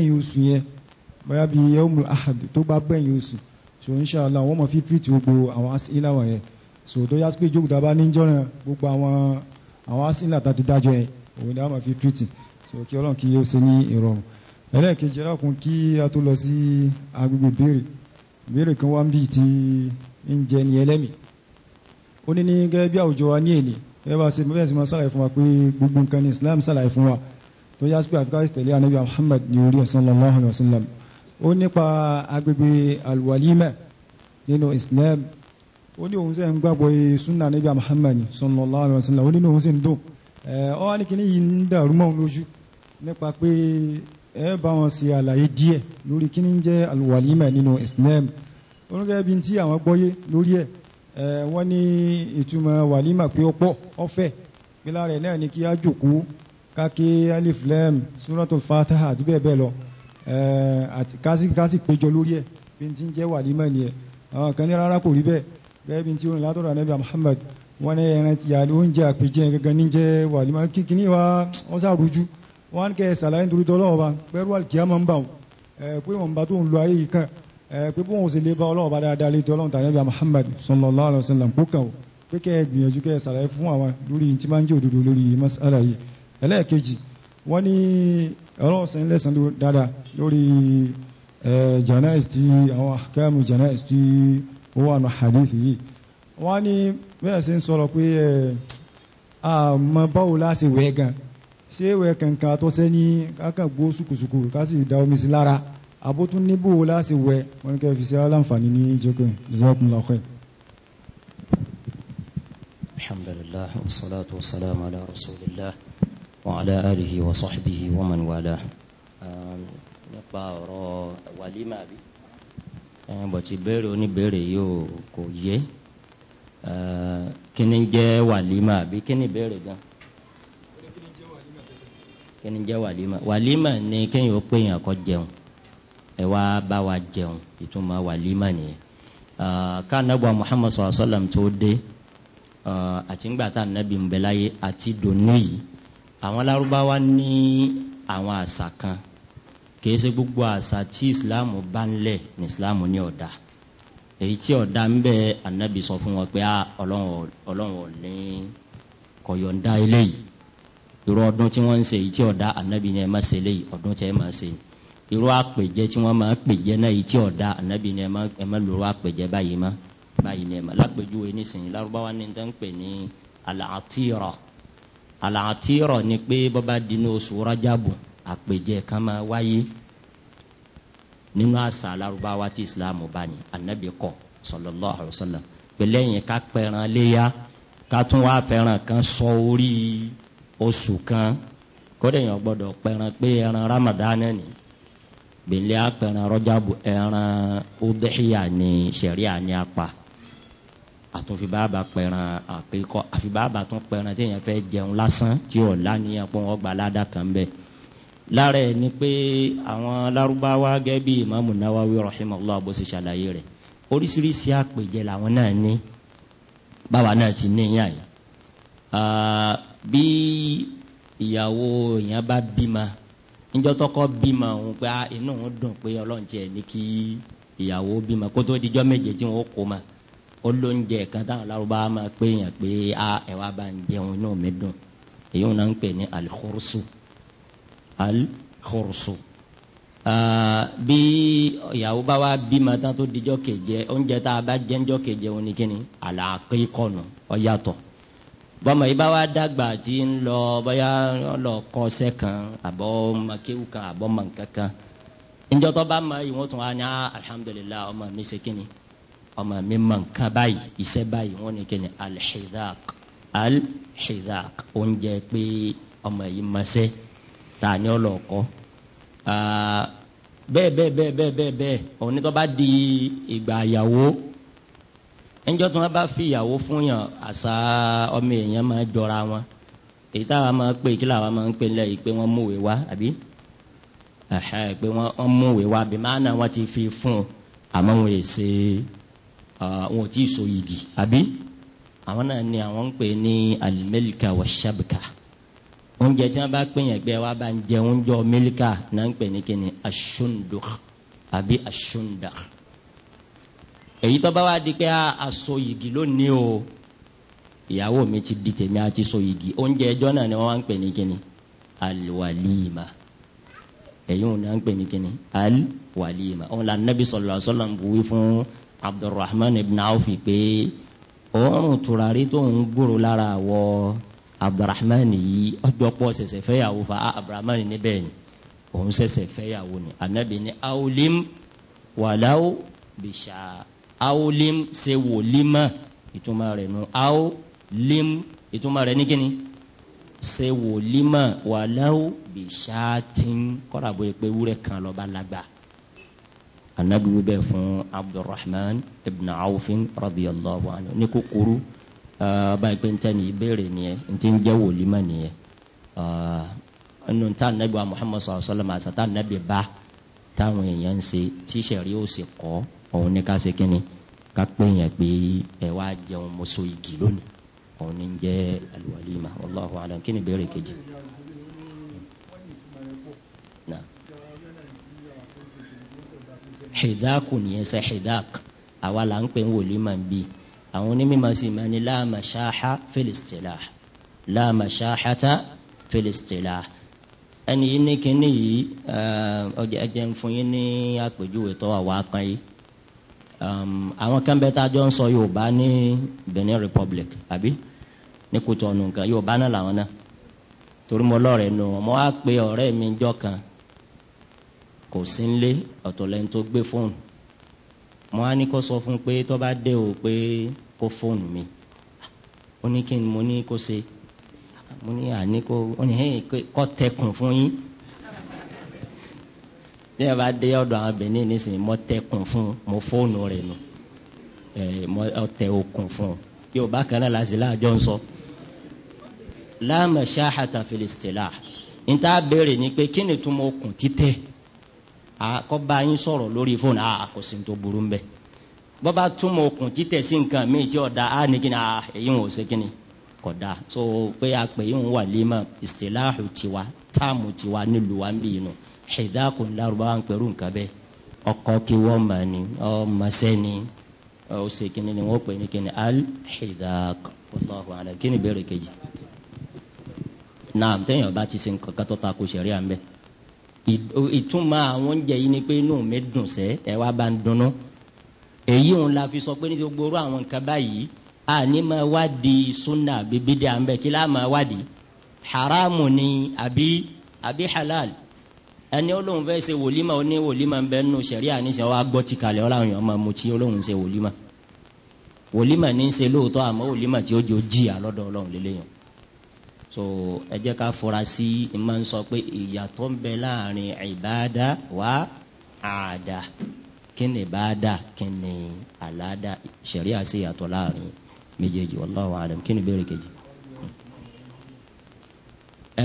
bóyá bíi yawmul ahad tó bá gbẹ̀yìn oṣù so inshallah wọ́n mọ̀ fi pìtì gbogbo àwọn asílà wọ̀nyẹn so tó yá sí pé ìjókòó dábàá ní jọ́nà gbogbo àwọn àwọn asílà tá dájọ́ yẹn òun ni a máa fi pìtì so kí ọlọ́run kí yóò ṣe ní ìrọ̀rùn ẹlẹ́ẹ̀kejì ẹlẹ́kùn kí a tó lọ sí agbègbè béèrè béèrè kan wá ń bì tí ń jẹ ní ẹlẹ́mì ó ní ní gẹ́gẹ́ bí àwùjọ wa ní èlé gẹ́gẹ́ bá ṣe bẹ́ẹ̀ sì máa ṣàlàyé Islam ṣàlàyé fún wa tó yá sí Muhammad ní orí sallallahu ó nípa agbègbè alwalima nínú islam ó ní òun sì ń gbàgbọ́ sunna níbi muhammad sallallahu alayhi wa sallam ó ní òun sì ń dùn ọ wá ní kíní yìí ń dàrú mọ́ òun lójú nípa pé ẹ bá wọn ṣe àlàyé díẹ̀ lórí kíní ń jẹ́ alwalima nínú islam ó ní gẹ́gẹ́ bí tí àwọn gbọ́yé lórí ẹ̀ wọ́n ní ìtumọ̀ wàlímà pé ó pọ̀ ọ̀fẹ́ pé lára náà ni kí á jòkó káké alif lam suratul fataha àti bẹ́ẹ̀ bẹ́ẹ̀ lọ àti kasi péjọ lórí ẹ̀ bí ti ń jẹ́ wàlímà ni ẹ̀ àwọn kan ní rárá kò rí bẹ́ẹ̀ gẹ́gẹ́ bí ti orin látọ̀rọ̀ ànábì Muhammad wọ́n ní ẹran ti yàrá oúnjẹ àpèjẹ gangan ní jẹ́ wàlímà kíkiní wa wọ́n sàrújú wọ́n kẹ́ sàlàyé nítorí tọ́lọ́wọ́ bá pẹ́rú àlùkìyàmọ̀ ń bà wọ́n pé wọ́n bá tó ń lo ayé yìí kan pé bóun sì lè bá ọlọ́wọ́ bá dáadáa lé tọ́lọ́wọ́ tàbí ànábì Muhammad sallallahu alaihi wasallam kó kàn wọ́n pé kẹ́ ẹ gbìyànjú kẹ́ ẹ masala yìí ẹlẹ́ẹ̀kejì wọ́n ọlọ́run sẹ́yìn lẹ́sàn dáadáa lórí eh, janais ti àwọn ahkamu janais ti ó wà nù hadithi yìí wọ́n ní bẹ́ẹ̀ sí ń sọ̀rọ̀ pé àmọ́ eh, báwo láti wẹ̀ gan ṣé wẹ̀ kankan tó sẹ́ ní kákan gbó sùkùsùkù ká sì omi sí lára àbótún níbò láti wẹ̀ wọ́n kẹ́ fi ṣe aláǹfààní ní jókòó jazakumullahu khair. alhamdulillah wassalatu wassalamu ala rasulillah. وعلى آله وصحبه ومن والاه nípa ọ̀rọ̀ wàlímà bí bọ̀tí béèrè oníbéèrè yóò kò yé kíni jẹ́ wàlímà bí kíni béèrè gan kíni jẹ́ wàlímà wàlímà ni kéèyàn ó pè yàn kó jẹun ẹ wá bá wa jẹun ìtumọ̀ wàlímà nìyẹn ká nàgbà Muhammad sallallahu tó dé àti ńgbà tá nàbì ń bẹ àti dòní yìí. àwọn lárúbáwá ní àwọn àṣà kan kìí ṣe gbogbo àṣà tí islam bá ń lẹ̀ ní islam ní ọ̀dà èyí tí ọ̀dà ń bẹ anabi sọ fún wọn pé ah, ọlọ́run ò ní kọ̀yọ̀ǹda eléyìí irú ọdún tí wọ́n ń ṣe èyí tí ọ̀dà ẹ ṣe eléyìí ọdún tí ẹ ṣe irú àpèjẹ tí wọ́n máa pèjẹ náà èyí tí ọ̀dà ẹ àpèjẹ báyìí má báyìí ẹ lápèjúwe nísìnyí lárúbáwá pè ní àlàtírọ̀ ni pé bọ́bá dínú oṣù rájàbù àpèjẹ kan máa wáyé nínú àṣà alárúbáwá tí islam bá ní anabi kọ sọlọlọ àrùsọlọ pẹlẹ yẹn ká pẹran léyà ká tún wá fẹràn kan sọ orí oṣù kan kódà yẹn gbọdọ pẹran pé ẹran ramadan ni gbẹlẹ apẹran rọjàbù ẹran ọdẹhìyà ni sẹríà ni apá àtúnfi bàbà pẹ̀ràn àpékọ́ àfi bàbà tún pẹ̀ràn téèyàn fẹ́ jẹun lásán tí ò láníyàn pé wọ́n gba aládà kan bẹ́ẹ̀. lára ẹ̀ ni pé àwọn lárúbáwá gẹ́gẹ́ bí ìmáàmù náwáwí rahimahullah bó ṣe ṣàlàyé rẹ̀ oríṣiríṣi àpèjẹ làwọn náà ní báwa náà ti níyàn yìí. bí ìyàwó èèyàn bá bímọ níjọ́ tọkọ bímọ òun pé ah, inú òun dùn pé ọlọ́run tiẹ̀ ní kí ìyàwó bímọ kó tó méje tí wọ́n kó máa olóúnjẹ kan táwọn Lárúbáwá máa pé yàn pé a ẹ̀wà bá ń jẹun inú mi dùn èyí wọn náà ń pè ní alikoroso alikoroso bí ìyàwó bá wa bímọ tán tó dijọ́ keje oúnjẹ tá a bá jẹ́ ńjọ́ keje òun ni kíni àlàáké kọ̀nù ó bọ́mọ yìí bá wa dàgbà tí ń lọ bóyá ọlọ kọ́sẹ́ kan àbọ̀ makéwù kan àbọ̀ mọ̀nkankan ńjọ́ tó bá ma ìwọ̀n tún wa ní alihamudulilayi ọmọ mi ṣe ọmọ mi mọ nǹkan báyìí iṣẹ́ báyìí wọ́n ní kí ni alḥidhaq alḥidhaq oúnjẹ pé ọmọ yìí mọṣẹ́ ta ni ọ lọ kọ́ bẹ́ẹ̀ bẹ́ẹ̀ bẹ́ẹ̀ bẹ́ẹ̀ bẹ́ẹ̀ bẹ́ẹ̀ òun tó bá di ìgbà ìyàwó ẹnjọ́ tí wọ́n bá fi ìyàwó fún yàn àṣà ọmọ èèyàn máa jọra wọn èyí táwa máa pè kí làwa máa ń pè lẹ́yìn pé wọ́n múwèé wá àbí pé wọ́n múwèé wá bí máa náà wọ́n ti fi fún un àmọ́ wọn èsè àwọn ah, ò tí ì so igi àbí àwọn náà ni àwọn ń pè ní alimẹ́líkà wà sábìkà oúnjẹ tí wọ́n bá pè yẹn gbé wa bá ń jẹ oúnjẹ mẹ́líkà náà ń pè ní kíni asúndò àbí asúndà èyí tó bá wá di pé aṣọ igi lónìí o ìyàwó mi ti di tèmi àti so igi oúnjẹ ẹjọ́ náà ni wọ́n wá ń pè ní kíni alwalima èyí wọn náà ń pè ní kíni alwalima òun là nàbí sọlọ sọlọ ń fún abdulrahman ibn awf pé òórùn tùràrí tó ń gbòòrò lára wọ abdulrahman yìí ọjọ́ pọ̀ ṣẹ̀ṣẹ̀ fẹ́yàwó fa ah, abdulrahman níbẹ̀ ni òun ṣẹ̀ṣẹ̀ fẹ́yàwó ni anabi ni awlim wàláwó bìṣà awlim ṣe wòlímọ̀ ìtumọ̀ rẹ̀ nu awlim ìtumọ̀ rẹ̀ ní kíni ṣe wòlímọ̀ wàláwó bìṣà tí ń kọ́ra bóyá pé wúrẹ́ kan lọ́ba lágbàá anabi wí bẹ́ẹ̀ fún abdulrahman ibn awfin radiyallahu anhu ní kúkúrú báyìí pé ntẹ́ni ìbéèrè nìyẹn ntí ń jẹ́ wòlímọ̀ nìyẹn ẹnu ntá anabi wa muhammad sallallahu alayhi wa sallam asata anabi ba táwọn èèyàn ń ṣe tíṣẹ̀rí ó sì kọ́ òun ní ká ṣe kínni ká pé yẹn pé ẹ wá jẹun mọ́sọ igi lónìí òun ní jẹ́ alwalima wallahu alam kí ni ìbéèrè kejì hidaku nìyẹn sẹ hidak àwa là ń pè ń wòlíì máa ń bí àwọn onímọ̀ sì máa ní láàmàṣáhá fèlèstìlá láàmàṣáhátá fèlèstìlá ẹni yìí ní kínní yìí eh, ọjà ẹjẹ ń fún yín ní àpèjúwe tó wà wá kan yìí um, àwọn kan bẹ tá a jọ ń sọ yorùbá ní benin republic àbí ní kùtọ̀nù nǹkan yorùbá náà làwọn náà torí mo lọ́ọ̀rẹ́ nù wọ́n á pe ọ̀rẹ́ mi jọ kan kò sí nílé ọ̀tọ̀ lẹ́ni tó gbé fóònù mo á ní kó sọ fún un pé tó bá dé o pé kó fóònù mi ó ní kí ni mo ní kó ṣe mo ní àní kó ó ní hẹ́yìn kó tẹkùn fún yín tí a bá dé ọ̀dọ̀ àwọn benin nísìnyí mo tẹkùn fún mo fóònù rẹ̀ nù mo tẹ okùn fún yóò bá kan náà láti láàjọ ń sọ láàmú ṣáhàtà fìlìsìtìlá n ta béèrè ni pé kí ni tún mo kùn títẹ. àkọ́ bá yín sọ̀rọ̀ lórí fóònù àà kò sí tó burú ń bẹ̀ bọ́ bá túmọ̀ okùn títẹ̀ sí nǹkan míì tí ọ̀dà á ní kíni èyí so pé a pè ń wà límọ̀ tiwa táàmù tiwa nílùú wa ń bì yìí nù ń pẹ̀rù nǹkan bẹ́ẹ̀ ọkọ̀ kí wọ́n mọ̀ ni ọmọ al ìtumọ̀ àwọn oúnjẹ yìí ni pé inú mi dùn sẹ́ ẹ wá bá ń dunnú èyí òun la fi sọ pé ní ti gbogbo àwọn nǹkan báyìí àní máa wádìí sunna bíbí dé àmbẹ kí láà máa wádìí haramu ni àbí àbí halal ẹni olóhùn fẹ́ ṣe wòlímà oní wòlímà ń bẹ nù sẹ̀ríà ní sẹ́wọ́n agbọ́ ti kalẹ̀ ọ̀làwọn èèyàn máa mutí olóhùn ṣe wòlímà wòlímà ní í ṣe lóòótọ́ àmọ́ wòlímà tí ó jọ jìyà lọ́dọ̀ ọlọ́run lélẹ́yìn so ẹ jẹ́ ká fura sí i máa ń sọ pé ìyàtọ̀ ń bẹ láàrin ìbáadá wá àdá kí ni ìbáadá kí ni àládá ṣẹ̀ríà sí ìyàtọ̀ láàrin méjèèjì wallahu alam kí ni ìbéèrè kejì.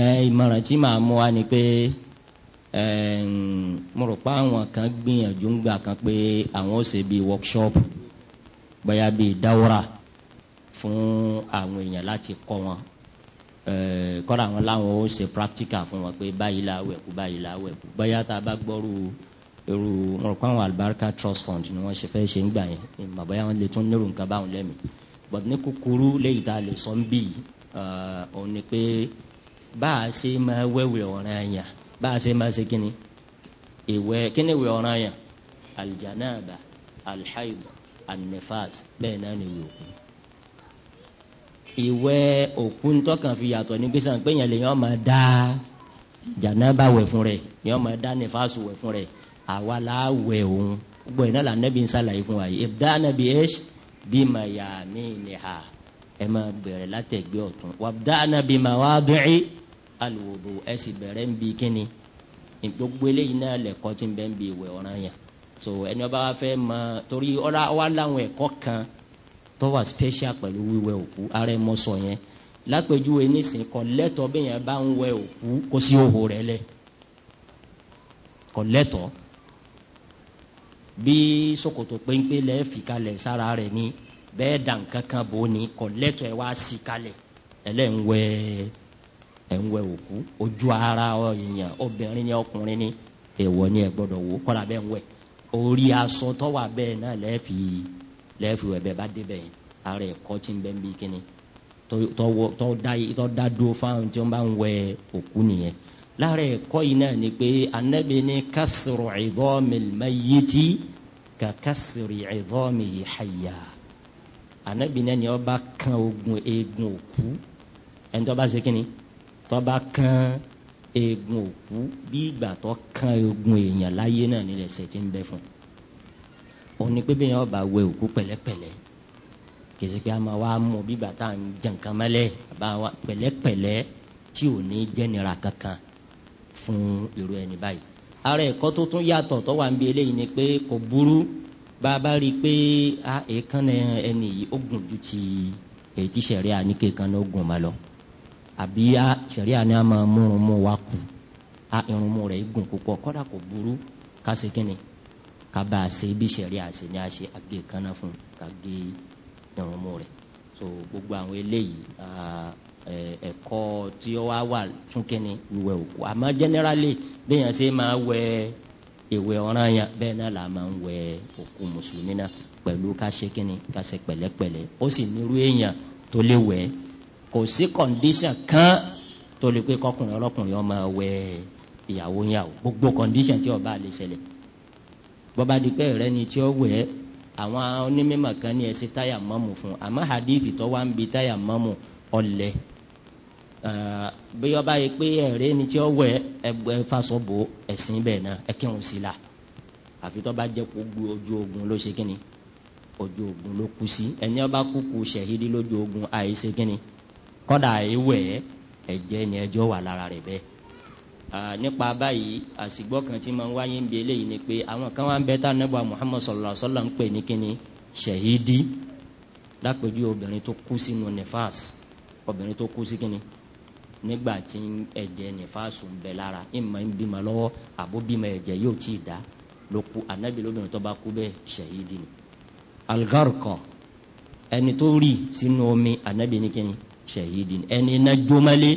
ẹ ìmọ̀ràn tí màá mú wa ni pé ẹ mo rò pé àwọn kan gbìyànjú ń gbà kan pé àwọn ó ṣe bíi workshop bóyá bíi dáwọ́rà fún àwọn èèyàn láti kọ́ wọn Eh, kọ́ra wọn láwọn ó ṣe practical fún wọn pé báyìí la wẹ̀kú báyìí la wẹ̀kú bóyá tá a bá gbọ́rù irú ọ̀pọ̀ albarka trust fund ni wọ́n ṣe fẹ́ ṣe ń gbà yẹn ìmọ̀ bóyá wọ́n lè tún nírú nǹkan báwọn lẹ́mìí but ní kúkúrú léyìí tá a lè sọ ń bì í eh, òun ni pé bá a ṣe máa wẹ̀wẹ̀ ọ̀ràn àyàn bá a ṣe máa ṣe kíni ìwẹ̀ kíni ìwẹ̀ ọ̀ràn àyàn aljanaba alhaib anifas bẹ́ẹ̀ náà ni ìwé òkun ìwẹ̀ òkú ntọ́kàn fi yàtọ̀ ní gbèsè àpé yẹn lè yàn máa dá jànábà wẹ̀ fún rẹ̀ yàn máa dá nífàsù wẹ̀ fún rẹ̀ àwa la wẹ̀ òun gbogbo iná là nẹ́bí ń sàlàyé fún wa yìí ìbdá nàbí ẹ̀ṣ bí mà yà mí ni ha ẹ máa bẹ̀rẹ̀ látẹ̀gbẹ́ ọ̀tún wà bdá nàbí mà wá bẹ̀rẹ̀ alùwòbò ẹ sì ń bi kíni gbogbo eléyìí náà lẹ̀kọ́ ti ń bẹ́ ń bi ìwẹ̀ ọ̀ràn yẹn so ẹni ọba wa fẹ́ mọ torí ọ̀la wa láwọn ẹ̀kọ́ kan tó wà special pẹ̀lú wíwẹ̀ òkú ara ẹ̀ mọ́ sọ yẹn lápèjúwe nísìnyí kò lẹ́tọ̀ bí yẹn bá ń wẹ òkú kó sí òhò rẹ̀ lẹ̀ kò lẹ́tọ̀ bí ṣòkòtò péńpé lẹ́ fi kalẹ̀ sára rẹ̀ ni bẹ́ẹ̀ dà nǹkan bò ní kò lẹ́tọ̀ ẹ̀ wá sí kalẹ̀ ẹlẹ́ ń wẹ ẹ̀ ń wẹ òkú ojú ara èèyàn obìnrin ni ọkùnrin ni èèwọ̀ ni ẹ̀ gbọ́dọ̀ wò kọ́ra bẹ́ẹ̀ ń wẹ̀ orí aṣọ tó bẹ́ẹ̀ náà lẹ́ fi yìí lẹ́ẹ̀fì wẹ̀ bẹ́ẹ̀ bá débẹ̀ yẹn ara ẹ̀kọ́ tí ń bẹ́ẹ̀ bí kíni tọ́ da dúró fáwọn tí wọ́n bá ń wẹ òkú nìyẹn lára ẹ̀kọ́ yìí náà ni pé anabi ní kásìrò ìdọ́mi mayiti ka kásìrò ìdọ́mi hayya anabi náà ni wọ́n bá kan ogun eegun òkú ẹni tó bá ṣe kíni tó bá kan eegun òkú bí ìgbà tó kan eegun èèyàn láyé náà nílẹ̀ ṣe ń bẹ fún un òun ni pé bí yẹn ọba wẹ òkú pẹ̀lẹ́pẹ̀lẹ́ kìsì pé a máa wá mú bíbà tá à ń jẹnkan mẹ́lẹ̀ àbá wa pẹ̀lẹ́pẹ̀lẹ́ tí ò ní jẹ́nira kankan fún irú ẹni báyìí. ara ẹ̀kọ́ tó tún yàtọ̀ tó wà ń bí eléyìí ni pé kò burú bá a bá rí i pé a èékánná ẹni yìí ó gùn ju ti èyí tí ní kéèkánná ó gùn ma lọ àbí a sẹ̀ríà ní a máa mú mú wa kù a irun mú rẹ̀ gùn púpọ̀ kọ́dà kò burú ká ṣe kínni kaba ṣe bí sẹ̀rí ase ni a ṣe agé kaná fún kagé irun mú rẹ̀ so gbogbo àwọn eléyìí ẹ̀kọ́ tí ó wá wà túnkẹ́ni ìwẹ̀ òkú àmọ́ generally bẹ́yàn ṣe máa wẹ ìwẹ̀ ọ̀ràn yẹn bẹ́ẹ̀ náà là máa ń wẹ òkú mùsùlùmí náà pẹ̀lú ká ṣe kíni ká ṣe pẹ̀lẹ́pẹ̀lẹ́ ó sì nírú èèyàn tó lè wẹ̀ kò sí condition kan tó lè pé kọkùnrin ọlọ́kùnrin ọmọ wẹ ìyàwó yàwó gbogbo condition tí ó bá lè bọ́ba dikẹ́ rẹ ni tí ó wẹ̀ ẹ́ àwọn onímọ̀ kan ní ẹsẹ̀ táyà mọ́mù fún àmọ́ hadithi tó wá ń bi táyà mọ́mù ọ̀lẹ́ bí ọba yìí pé ẹ̀rẹ́ ni tí ó wẹ̀ ẹgbẹ́ fasọ́bò ẹ̀sìn bẹ́ẹ̀ náà ẹ kírun sí la àfi tó bá jẹ́ kó gbé ojú ogun ló ṣe kínni ojú ogun ló kú sí ẹni ọba kúkú ṣẹ̀hídí lójú ogun àìṣe kínni kọ́dà ẹ̀wẹ̀ ẹ̀jẹ̀ ni ẹjọ́ wà lára rẹ̀ bẹ́ẹ̀ nípa báyìí àsìgbọ́ kan tí máa ń wáyé ń bi eléyìí ni pé àwọn kan wá ń bẹ tá anábọ̀ muhammad sallallahu alaihi wa sallam ń pè ní kíni ṣèhídì lápèjú obìnrin tó kú sínú nefas obìnrin tó kú sí kíni nígbà tí ẹ̀jẹ̀ nefas ń bẹ lára ìmọ̀ ń bímọ lọ́wọ́ àbó bímọ ẹ̀jẹ̀ yóò tí ì dá ló kú anábì lóbìnrin tó bá kú bẹ́ẹ̀ ṣèhídì ni algarkan ẹni tó rì sínú omi anábì ní kíni ṣèhídì ni ẹni iná jómálé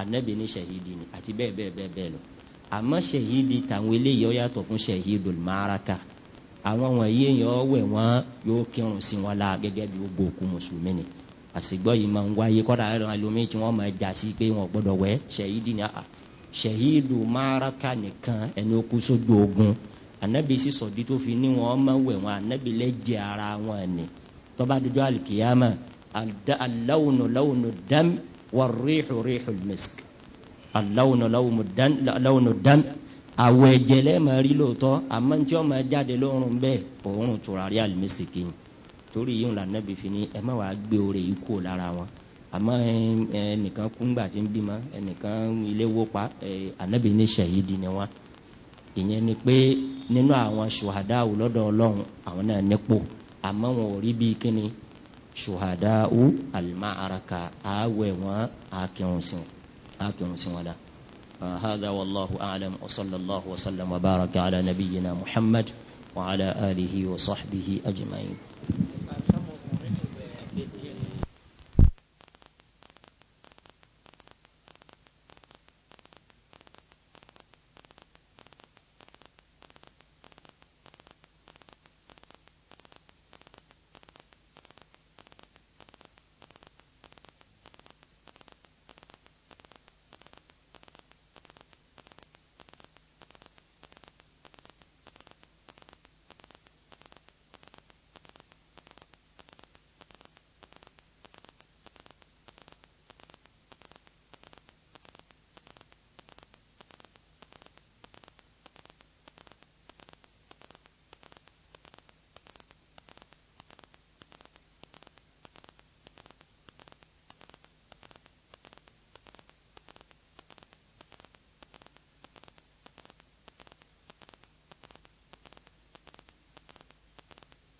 anabi ní sẹ̀yìdì ni àti bẹ́ẹ̀ bẹ́ẹ̀ bẹ́ẹ̀ bẹ́ẹ̀ lọ àmọ́ sẹ̀yìdì tàwọn eléyìí ọ yàtọ̀ fún sẹ̀yìdì máraka àwọn wọ̀nyí èèyàn wẹ̀ wọ́n yóò kírun sí wọn la gẹ́gẹ́ bí gbogbo òkú mùsùlùmí ni àsìgbọ́ yìí máa ń wáyé kọ́dà ẹ̀rọ alómi tí wọ́n máa jà pé wọn gbọ́dọ̀ wẹ̀ sẹ̀yìdì ni a ah, sẹ̀yìdì máraka nìkan ẹni ó kú sódò ogun anabi sì sọ̀dí tó fi ní wọn máa wẹ̀ wọn anabi lẹ́jẹ̀ ara wọn ni tọ́ba dodo alikiyama alawunu lawunu dam والريح ريح المسك اللون لون الدم لون الدم àwọ̀ ẹ̀jẹ̀ lẹ́ẹ̀mọ̀ أما lóòótọ́ àmọ́ tí ó máa jáde lọ́rùn bẹ́ẹ̀ òórùn tùràrí àlùmísìkì ni torí yìí ń là nàbì fi ni ẹ má wàá gbé oore yìí kúrò lára wọn àmọ́ ẹnìkan kúngbà tí ń bímọ ẹnìkan ilé wó pa ànábì ní ìyẹn ni pé nínú àwọn ṣùhàdáwò lọ́dọ̀ ọlọ́run àwọn náà nípò àmọ́ wọn ò rí bíi kíni ṣùhàdáù àlùmáàràkà àwẹ̀ wọn àkẹrùn sí هذا والله أعلم وصلى الله وسلم وبارك على نبينا محمد وعلى آله وصحبه أجمعين